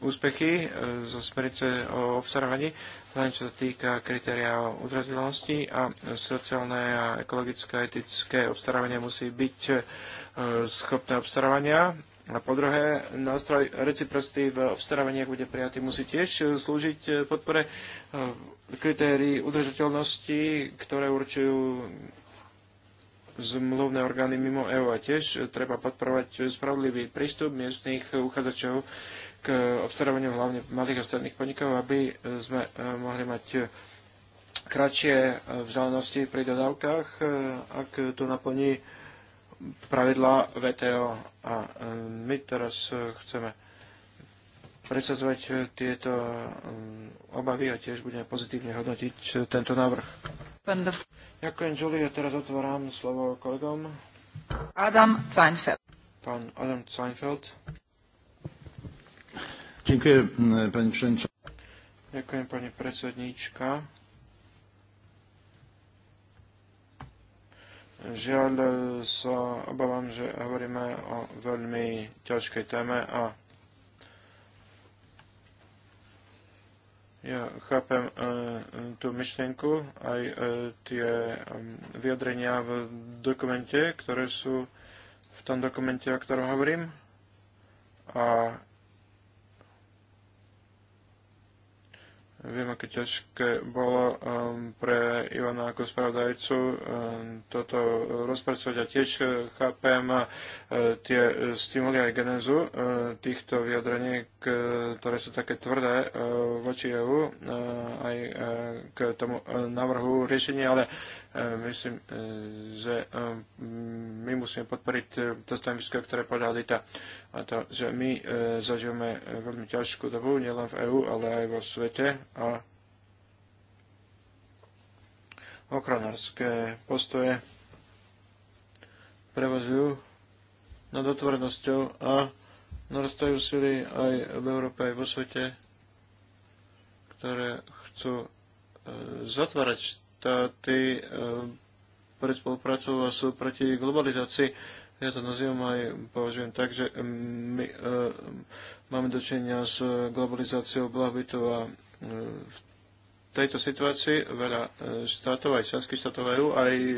[SPEAKER 3] úspechy e, zo smerice o obsarovaní, len čo sa týka kritéria o udržateľnosti a sociálne a ekologické a etické obstarávanie musí byť e, schopné obstarávania. A po druhé, nástroj reciprocity v obstarávaní, ak bude prijatý, musí tiež slúžiť podpore kritérií udržateľnosti, ktoré určujú zmluvné orgány mimo EÚ a tiež e, treba podporovať spravodlivý prístup miestných uchádzačov k obstarávaniu hlavne malých a stredných podnikov, aby e, sme e, mohli mať kratšie vzdialenosti pri dodávkach, ak to naplní pravidla VTO. A my teraz chceme presadzovať tieto obavy a tiež budeme pozitívne hodnotiť tento návrh. Ďakujem, Julie. Teraz otváram slovo kolegom. Adam Seinfeld. Pán Adam Seinfeld.
[SPEAKER 4] Ďakujem, pani predsednička.
[SPEAKER 3] Ďakujem, pani predsednička. Žiaľ sa obávam, že hovoríme o veľmi ťažkej téme a Ja chápem e, tú myšlienku, aj e, tie vyjadrenia v dokumente, ktoré sú v tom dokumente, o ktorom hovorím. A viem, aké ťažké bolo um, pre Ivana ako spravodajcu um, toto rozpracovať. A tiež e, chápem uh, tie stimuly aj genezu uh, týchto vyjadrení, E, ktoré sú také tvrdé e, voči EU e, aj k tomu návrhu riešenia, ale myslím, že my musíme podporiť to stanovisko, ktoré podľa Dita. A to, že my zažívame veľmi ťažkú dobu, nielen v EU, ale aj vo svete. A ochranárske postoje prevozujú nad otvorenosťou a narastajú sily aj v Európe, aj vo svete, ktoré chcú e, zatvárať štáty e, pred spoluprácou a sú proti globalizácii. Ja to nazývam aj, považujem tak, že my e, máme dočenia s globalizáciou blahobytu a e, v tejto situácii veľa e, štátov, aj členských štátov EU, aj e,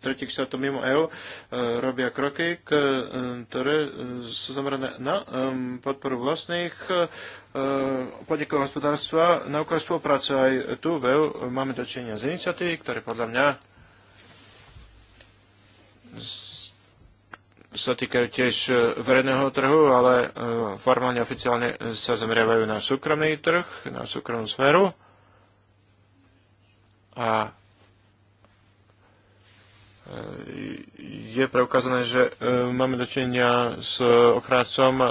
[SPEAKER 3] tretich štátov mimo EU e, robia kroky, ktoré sú zamerané na podporu vlastných podnikov hospodárstva na úkor spolupráce. Aj tu v EÚ máme dočenia z iniciatívy, ktoré podľa mňa sa týkajú tiež verejného trhu, ale formálne oficiálne sa zameriavajú na súkromný trh, na súkromnú sféru a e, je preukázané, že e, máme dočinenia s ochráncom e,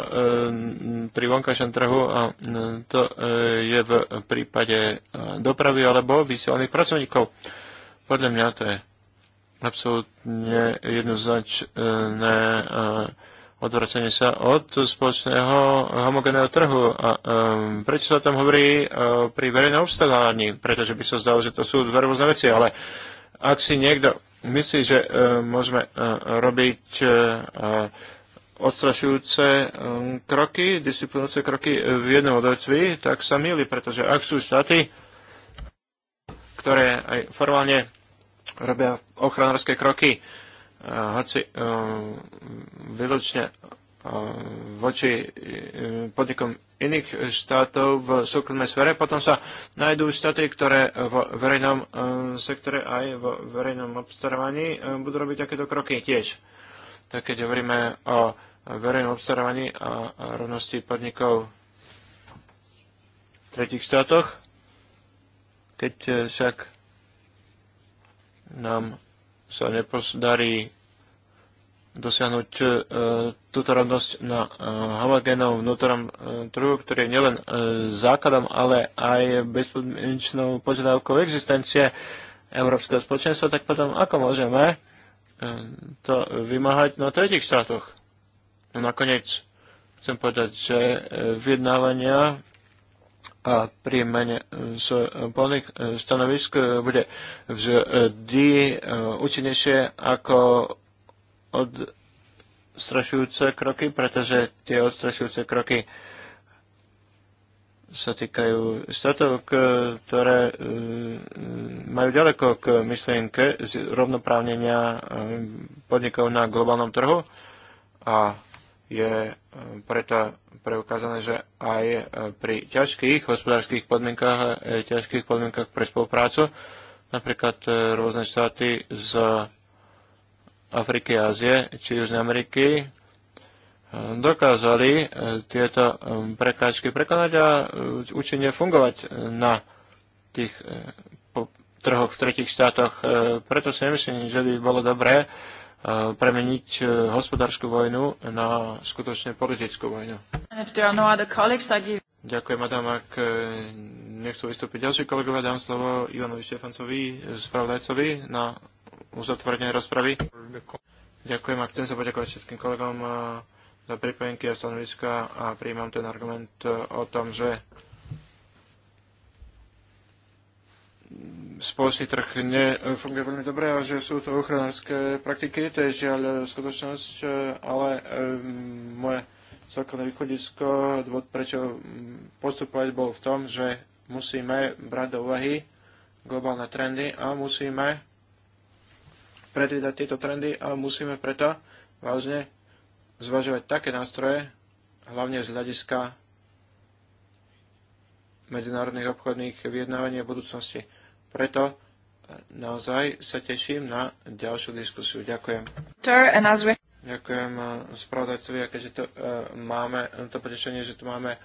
[SPEAKER 3] pri vonkajšom trhu a to je v prípade dopravy alebo vysielaných pracovníkov. Podľa mňa to je absolútne jednoznačné odvracenie sa od spoločného homogénneho trhu. A, um, prečo sa tam hovorí uh, pri verejnom obstarávaní? Pretože by sa zdalo, že to sú dve rôzne veci, ale ak si niekto myslí, že uh, môžeme uh, robiť uh, odstrašujúce odstrašujúce kroky, disciplinujúce kroky v jednom odvetví, tak sa milí, pretože ak sú štáty, ktoré aj formálne robia ochranárske kroky Eh, hoci eh, výlučne eh, voči podnikom iných štátov v súkromnej sfere. Potom sa nájdú štáty, ktoré v verejnom sektore aj v verejnom obstarávaní budú robiť takéto kroky tiež. Tak keď hovoríme o verejnom obstarávaní a rovnosti podnikov v tretich štátoch, keď však nám sa nepodarí dosiahnuť e, túto rovnosť na e, homogénnom vnútornom e, trhu, ktorý je nielen základom, ale aj bezpodmienečnou požiadavkou existencie Európskeho spoločenstva, tak potom ako môžeme to vymáhať na tretich štátoch? No nakoniec chcem povedať, že vyjednávania a pri mene z polných stanovisk bude vždy e, účinnejšie ako odstrašujúce kroky, pretože tie odstrašujúce kroky sa týkajú štátov, ktoré e, majú ďaleko k myšlienke rovnoprávnenia e, podnikov na globálnom trhu a je preto preukázané, že aj e, pri ťažkých hospodárskych podmienkach, e, ťažkých podmienkach pre spoluprácu, napríklad e, rôzne štáty z Afriky a Ázie či Južnej Ameriky dokázali tieto prekážky prekonať a účinne fungovať na tých trhoch v tretich štátoch. Preto si nemyslím, že by bolo dobré E, premeniť e, hospodárskú vojnu na skutočne politickú vojnu.
[SPEAKER 1] No
[SPEAKER 3] Ďakujem, Adam. Ak e, nechcú vystúpiť ďalší kolegovia, dám slovo Ivanovi Štefancovi, spravodajcovi na uzatvorenie rozpravy. Ďakujem a chcem sa poďakovať všetkým kolegom za pripojenky a stanoviska a príjmam ten argument o tom, že spoločný trh nefunguje veľmi dobre a že sú to ochranárske praktiky, to je žiaľ skutočnosť, e, ale e, moje celkové východisko, dôvod prečo postupovať bol v tom, že musíme brať do úvahy globálne trendy a musíme predvídať tieto trendy a musíme preto vážne zvažovať také nástroje, hlavne z hľadiska medzinárodných obchodných vyjednávaní v budúcnosti. Preto e, naozaj sa teším na ďalšiu diskusiu. Ďakujem. Ďakujem e, spravodajcovi, keďže to, e, máme to potešenie, že tu máme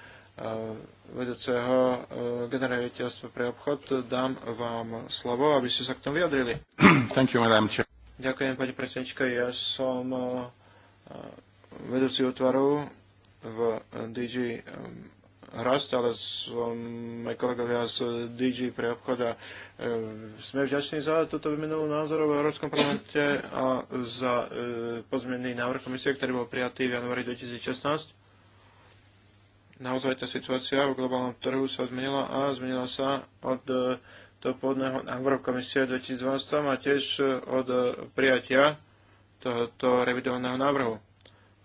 [SPEAKER 3] vedúceho generáliteľstva pre obchod. Dám vám slovo, aby ste sa k tomu vyjadrili.
[SPEAKER 1] *clears throat* Thank you, madam.
[SPEAKER 3] Ďakujem, pani predsednička. Ja som vedúci útvaru v DG rast, ale sme um, kolegovia z DG pre obchod a e, sme vďační za toto vymenovú názorov v Európskom parlamente a za e, pozmenný návrh komisie, ktorý bol prijatý v januári 2016 naozaj tá situácia v globálnom trhu sa zmenila a zmenila sa od e, toho pôvodného návrhu komisie 2012 a tiež od prijatia tohoto revidovaného návrhu.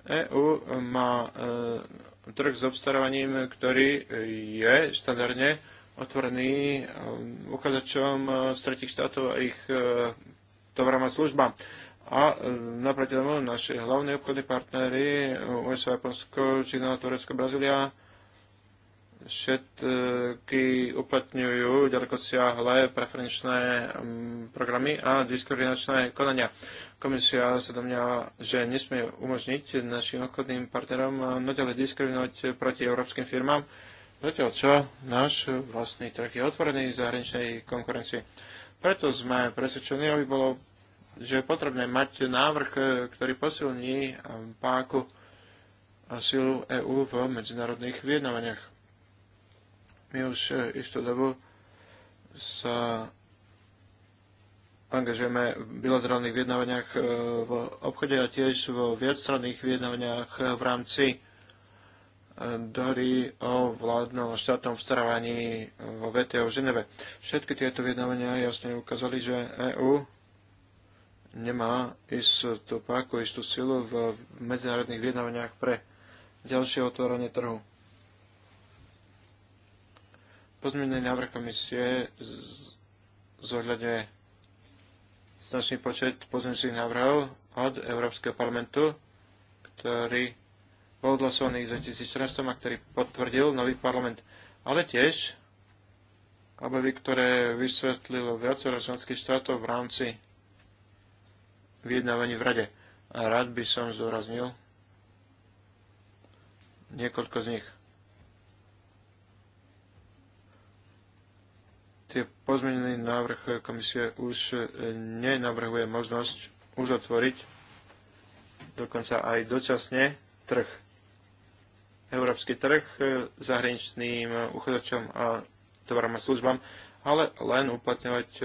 [SPEAKER 3] EU má trh s obstarávaním, ktorý e, je štandardne otvorený e, uchádzačom e, z tretich štátov a ich tovarom a službám. A naproti tomu naši hlavní obchodní partnery USA, Japonsko, Čína, Turecko, Brazília všetky uplatňujú ďaleko siahle preferenčné mm, programy a diskriminačné konania. Komisia sa domňa, že nesmie umožniť našim obchodným partnerom naďalej diskriminovať proti európskym firmám, zatiaľ čo náš vlastný trh je otvorený v zahraničnej konkurencii. Preto sme presvedčení, aby bolo že je potrebné mať návrh, ktorý posilní páku a silu EÚ v medzinárodných vyjednávaniach. My už e, istú dobu sa angažujeme v bilaterálnych vyjednávaniach e, v obchode a tiež vo viacstranných vyjednávaniach e, v rámci dohody o vládnom štátnom starávaní vo VTO v Ženeve. Všetky tieto vyjednávania jasne ukázali, že EÚ nemá istú páku, istú silu v medzinárodných vyjednávaniach pre ďalšie otvorenie trhu. Pozmenený návrh komisie zohľadňuje značný počet pozmienených návrhov od Európskeho parlamentu, ktorý bol odhlasovaný v 2014 a ktorý potvrdil nový parlament, ale tiež obavy, ktoré vysvetlilo viacero členských štátov v rámci vyjednávaní v Rade. A rád by som zdôraznil niekoľko z nich. tie pozmenený návrh komisie už e, nenavrhuje možnosť uzatvoriť dokonca aj dočasne trh. Európsky trh e, zahraničným uchádzačom a tovarom a službám, ale len uplatňovať e,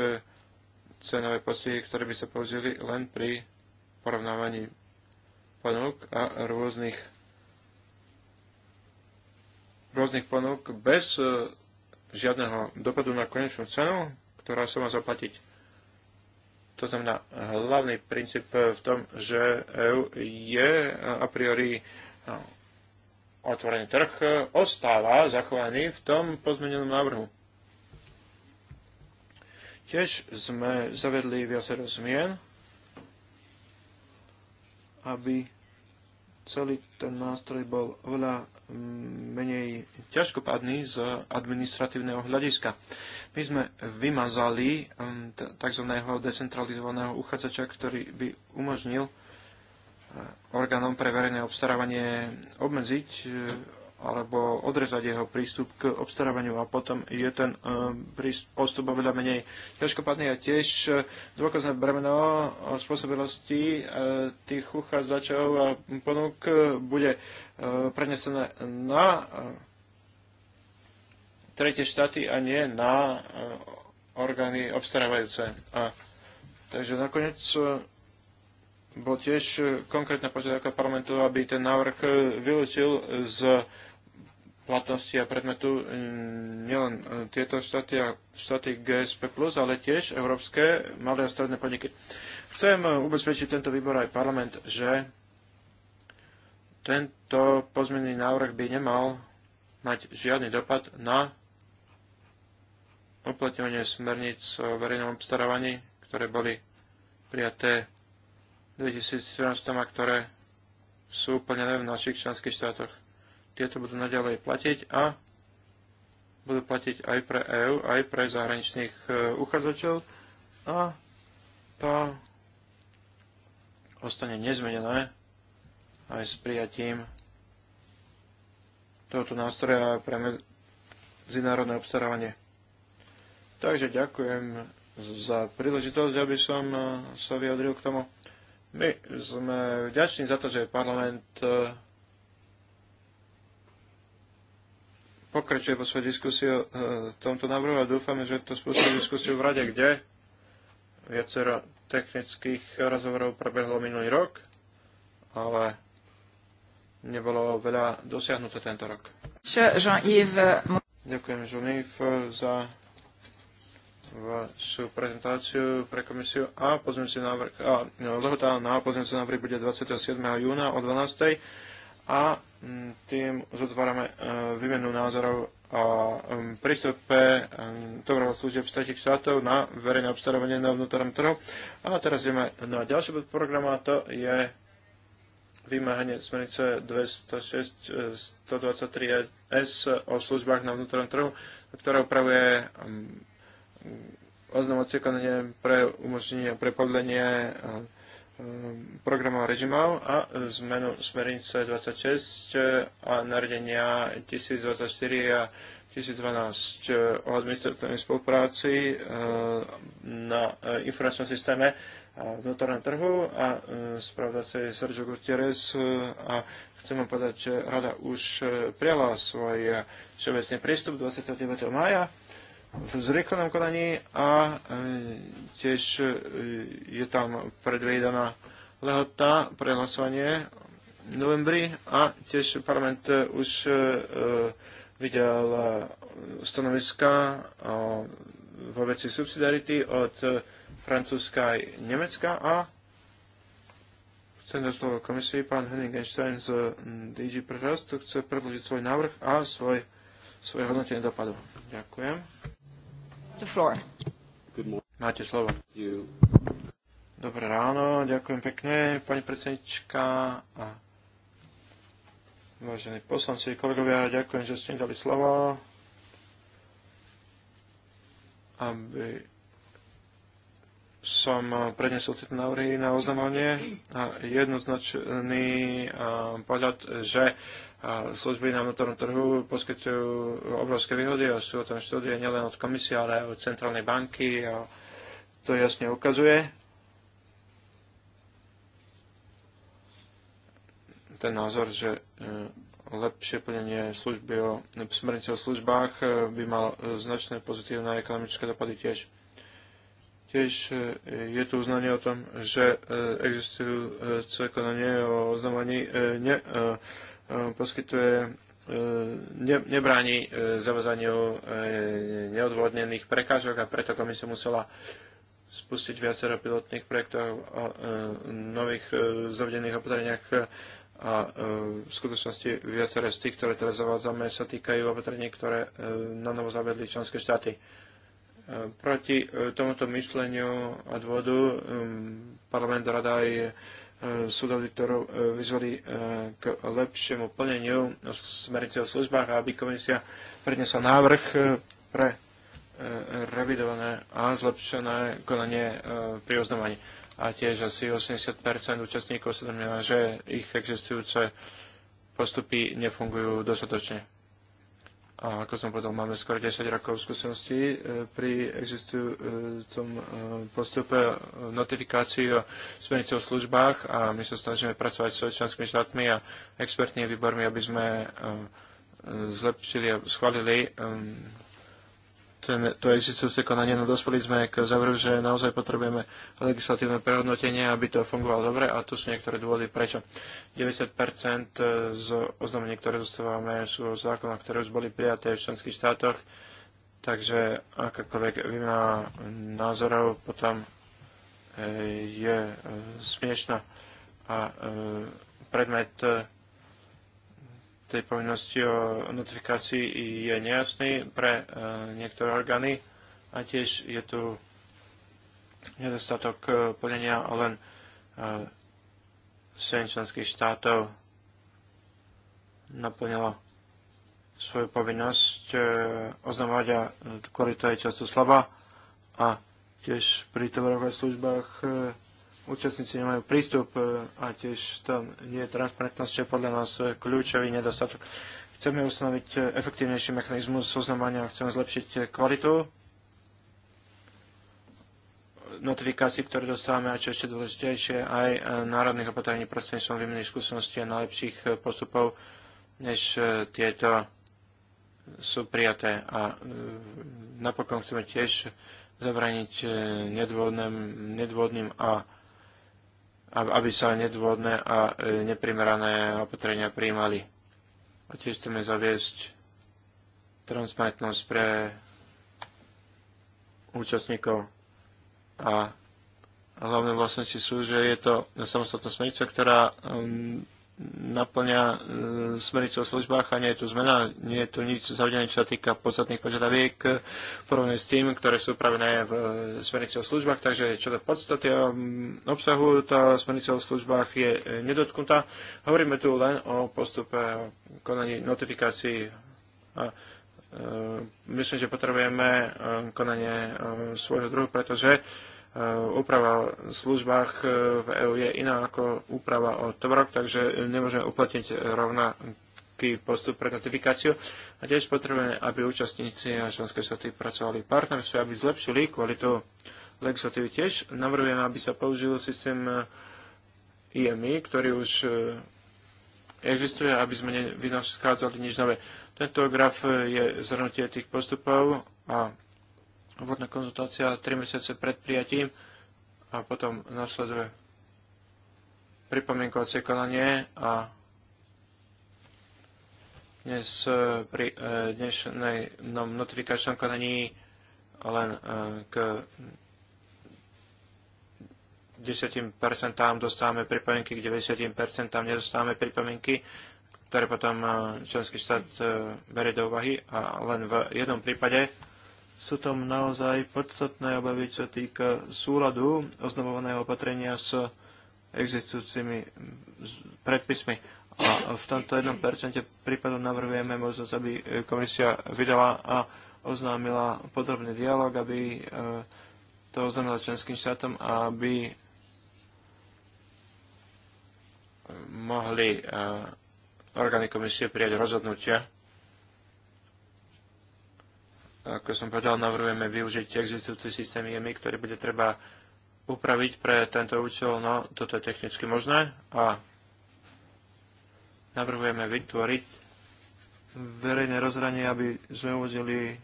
[SPEAKER 3] cenové postihy, ktoré by sa použili len pri porovnávaní ponúk a rôznych rôznych ponúk bez žiadneho dopadu na konečnú cenu, ktorá sa má zaplatiť. To znamená, hlavný princíp v tom, že EU je a priori no, otvorený trh, ostáva zachovaný v tom pozmenenom návrhu. Tiež sme zavedli viacero zmien, aby celý ten nástroj bol oveľa menej ťažkopádny z administratívneho hľadiska. My sme vymazali um, tzv. decentralizovaného uchádzača, ktorý by umožnil uh, orgánom pre verejné obstarávanie obmedziť uh, alebo odrezať jeho prístup k obstarávaniu a potom je ten e, postup oveľa menej ťažkopadný a tiež e, dôkazné bremeno o spôsobilosti e, tých uchádzačov a ponúk bude prenesené na tretie štáty a nie na orgány obstarávajúce. A, takže nakoniec bol tiež konkrétna požiadavka parlamentu, aby ten návrh vylúčil z platnosti a predmetu nielen e, tieto štáty a štáty GSP+, ale tiež európske malé a stredné podniky. Chcem e, ubezpečiť tento výbor aj parlament, že tento pozmený návrh by nemal mať žiadny dopad na uplatňovanie smerníc o verejnom obstarávaní, ktoré boli prijaté v 2017 a ktoré sú úplne v našich členských štátoch tieto budú naďalej platiť a budú platiť aj pre EU, aj pre zahraničných e, uchádzačov a to ostane nezmenené aj s prijatím tohoto nástroja pre medzinárodné obstarávanie. Takže ďakujem za príležitosť, aby som e, sa vyjadril k tomu. My sme vďační za to, že parlament e, pokračuje po svojej diskusii o e, tomto návrhu a dúfame, že to spustí diskusiu v rade, kde viacero technických rozhovorov prebehlo minulý rok, ale nebolo veľa dosiahnuté tento rok. Ďakujem, Jean-Yves, za vašu prezentáciu pre komisiu a pozmeňujúci návrh, a no, lehota na pozmeňujúci návrh bude 27. júna o 12. a Mm, tým zotvárame e, výmenu názorov o mm, prístupe dobrého e, služieb z tretich štátov na verejné obstarávanie na vnútornom trhu. A teraz ideme na ďalší bod programu a to je vymáhanie smernice 206-123S e, o službách na vnútornom trhu, ktorá upravuje mm, oznamovacie konanie pre umožnenie prepodlenie Ehm, programov a režimov a zmenu smernice 26 eh, a nariadenia 1024 a 2012 eh, o administratívnej spolupráci eh, na informačnom systéme a vnútornom trhu a spravda je Sergio Gutierrez a chcem vám povedať, že rada už prijala svoj všeobecný prístup 29. maja v zrieklanom konaní a e, tiež e, je tam predvedená lehota pre hlasovanie v novembri a tiež parlament e, už videl stanoviska vo veci subsidiarity od Francúzska aj Nemecka a chcem dať slovo komisii. Pán Henning Einstein z DG Prerast chce predložiť svoj návrh a svoj, svoje hodnotenie dopadov. Ďakujem the floor. Máte slovo. Dobré ráno, ďakujem pekne, pani predsednička a vážení poslanci, kolegovia, ďakujem, že ste mi dali slovo, aby som prednesol tieto návrhy na oznamovanie a jednoznačný eh, pohľad, že a služby na vnútornom trhu poskytujú obrovské výhody a sú o tom štúdie nielen od komisie, ale aj od centrálnej banky a to jasne ukazuje. Ten názor, že e, lepšie plnenie služby o smernici o službách e, by mal značné pozitívne ekonomické dopady tiež. Tiež e, je tu uznanie o tom, že existujú konanie o oznamovaní ne, poskytuje e, ne, nebráni e, zavazaniu e, neodvodnených prekážok a preto komisia musela spustiť viacero pilotných projektov o nových zavedených opatreniach a v skutočnosti viacero z tých, ktoré teraz zavádzame, sa týkajú opatrení, ktoré na novo zavedli členské štáty. Proti tomuto myšleniu a dôvodu parlament rada aj súd auditorov e, vyzvali e, k lepšiemu plneniu smernice o službách a aby komisia prednesla návrh e, pre revidované a zlepšené konanie pri oznamovaní. A tiež asi 80 účastníkov sa domnieva, že ich existujúce postupy nefungujú dostatočne. A ako som povedal, máme skoro 10 rokov skúseností e, pri existujúcom e, postupe notifikácií o smernici o službách a my sa snažíme pracovať s členskými štátmi a expertnými výbormi, aby sme e, zlepšili a schválili ten, to existujúce konanie, no dospeli sme k záveru, že naozaj potrebujeme legislatívne prehodnotenie, aby to fungovalo dobre a tu sú niektoré dôvody prečo. 90% z oznámení, ktoré zostávame, sú zákona, zákonoch, ktoré už boli prijaté v členských štátoch, takže akákoľvek výmena názorov potom eh, je eh, smiešná a eh, predmet tej povinnosti o notifikácii je nejasný pre e, niektoré orgány a tiež je tu nedostatok e, plnenia len 7 e, členských štátov naplnilo svoju povinnosť oznamovať a kvalita je často slabá a tiež pri tovarových službách účastníci nemajú prístup e, a tiež tam je transparentnosť, čo je podľa nás kľúčový nedostatok. Chceme ustanoviť e, efektívnejší mechanizmus oznamovania, chceme zlepšiť e, kvalitu notifikácií, ktoré dostávame a čo ešte dôležitejšie, aj národných opatrení prostredníctvom výmeny skúseností a najlepších postupov, než tieto sú prijaté. A napokon chceme tiež zabraniť nedôvodným, nedôvodným a aby sa nedôvodné a e, neprimerané opatrenia prijímali. A tiež chceme zaviesť transparentnosť pre účastníkov. A hlavné vlastnosti sú, že je to samostatná smernica, ktorá naplňa e, smernicu o službách a nie je tu zmena, nie je tu nič zavedené, čo sa týka podstatných požiadaviek v porovnaní s tým, ktoré sú upravené v e, smernici o službách. Takže čo do podstaty a obsahu, tá smernica o službách je e, nedotknutá. Hovoríme tu len o postupe konaní notifikácií a e, myslím, že potrebujeme e, konanie e, svojho druhu, pretože Eh, úprava v službách eh, v EÚ je iná ako úprava o tovaroch, takže nemôžeme uplatniť rovnaký postup pre notifikáciu. A tiež potrebujeme, aby účastníci a členské štáty pracovali v partnerstve, aby zlepšili kvalitu legislatívy. Tiež navrhujem, aby sa použil systém IMI, eh, ktorý už existuje, aby sme nevynášali nič nové. Tento graf je zhrnutie tých postupov a úvodná konzultácia 3 mesiace pred prijatím a potom nasleduje pripomienkovacie konanie a dnes eh, pri eh, dnešnej notifikačnom konaní len eh, k 10% dostávame pripomienky, k 90% nedostávame pripomienky, ktoré potom členský štát berie do úvahy a len v jednom prípade sú tam naozaj podstatné obavy, čo týka súladu oznamovaného opatrenia s existujúcimi predpismi. A v tomto 1% prípadu navrhujeme možnosť, aby komisia vydala a oznámila podrobný dialog, aby e, to oznámila členským štátom a aby mohli e, orgány komisie prijať rozhodnutia ako som povedal, navrhujeme využiť existujúci systém IMI, e ktorý bude treba upraviť pre tento účel. No, toto je technicky možné a navrhujeme vytvoriť verejné rozhranie, aby sme umožnili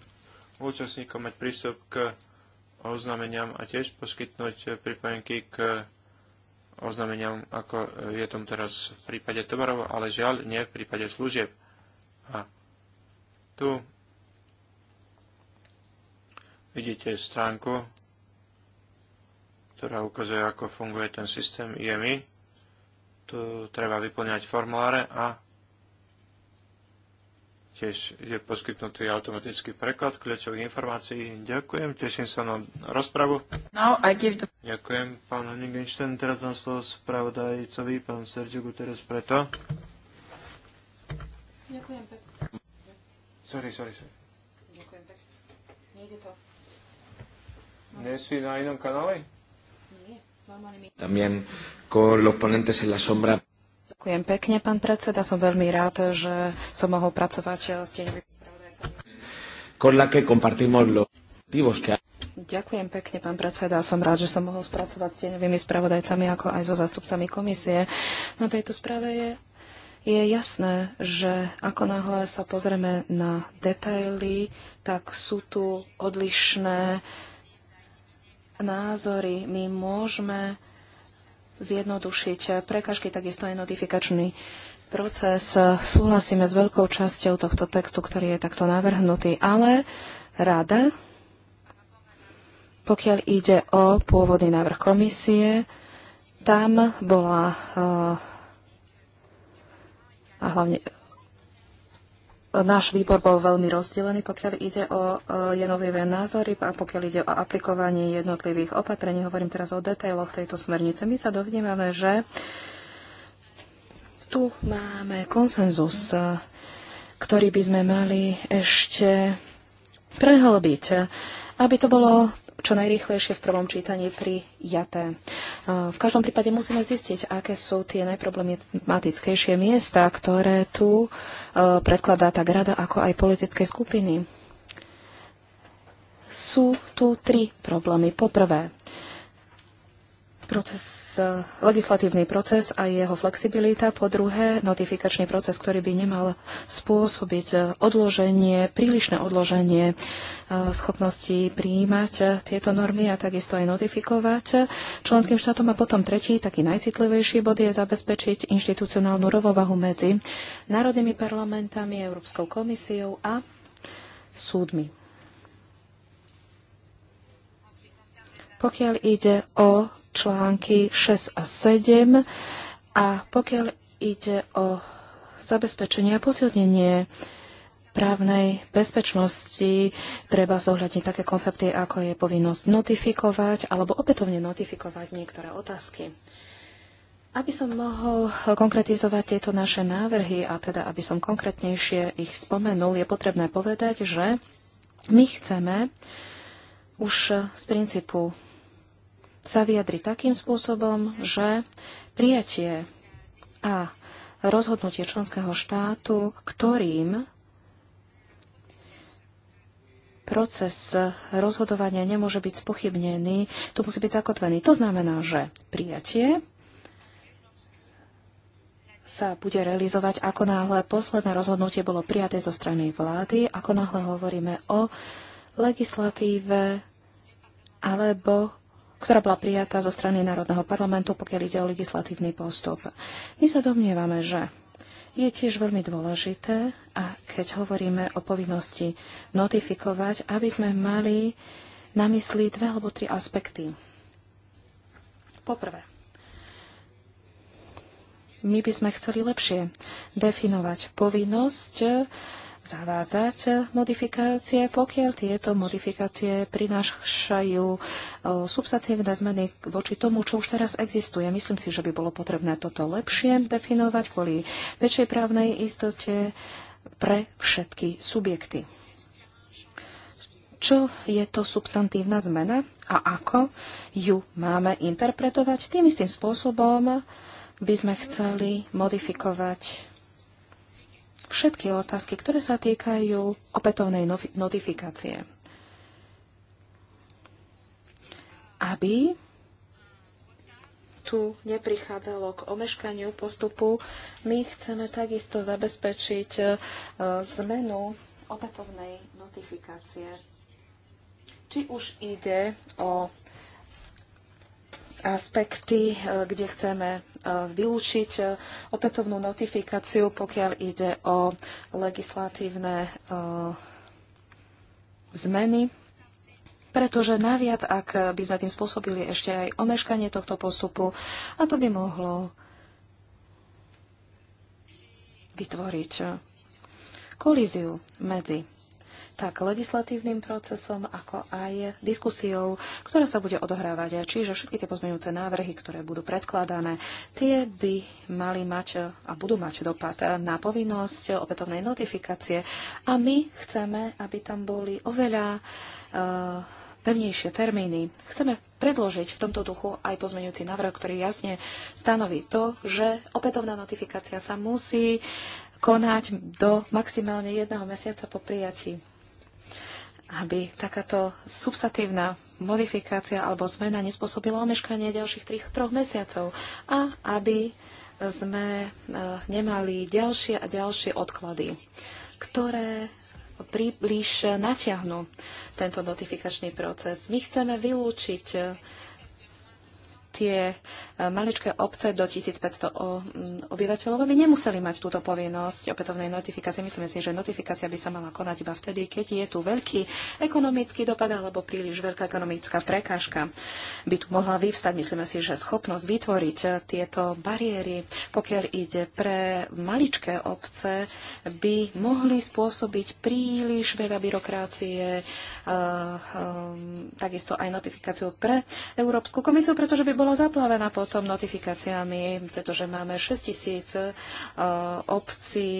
[SPEAKER 3] účastníkom mať prístup k oznámeniam a tiež poskytnúť pripojenky k oznámeniam, ako je tom teraz v prípade tovarov, ale žiaľ nie v prípade služieb. A tu vidíte stránku, ktorá ukazuje, ako funguje ten systém IMI. Tu treba vyplňať formuláre a tiež je poskytnutý automatický preklad kľúčových informácií. Ďakujem, teším sa na rozpravu.
[SPEAKER 1] No, I give the...
[SPEAKER 3] Ďakujem, pán Henningstein. Teraz dám slovo spravodajcovi, pán Sergio Guterres, preto. Ďakujem pekne. Sorry, sorry, sorry. Ďakujem
[SPEAKER 4] pekne. Nejde to.
[SPEAKER 3] Nie si na inom kanále? También los ponentes en la sombra.
[SPEAKER 4] Ďakujem pekne, pán predseda. Som veľmi rád, že som mohol pracovať eh, s tieňovými spravodajcami.
[SPEAKER 3] Con la que compartimos los objetivos que
[SPEAKER 4] Ďakujem pekne, pán predseda. Som rád, že som mohol spracovať s tieňovými spravodajcami, ako aj so zastupcami komisie. Na tejto správe je, je jasné, že ako náhle sa pozrieme na detaily, tak sú tu odlišné uh, názory. My môžeme zjednodušiť prekažky, takisto aj notifikačný proces. Súhlasíme s veľkou časťou tohto textu, ktorý je takto navrhnutý, ale rada, pokiaľ ide o pôvodný návrh komisie, tam bola eh, a hlavne Náš výbor bol veľmi rozdelený, pokiaľ ide o e, jednotlivé názory a pokiaľ ide o aplikovanie jednotlivých opatrení. Hovorím teraz o detailoch tejto smernice. My sa dovnímame, že tu máme konsenzus, e, ktorý by sme mali ešte prehlbiť, aby to bolo čo najrýchlejšie v prvom čítaní prijaté. E, v každom prípade musíme zistiť, aké sú tie najproblematickejšie miesta, ktoré tu e, predkladá tak rada, ako aj politické skupiny. Sú tu tri problémy. Poprvé, proces, eh, legislatívny proces a jeho flexibilita, po druhé notifikačný proces, ktorý by nemal spôsobiť eh, odloženie, prílišné odloženie eh, schopnosti prijímať tieto normy a takisto aj notifikovať členským štátom. A potom tretí, taký najcitlivejší bod je zabezpečiť inštitucionálnu rovovahu medzi národnými parlamentami, Európskou komisiou a súdmi. Pokiaľ ide o články 6 a 7. A pokiaľ ide o zabezpečenie a posilnenie právnej bezpečnosti treba zohľadniť také koncepty, ako je povinnosť notifikovať alebo opätovne notifikovať niektoré otázky. Aby som mohol konkretizovať tieto naše návrhy a teda aby som konkrétnejšie ich spomenul, je potrebné povedať, že my chceme už z princípu sa vyjadri takým spôsobom, že prijatie a rozhodnutie členského štátu, ktorým proces rozhodovania nemôže byť spochybnený, tu musí byť zakotvený. To znamená, že prijatie sa bude realizovať, ako náhle posledné rozhodnutie bolo prijaté zo strany vlády, ako náhle hovoríme o legislatíve alebo ktorá bola prijatá zo strany Národného parlamentu, pokiaľ ide o legislatívny postup. My sa domnievame, že je tiež veľmi dôležité, a keď hovoríme o povinnosti notifikovať, aby sme mali na mysli dve alebo tri aspekty. Poprvé, my by sme chceli lepšie definovať povinnosť zavádzať modifikácie, pokiaľ tieto modifikácie prinášajú substantívne zmeny voči tomu, čo už teraz existuje. Myslím si, že by bolo potrebné toto lepšie definovať kvôli väčšej právnej istote pre všetky subjekty. Čo je to substantívna zmena a ako ju máme interpretovať? Tým istým spôsobom by sme chceli modifikovať všetky otázky, ktoré sa týkajú opätovnej notifikácie. Aby tu neprichádzalo k omeškaniu postupu, my chceme takisto zabezpečiť e, zmenu opätovnej notifikácie. Či už ide o aspekty, eh, kde chceme eh, vylúčiť eh, opätovnú notifikáciu, pokiaľ ide o legislatívne zmeny pretože naviac, ak by sme tým spôsobili ešte aj omeškanie tohto postupu, a to by mohlo vytvoriť kolíziu medzi tak legislatívnym procesom, ako aj diskusiou, ktorá sa bude odohrávať. Čiže všetky tie pozmeňujúce návrhy, ktoré budú predkladané, tie by mali mať a budú mať dopad na povinnosť opätovnej notifikácie. A my chceme, aby tam boli oveľa uh, pevnejšie termíny. Chceme predložiť v tomto duchu aj pozmeňujúci návrh, ktorý jasne stanoví to, že opätovná notifikácia sa musí konať do maximálne jedného mesiaca po prijatí aby takáto substatívna modifikácia alebo zmena nespôsobila omeškanie ďalších tých troch mesiacov a aby sme e, nemali ďalšie a ďalšie odklady, ktoré príliš natiahnu tento notifikačný proces. My chceme vylúčiť e, tie maličké obce do 1500 mm, obyvateľov, aby nemuseli mať túto povinnosť opätovnej notifikácie. Myslím si, že notifikácia by sa mala konať iba vtedy, keď je tu veľký ekonomický dopad alebo príliš veľká ekonomická prekážka by tu mohla vyvstať. Myslím si, že schopnosť vytvoriť tieto bariéry, pokiaľ ide pre maličké obce, by mohli spôsobiť príliš veľa byrokracie, eh, eh, takisto aj notifikáciu pre Európsku komisiu, pretože by bola zaplavená pod potom notifikáciami, pretože máme 6 tisíc e, obcí,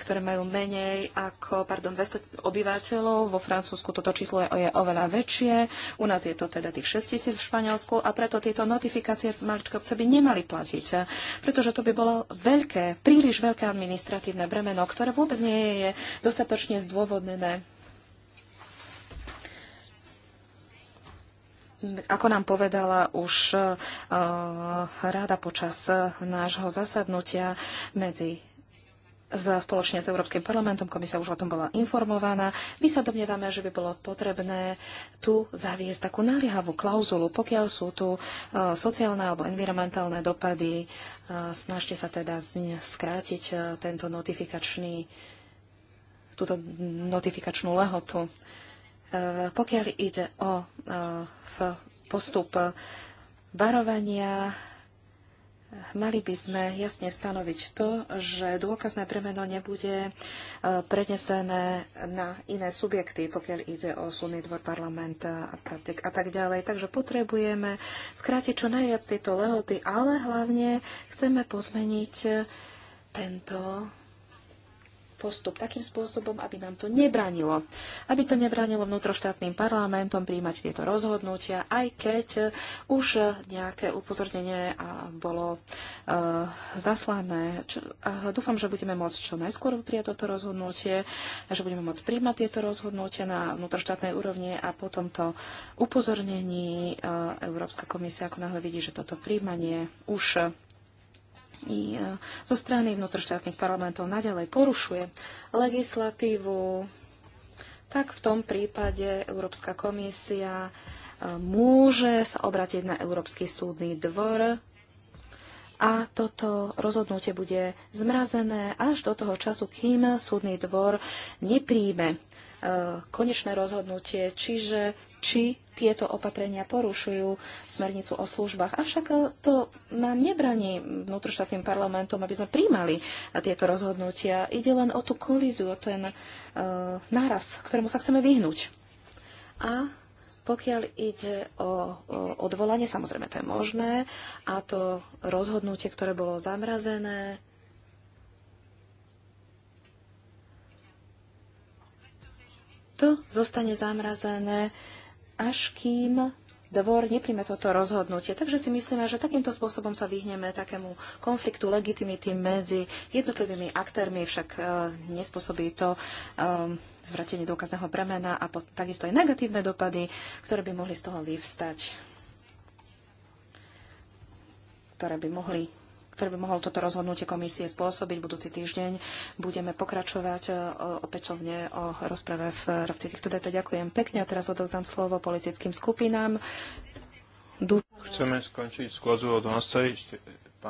[SPEAKER 4] ktoré majú menej ako, pardon, 200 obyvateľov. Vo Francúzsku toto číslo je, je oveľa väčšie. U nás je to teda tých 6 tisíc v Španielsku a preto tieto notifikácie maličké obce by nemali platiť, pretože to by bolo veľké, príliš veľké administratívne bremeno, ktoré vôbec nie je dostatočne zdôvodnené Ako nám povedala už e, rada počas e, nášho zasadnutia medzi spoločne s Európskym parlamentom, komisia už o tom bola informovaná. My sa domnievame, že by bolo potrebné tu zaviesť takú naliehavú klauzulu, pokiaľ sú tu e, sociálne alebo environmentálne dopady. Snažte sa teda skrátiť tento notifikačný túto notifikačnú lehotu. Eh, pokiaľ ide o eh, postup varovania, Mali by sme jasne stanoviť to, že dôkazné premeno nebude eh, prenesené na iné subjekty, pokiaľ ide o súdny dvor parlamenta a tak ďalej. Takže potrebujeme skrátiť čo najviac tieto lehoty, ale hlavne chceme pozmeniť tento postup takým spôsobom, aby nám to nebranilo. Aby to nebránilo vnútroštátnym parlamentom príjmať tieto rozhodnutia, aj keď eh, už nejaké upozornenie eh, bolo eh, zaslané. Dúfam, že budeme môcť čo najskôr prijať toto rozhodnutie, že budeme môcť príjmať tieto rozhodnutia na vnútroštátnej úrovni a po tomto upozornení Európska komisia ako náhle vidí, že toto príjmanie už i e, zo strany vnútroštátnych parlamentov naďalej porušuje legislatívu, tak v tom prípade Európska komisia e, môže sa obratiť na Európsky súdny dvor a toto rozhodnutie bude zmrazené až do toho času, kým súdny dvor nepríjme E, konečné rozhodnutie, čiže či tieto opatrenia porušujú smernicu o službách. Avšak e, to nám nebraní vnútroštátnym parlamentom, aby sme príjmali tieto rozhodnutia. Ide len o tú kolíziu, o ten uh, náraz, ktorému sa chceme vyhnúť. A pokiaľ ide o, o odvolanie,
[SPEAKER 1] samozrejme to je možné,
[SPEAKER 4] a to rozhodnutie, ktoré bolo zamrazené, to zostane zamrazené, až kým dvor nepríjme toto rozhodnutie. Takže si myslíme, že takýmto spôsobom sa vyhneme takému konfliktu legitimity medzi jednotlivými aktérmi, však e, nespôsobí to e, zvratenie dôkazného bremena a pot- takisto aj negatívne dopady, ktoré by mohli z toho vyvstať ktoré by mohli ktoré by mohol toto rozhodnutie komisie spôsobiť budúci týždeň. Budeme pokračovať e, opätovne o rozprave v rámci týchto dát. Ďakujem pekne a teraz odovzdám slovo politickým skupinám.
[SPEAKER 3] Du- Chceme skončiť skôzu o 12.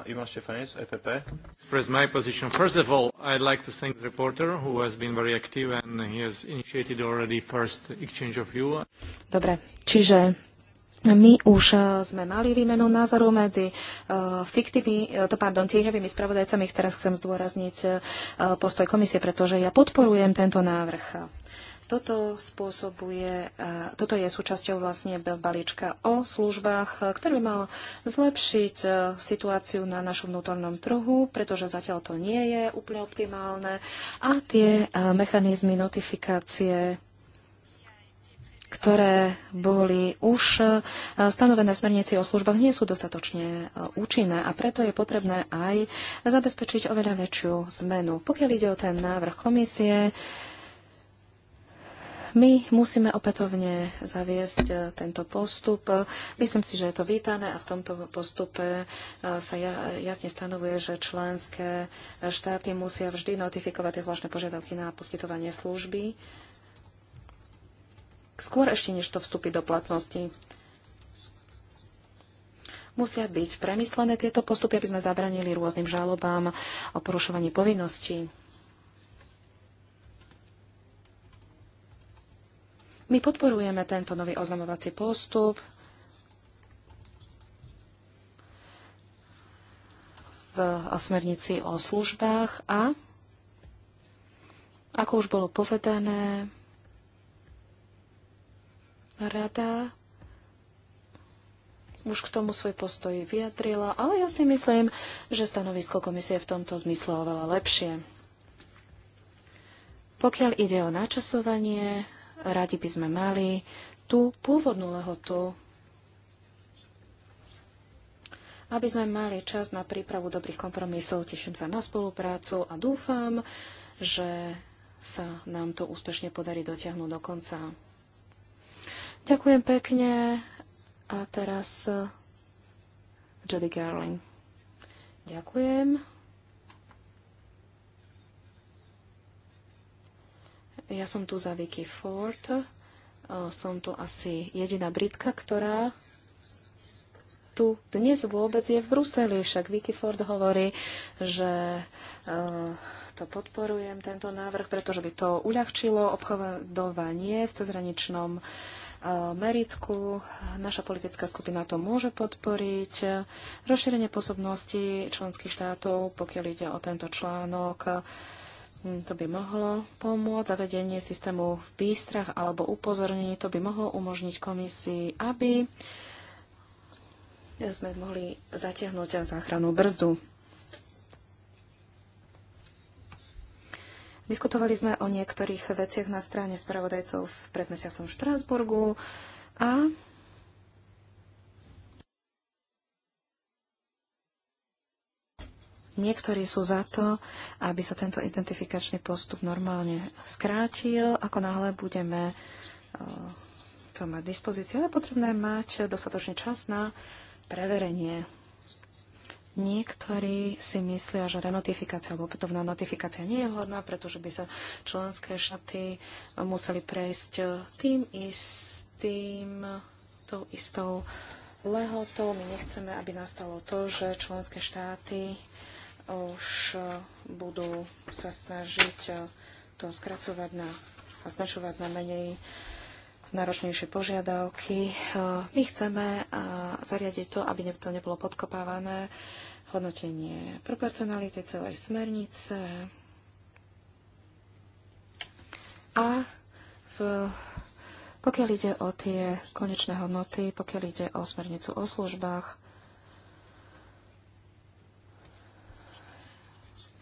[SPEAKER 3] Ivan Štefanec, EPP. Express my position. First of all, I'd like to thank the reporter who has been very active and he has initiated already first exchange of view.
[SPEAKER 4] Dobre, čiže my už e, sme mali výmenu názoru medzi e, e, to pardon, tieňovými spravodajcami, ich teraz chcem zdôrazniť postoj komisie, pretože ja podporujem tento návrh. Toto, spôsobuje, toto je súčasťou vlastne balíčka o službách, ktorý by mal zlepšiť situáciu na našom vnútornom trhu, pretože zatiaľ to nie je úplne optimálne. A tie mechanizmy notifikácie ktoré boli už e, stanovené v smernici o službách, nie sú dostatočne e, účinné a preto je potrebné aj zabezpečiť oveľa väčšiu zmenu. Pokiaľ ide o ten návrh komisie, my musíme opätovne zaviesť e, tento postup. Myslím si, že je to vítané a v tomto postupe sa jasne stanovuje, že členské štáty musia vždy notifikovať tie zvláštne požiadavky na poskytovanie služby skôr ešte než to vstúpi do platnosti. Musia byť premyslené tieto postupy, aby sme zabranili rôznym žalobám o porušovaní povinností. My podporujeme tento nový oznamovací postup. v smernici o službách a, ako už bolo povedané, Rada už k tomu svoj postoj vyjadrila, ale ja si myslím, že stanovisko komisie v tomto zmysle oveľa lepšie. Pokiaľ ide o načasovanie, radi by sme mali tú pôvodnú lehotu, aby sme mali čas na prípravu dobrých kompromisov. Teším sa na spoluprácu a dúfam, že sa nám to úspešne podarí dotiahnuť do konca. Ďakujem pekne. A teraz e, Jody Garling. Ďakujem. Ja som tu za Vicky Ford. E, som tu asi jediná Britka, ktorá tu dnes vôbec je v Bruseli. Však Vicky Ford hovorí, že e, to podporujem, tento návrh, pretože by to uľahčilo obchodovanie v cezhraničnom meritku. Naša politická skupina to môže podporiť. Rozšírenie pôsobnosti členských štátov, pokiaľ ide o tento článok, hm, to by mohlo pomôcť. Zavedenie systému v výstrach alebo upozornení, to by mohlo umožniť komisii, aby sme mohli zatiahnuť záchranu brzdu. Diskutovali sme o niektorých veciach na strane spravodajcov v predmesiacom Štrásburgu a Niektorí sú za to, aby sa tento identifikačný postup normálne skrátil, ako náhle budeme e, to mať dispozícii, ale potrebné mať dostatočný čas na preverenie Niektorí si myslia, že renotifikácia alebo opätovná notifikácia nie je vhodná, pretože by sa členské štáty museli prejsť tým istým, tou istou lehotou. My nechceme, aby nastalo to, že členské štáty už budú sa snažiť to skracovať na a zmenšovať na menej uh, náročnejšie požiadavky. My chceme zariadiť to, aby to nebolo podkopávané, hodnotenie proporcionality celej smernice a v, pokiaľ ide o tie konečné hodnoty, pokiaľ ide o smernicu o službách,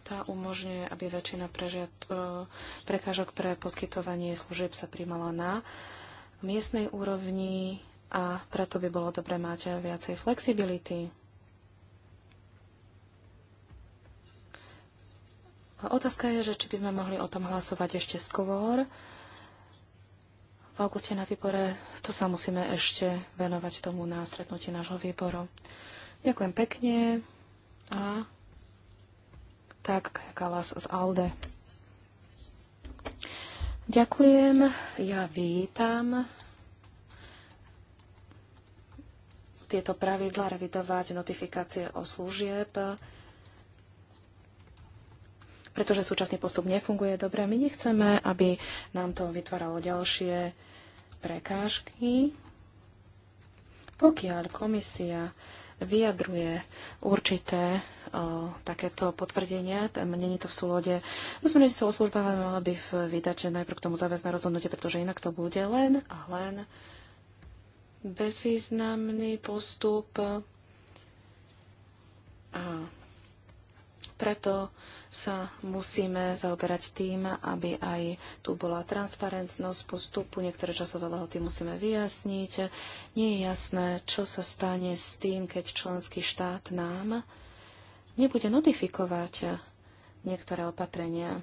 [SPEAKER 4] tá umožňuje, aby väčšina prežiad, e, prekážok pre poskytovanie služieb sa primala na miestnej úrovni a preto by bolo dobre mať viacej flexibility. Otázka je, že či by sme mohli o tom hlasovať ešte skôr. V auguste na výbore to sa musíme ešte venovať tomu na stretnutí nášho výboru. Ďakujem pekne a tak Kalas z Alde. Ďakujem. Ja vítam tieto pravidla revidovať notifikácie o služieb, pretože súčasný postup nefunguje dobre. My nechceme, aby nám to vytváralo ďalšie prekážky. Pokiaľ komisia vyjadruje určité o, eh, takéto potvrdenia. Tam není to v súlode. No smernica o službách mala by vydať, že najprv k tomu záväzné rozhodnutie, pretože inak to bude len a len bezvýznamný postup. A preto sa musíme zaoberať tým, aby aj tu bola transparentnosť postupu. Niektoré časové lehoty musíme vyjasniť. Nie je jasné, čo sa stane s tým, keď členský štát nám nebude notifikovať eh, niektoré opatrenia.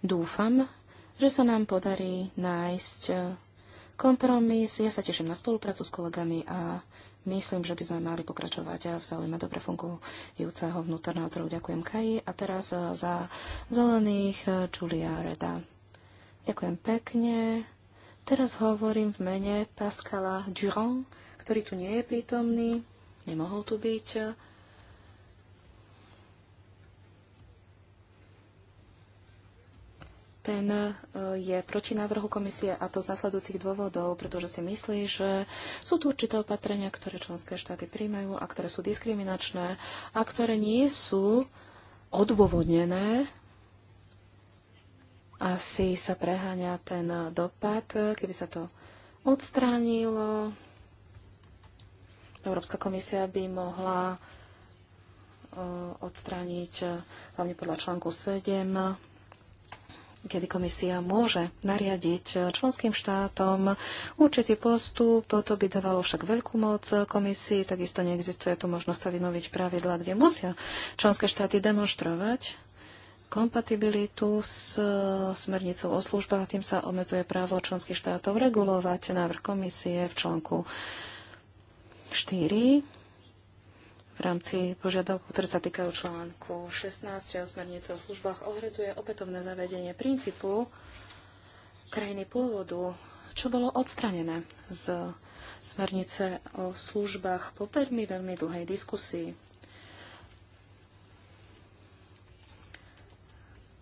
[SPEAKER 4] Dúfam, že sa nám podarí nájsť eh, kompromis. Ja sa teším na spoluprácu s kolegami a myslím, že by sme mali pokračovať eh, v záujme dobre fungujúceho vnútorného trhu. Ďakujem Kaji a teraz za zelených Julia Reda. Ďakujem pekne. Teraz hovorím v mene Pascala Durand, ktorý tu nie je prítomný nemohol tu byť. Ten e, je proti návrhu komisie a to z nasledujúcich dôvodov, pretože si myslí, že sú tu určité opatrenia, ktoré členské štáty príjmajú a ktoré sú diskriminačné a ktoré nie sú odôvodnené asi sa preháňa ten dopad, keby sa to odstránilo, Európska komisia by mohla e, odstrániť e, hlavne podľa článku 7, kedy komisia môže nariadiť e, členským štátom určitý postup. To by dávalo však veľkú moc komisii. Takisto neexistuje tu možnosť vynoviť pravidla, kde musia členské štáty demonstrovať kompatibilitu s smernicou o službách. Tým sa obmedzuje právo členských štátov regulovať návrh komisie v článku 4 v rámci požiadavku, ktoré sa týkajú článku 16 smernice o službách, ohrezuje opätovné zavedenie princípu krajiny pôvodu, čo bolo odstranené z smernice o službách po veľmi, veľmi dlhej diskusii.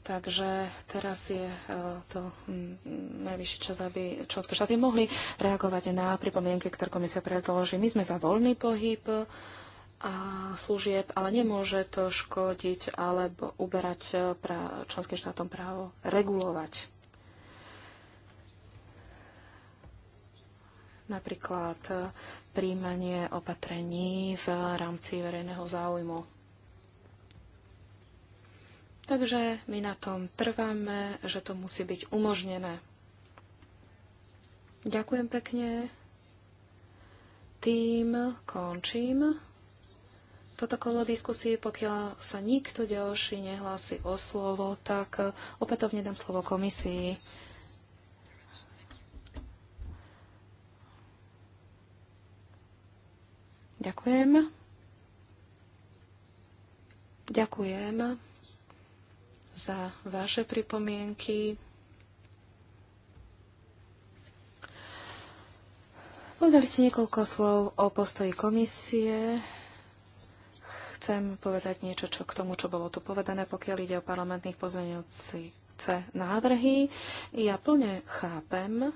[SPEAKER 4] Takže teraz je e, to najvyšší čas, aby členské štáty mohli reagovať na pripomienky, ktoré komisia predloží. My sme za voľný pohyb e, a služieb, ale nemôže to škodiť alebo uberať e, pra, členským štátom právo regulovať. Napríklad príjmanie opatrení v rámci verejného záujmu Takže my na tom trváme, že to musí byť umožnené. Ďakujem pekne. Tým končím toto kolo diskusie, pokiaľ sa nikto ďalší nehlási o slovo, tak opätovne dám slovo komisii. Ďakujem. Ďakujem za vaše pripomienky. Povedali ste niekoľko slov o postoji komisie. Chcem povedať niečo čo k tomu, čo bolo tu povedané, pokiaľ ide o parlamentných pozmeňujúcich návrhy. Ja plne chápem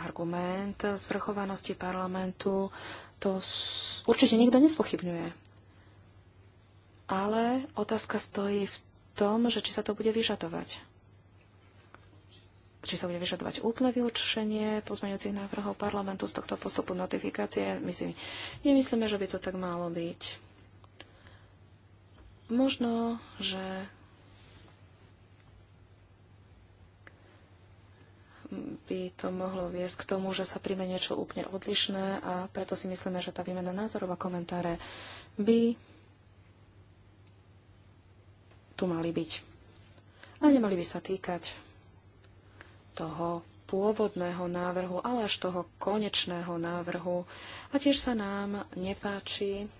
[SPEAKER 4] argument zvrchovanosti parlamentu. To určite nikto nespochybňuje ale otázka stojí v tom, že či sa to bude vyžadovať. Či sa bude vyžadovať úplné vylúčenie pozmeňujúcich návrhov parlamentu z tohto postupu notifikácie. My si nemyslíme, že by to tak malo byť. Možno, že by to mohlo viesť k tomu, že sa príjme niečo úplne odlišné a preto si myslíme, že tá výmena názorov a komentáre by tu mali byť. A nemali by sa týkať toho pôvodného návrhu, ale až toho konečného návrhu. A tiež sa nám nepáči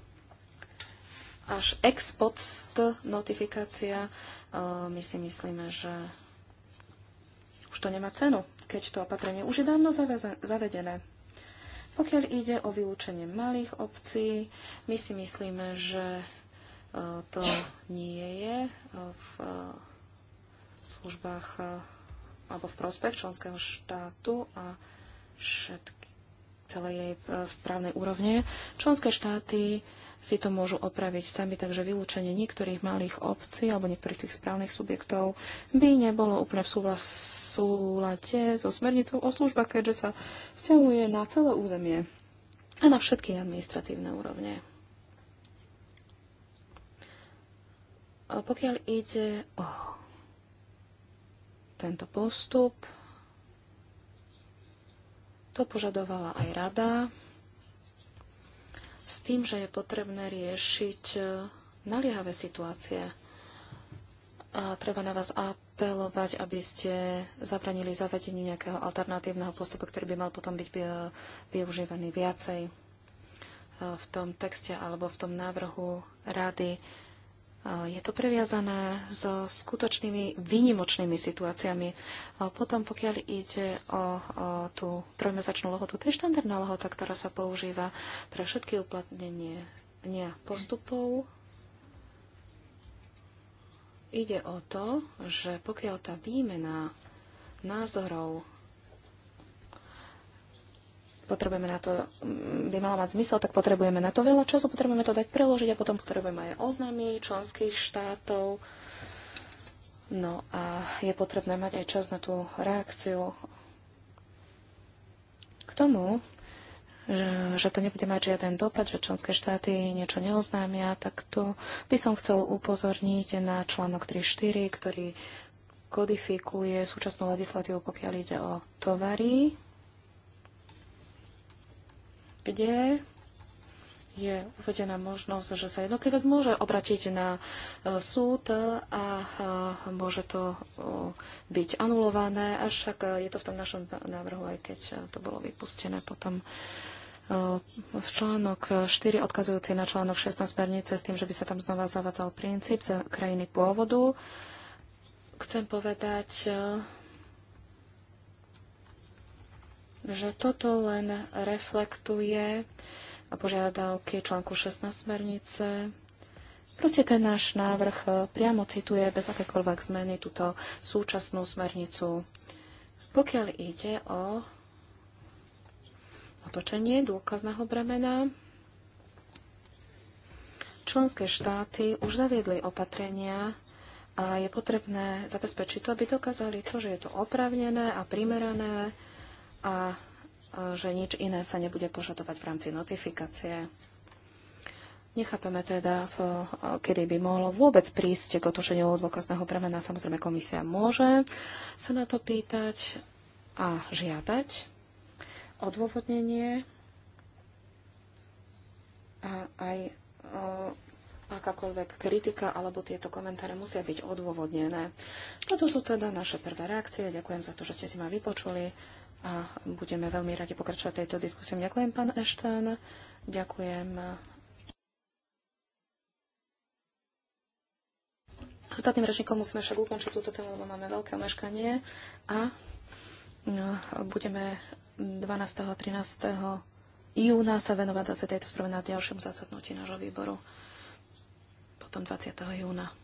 [SPEAKER 4] až ex post notifikácia. E, my si myslíme, že už to nemá cenu, keď to opatrenie už je dávno zavedené. Pokiaľ ide o vylúčenie malých obcí, my si myslíme, že to nie je v službách e, alebo v prospech členského štátu a všetky celej jej e, správnej úrovne. Členské štáty si to môžu opraviť sami, takže vylúčenie niektorých malých obcí alebo niektorých tých správnych subjektov by nebolo úplne v súlade so smernicou o službách, keďže sa vzťahuje na celé územie a na všetky administratívne úrovne. Pokiaľ ide o tento postup, to požadovala aj rada s tým, že je potrebné riešiť e, naliehavé situácie. A treba na vás apelovať, aby ste zabranili zavedeniu nejakého alternatívneho postupu, ktorý by mal potom byť e, využívaný viacej e, v tom texte alebo v tom návrhu rady je to previazané so skutočnými výnimočnými situáciami. Potom, pokiaľ ide o, o tú trojmesačnú lohotu, to je štandardná lohota, ktorá sa používa pre všetky uplatnenie postupov. Ide o to, že pokiaľ tá výmena názorov potrebujeme na to, mm, by mala mať zmysel, tak potrebujeme na to veľa času, potrebujeme to dať preložiť a potom potrebujeme aj oznámy členských štátov. No a je potrebné mať aj čas na tú reakciu k tomu, že, že to nebude mať žiaden dopad, že členské štáty niečo neoznámia, tak to by som chcel upozorniť na článok 3.4, ktorý kodifikuje súčasnú legislatívu, pokiaľ ide o tovary kde je uvedená možnosť, že sa jednotlivec môže obratiť na e, súd a môže to byť anulované, avšak je to v tom našom návrhu, aj keď to bolo vypustené potom e, v článok 4 odkazujúci na článok 16 smernice s tým, že by sa tam znova zavadzal princíp z krajiny pôvodu. Chcem povedať, e, že toto len reflektuje požiadavky článku 16 smernice. Proste ten náš návrh e, priamo cituje bez akékoľvek zmeny túto súčasnú smernicu. Pokiaľ ide o otočenie dôkazného bremena, členské štáty už zaviedli opatrenia, a je potrebné zabezpečiť to, aby dokázali to, že je to opravnené a primerané a že nič iné sa nebude požadovať v rámci notifikácie. Nechápeme teda, v, kedy by mohlo vôbec prísť k otočeniu dôkazného bremena. Samozrejme, komisia môže sa na to pýtať a žiadať odôvodnenie a aj o, akákoľvek kritika alebo tieto komentáre musia byť odôvodnené. Toto sú teda naše prvé reakcie. Ďakujem za to, že ste si ma vypočuli a budeme veľmi radi pokračovať tejto diskusie. Ďakujem, pán Ešten. Ďakujem Ostatným rečníkom musíme však ukončiť túto tému, lebo máme veľké omeškanie a no, budeme 12. a 13. júna sa venovať zase tejto správe na ďalšom zasadnutí nášho výboru,
[SPEAKER 1] potom 20. júna.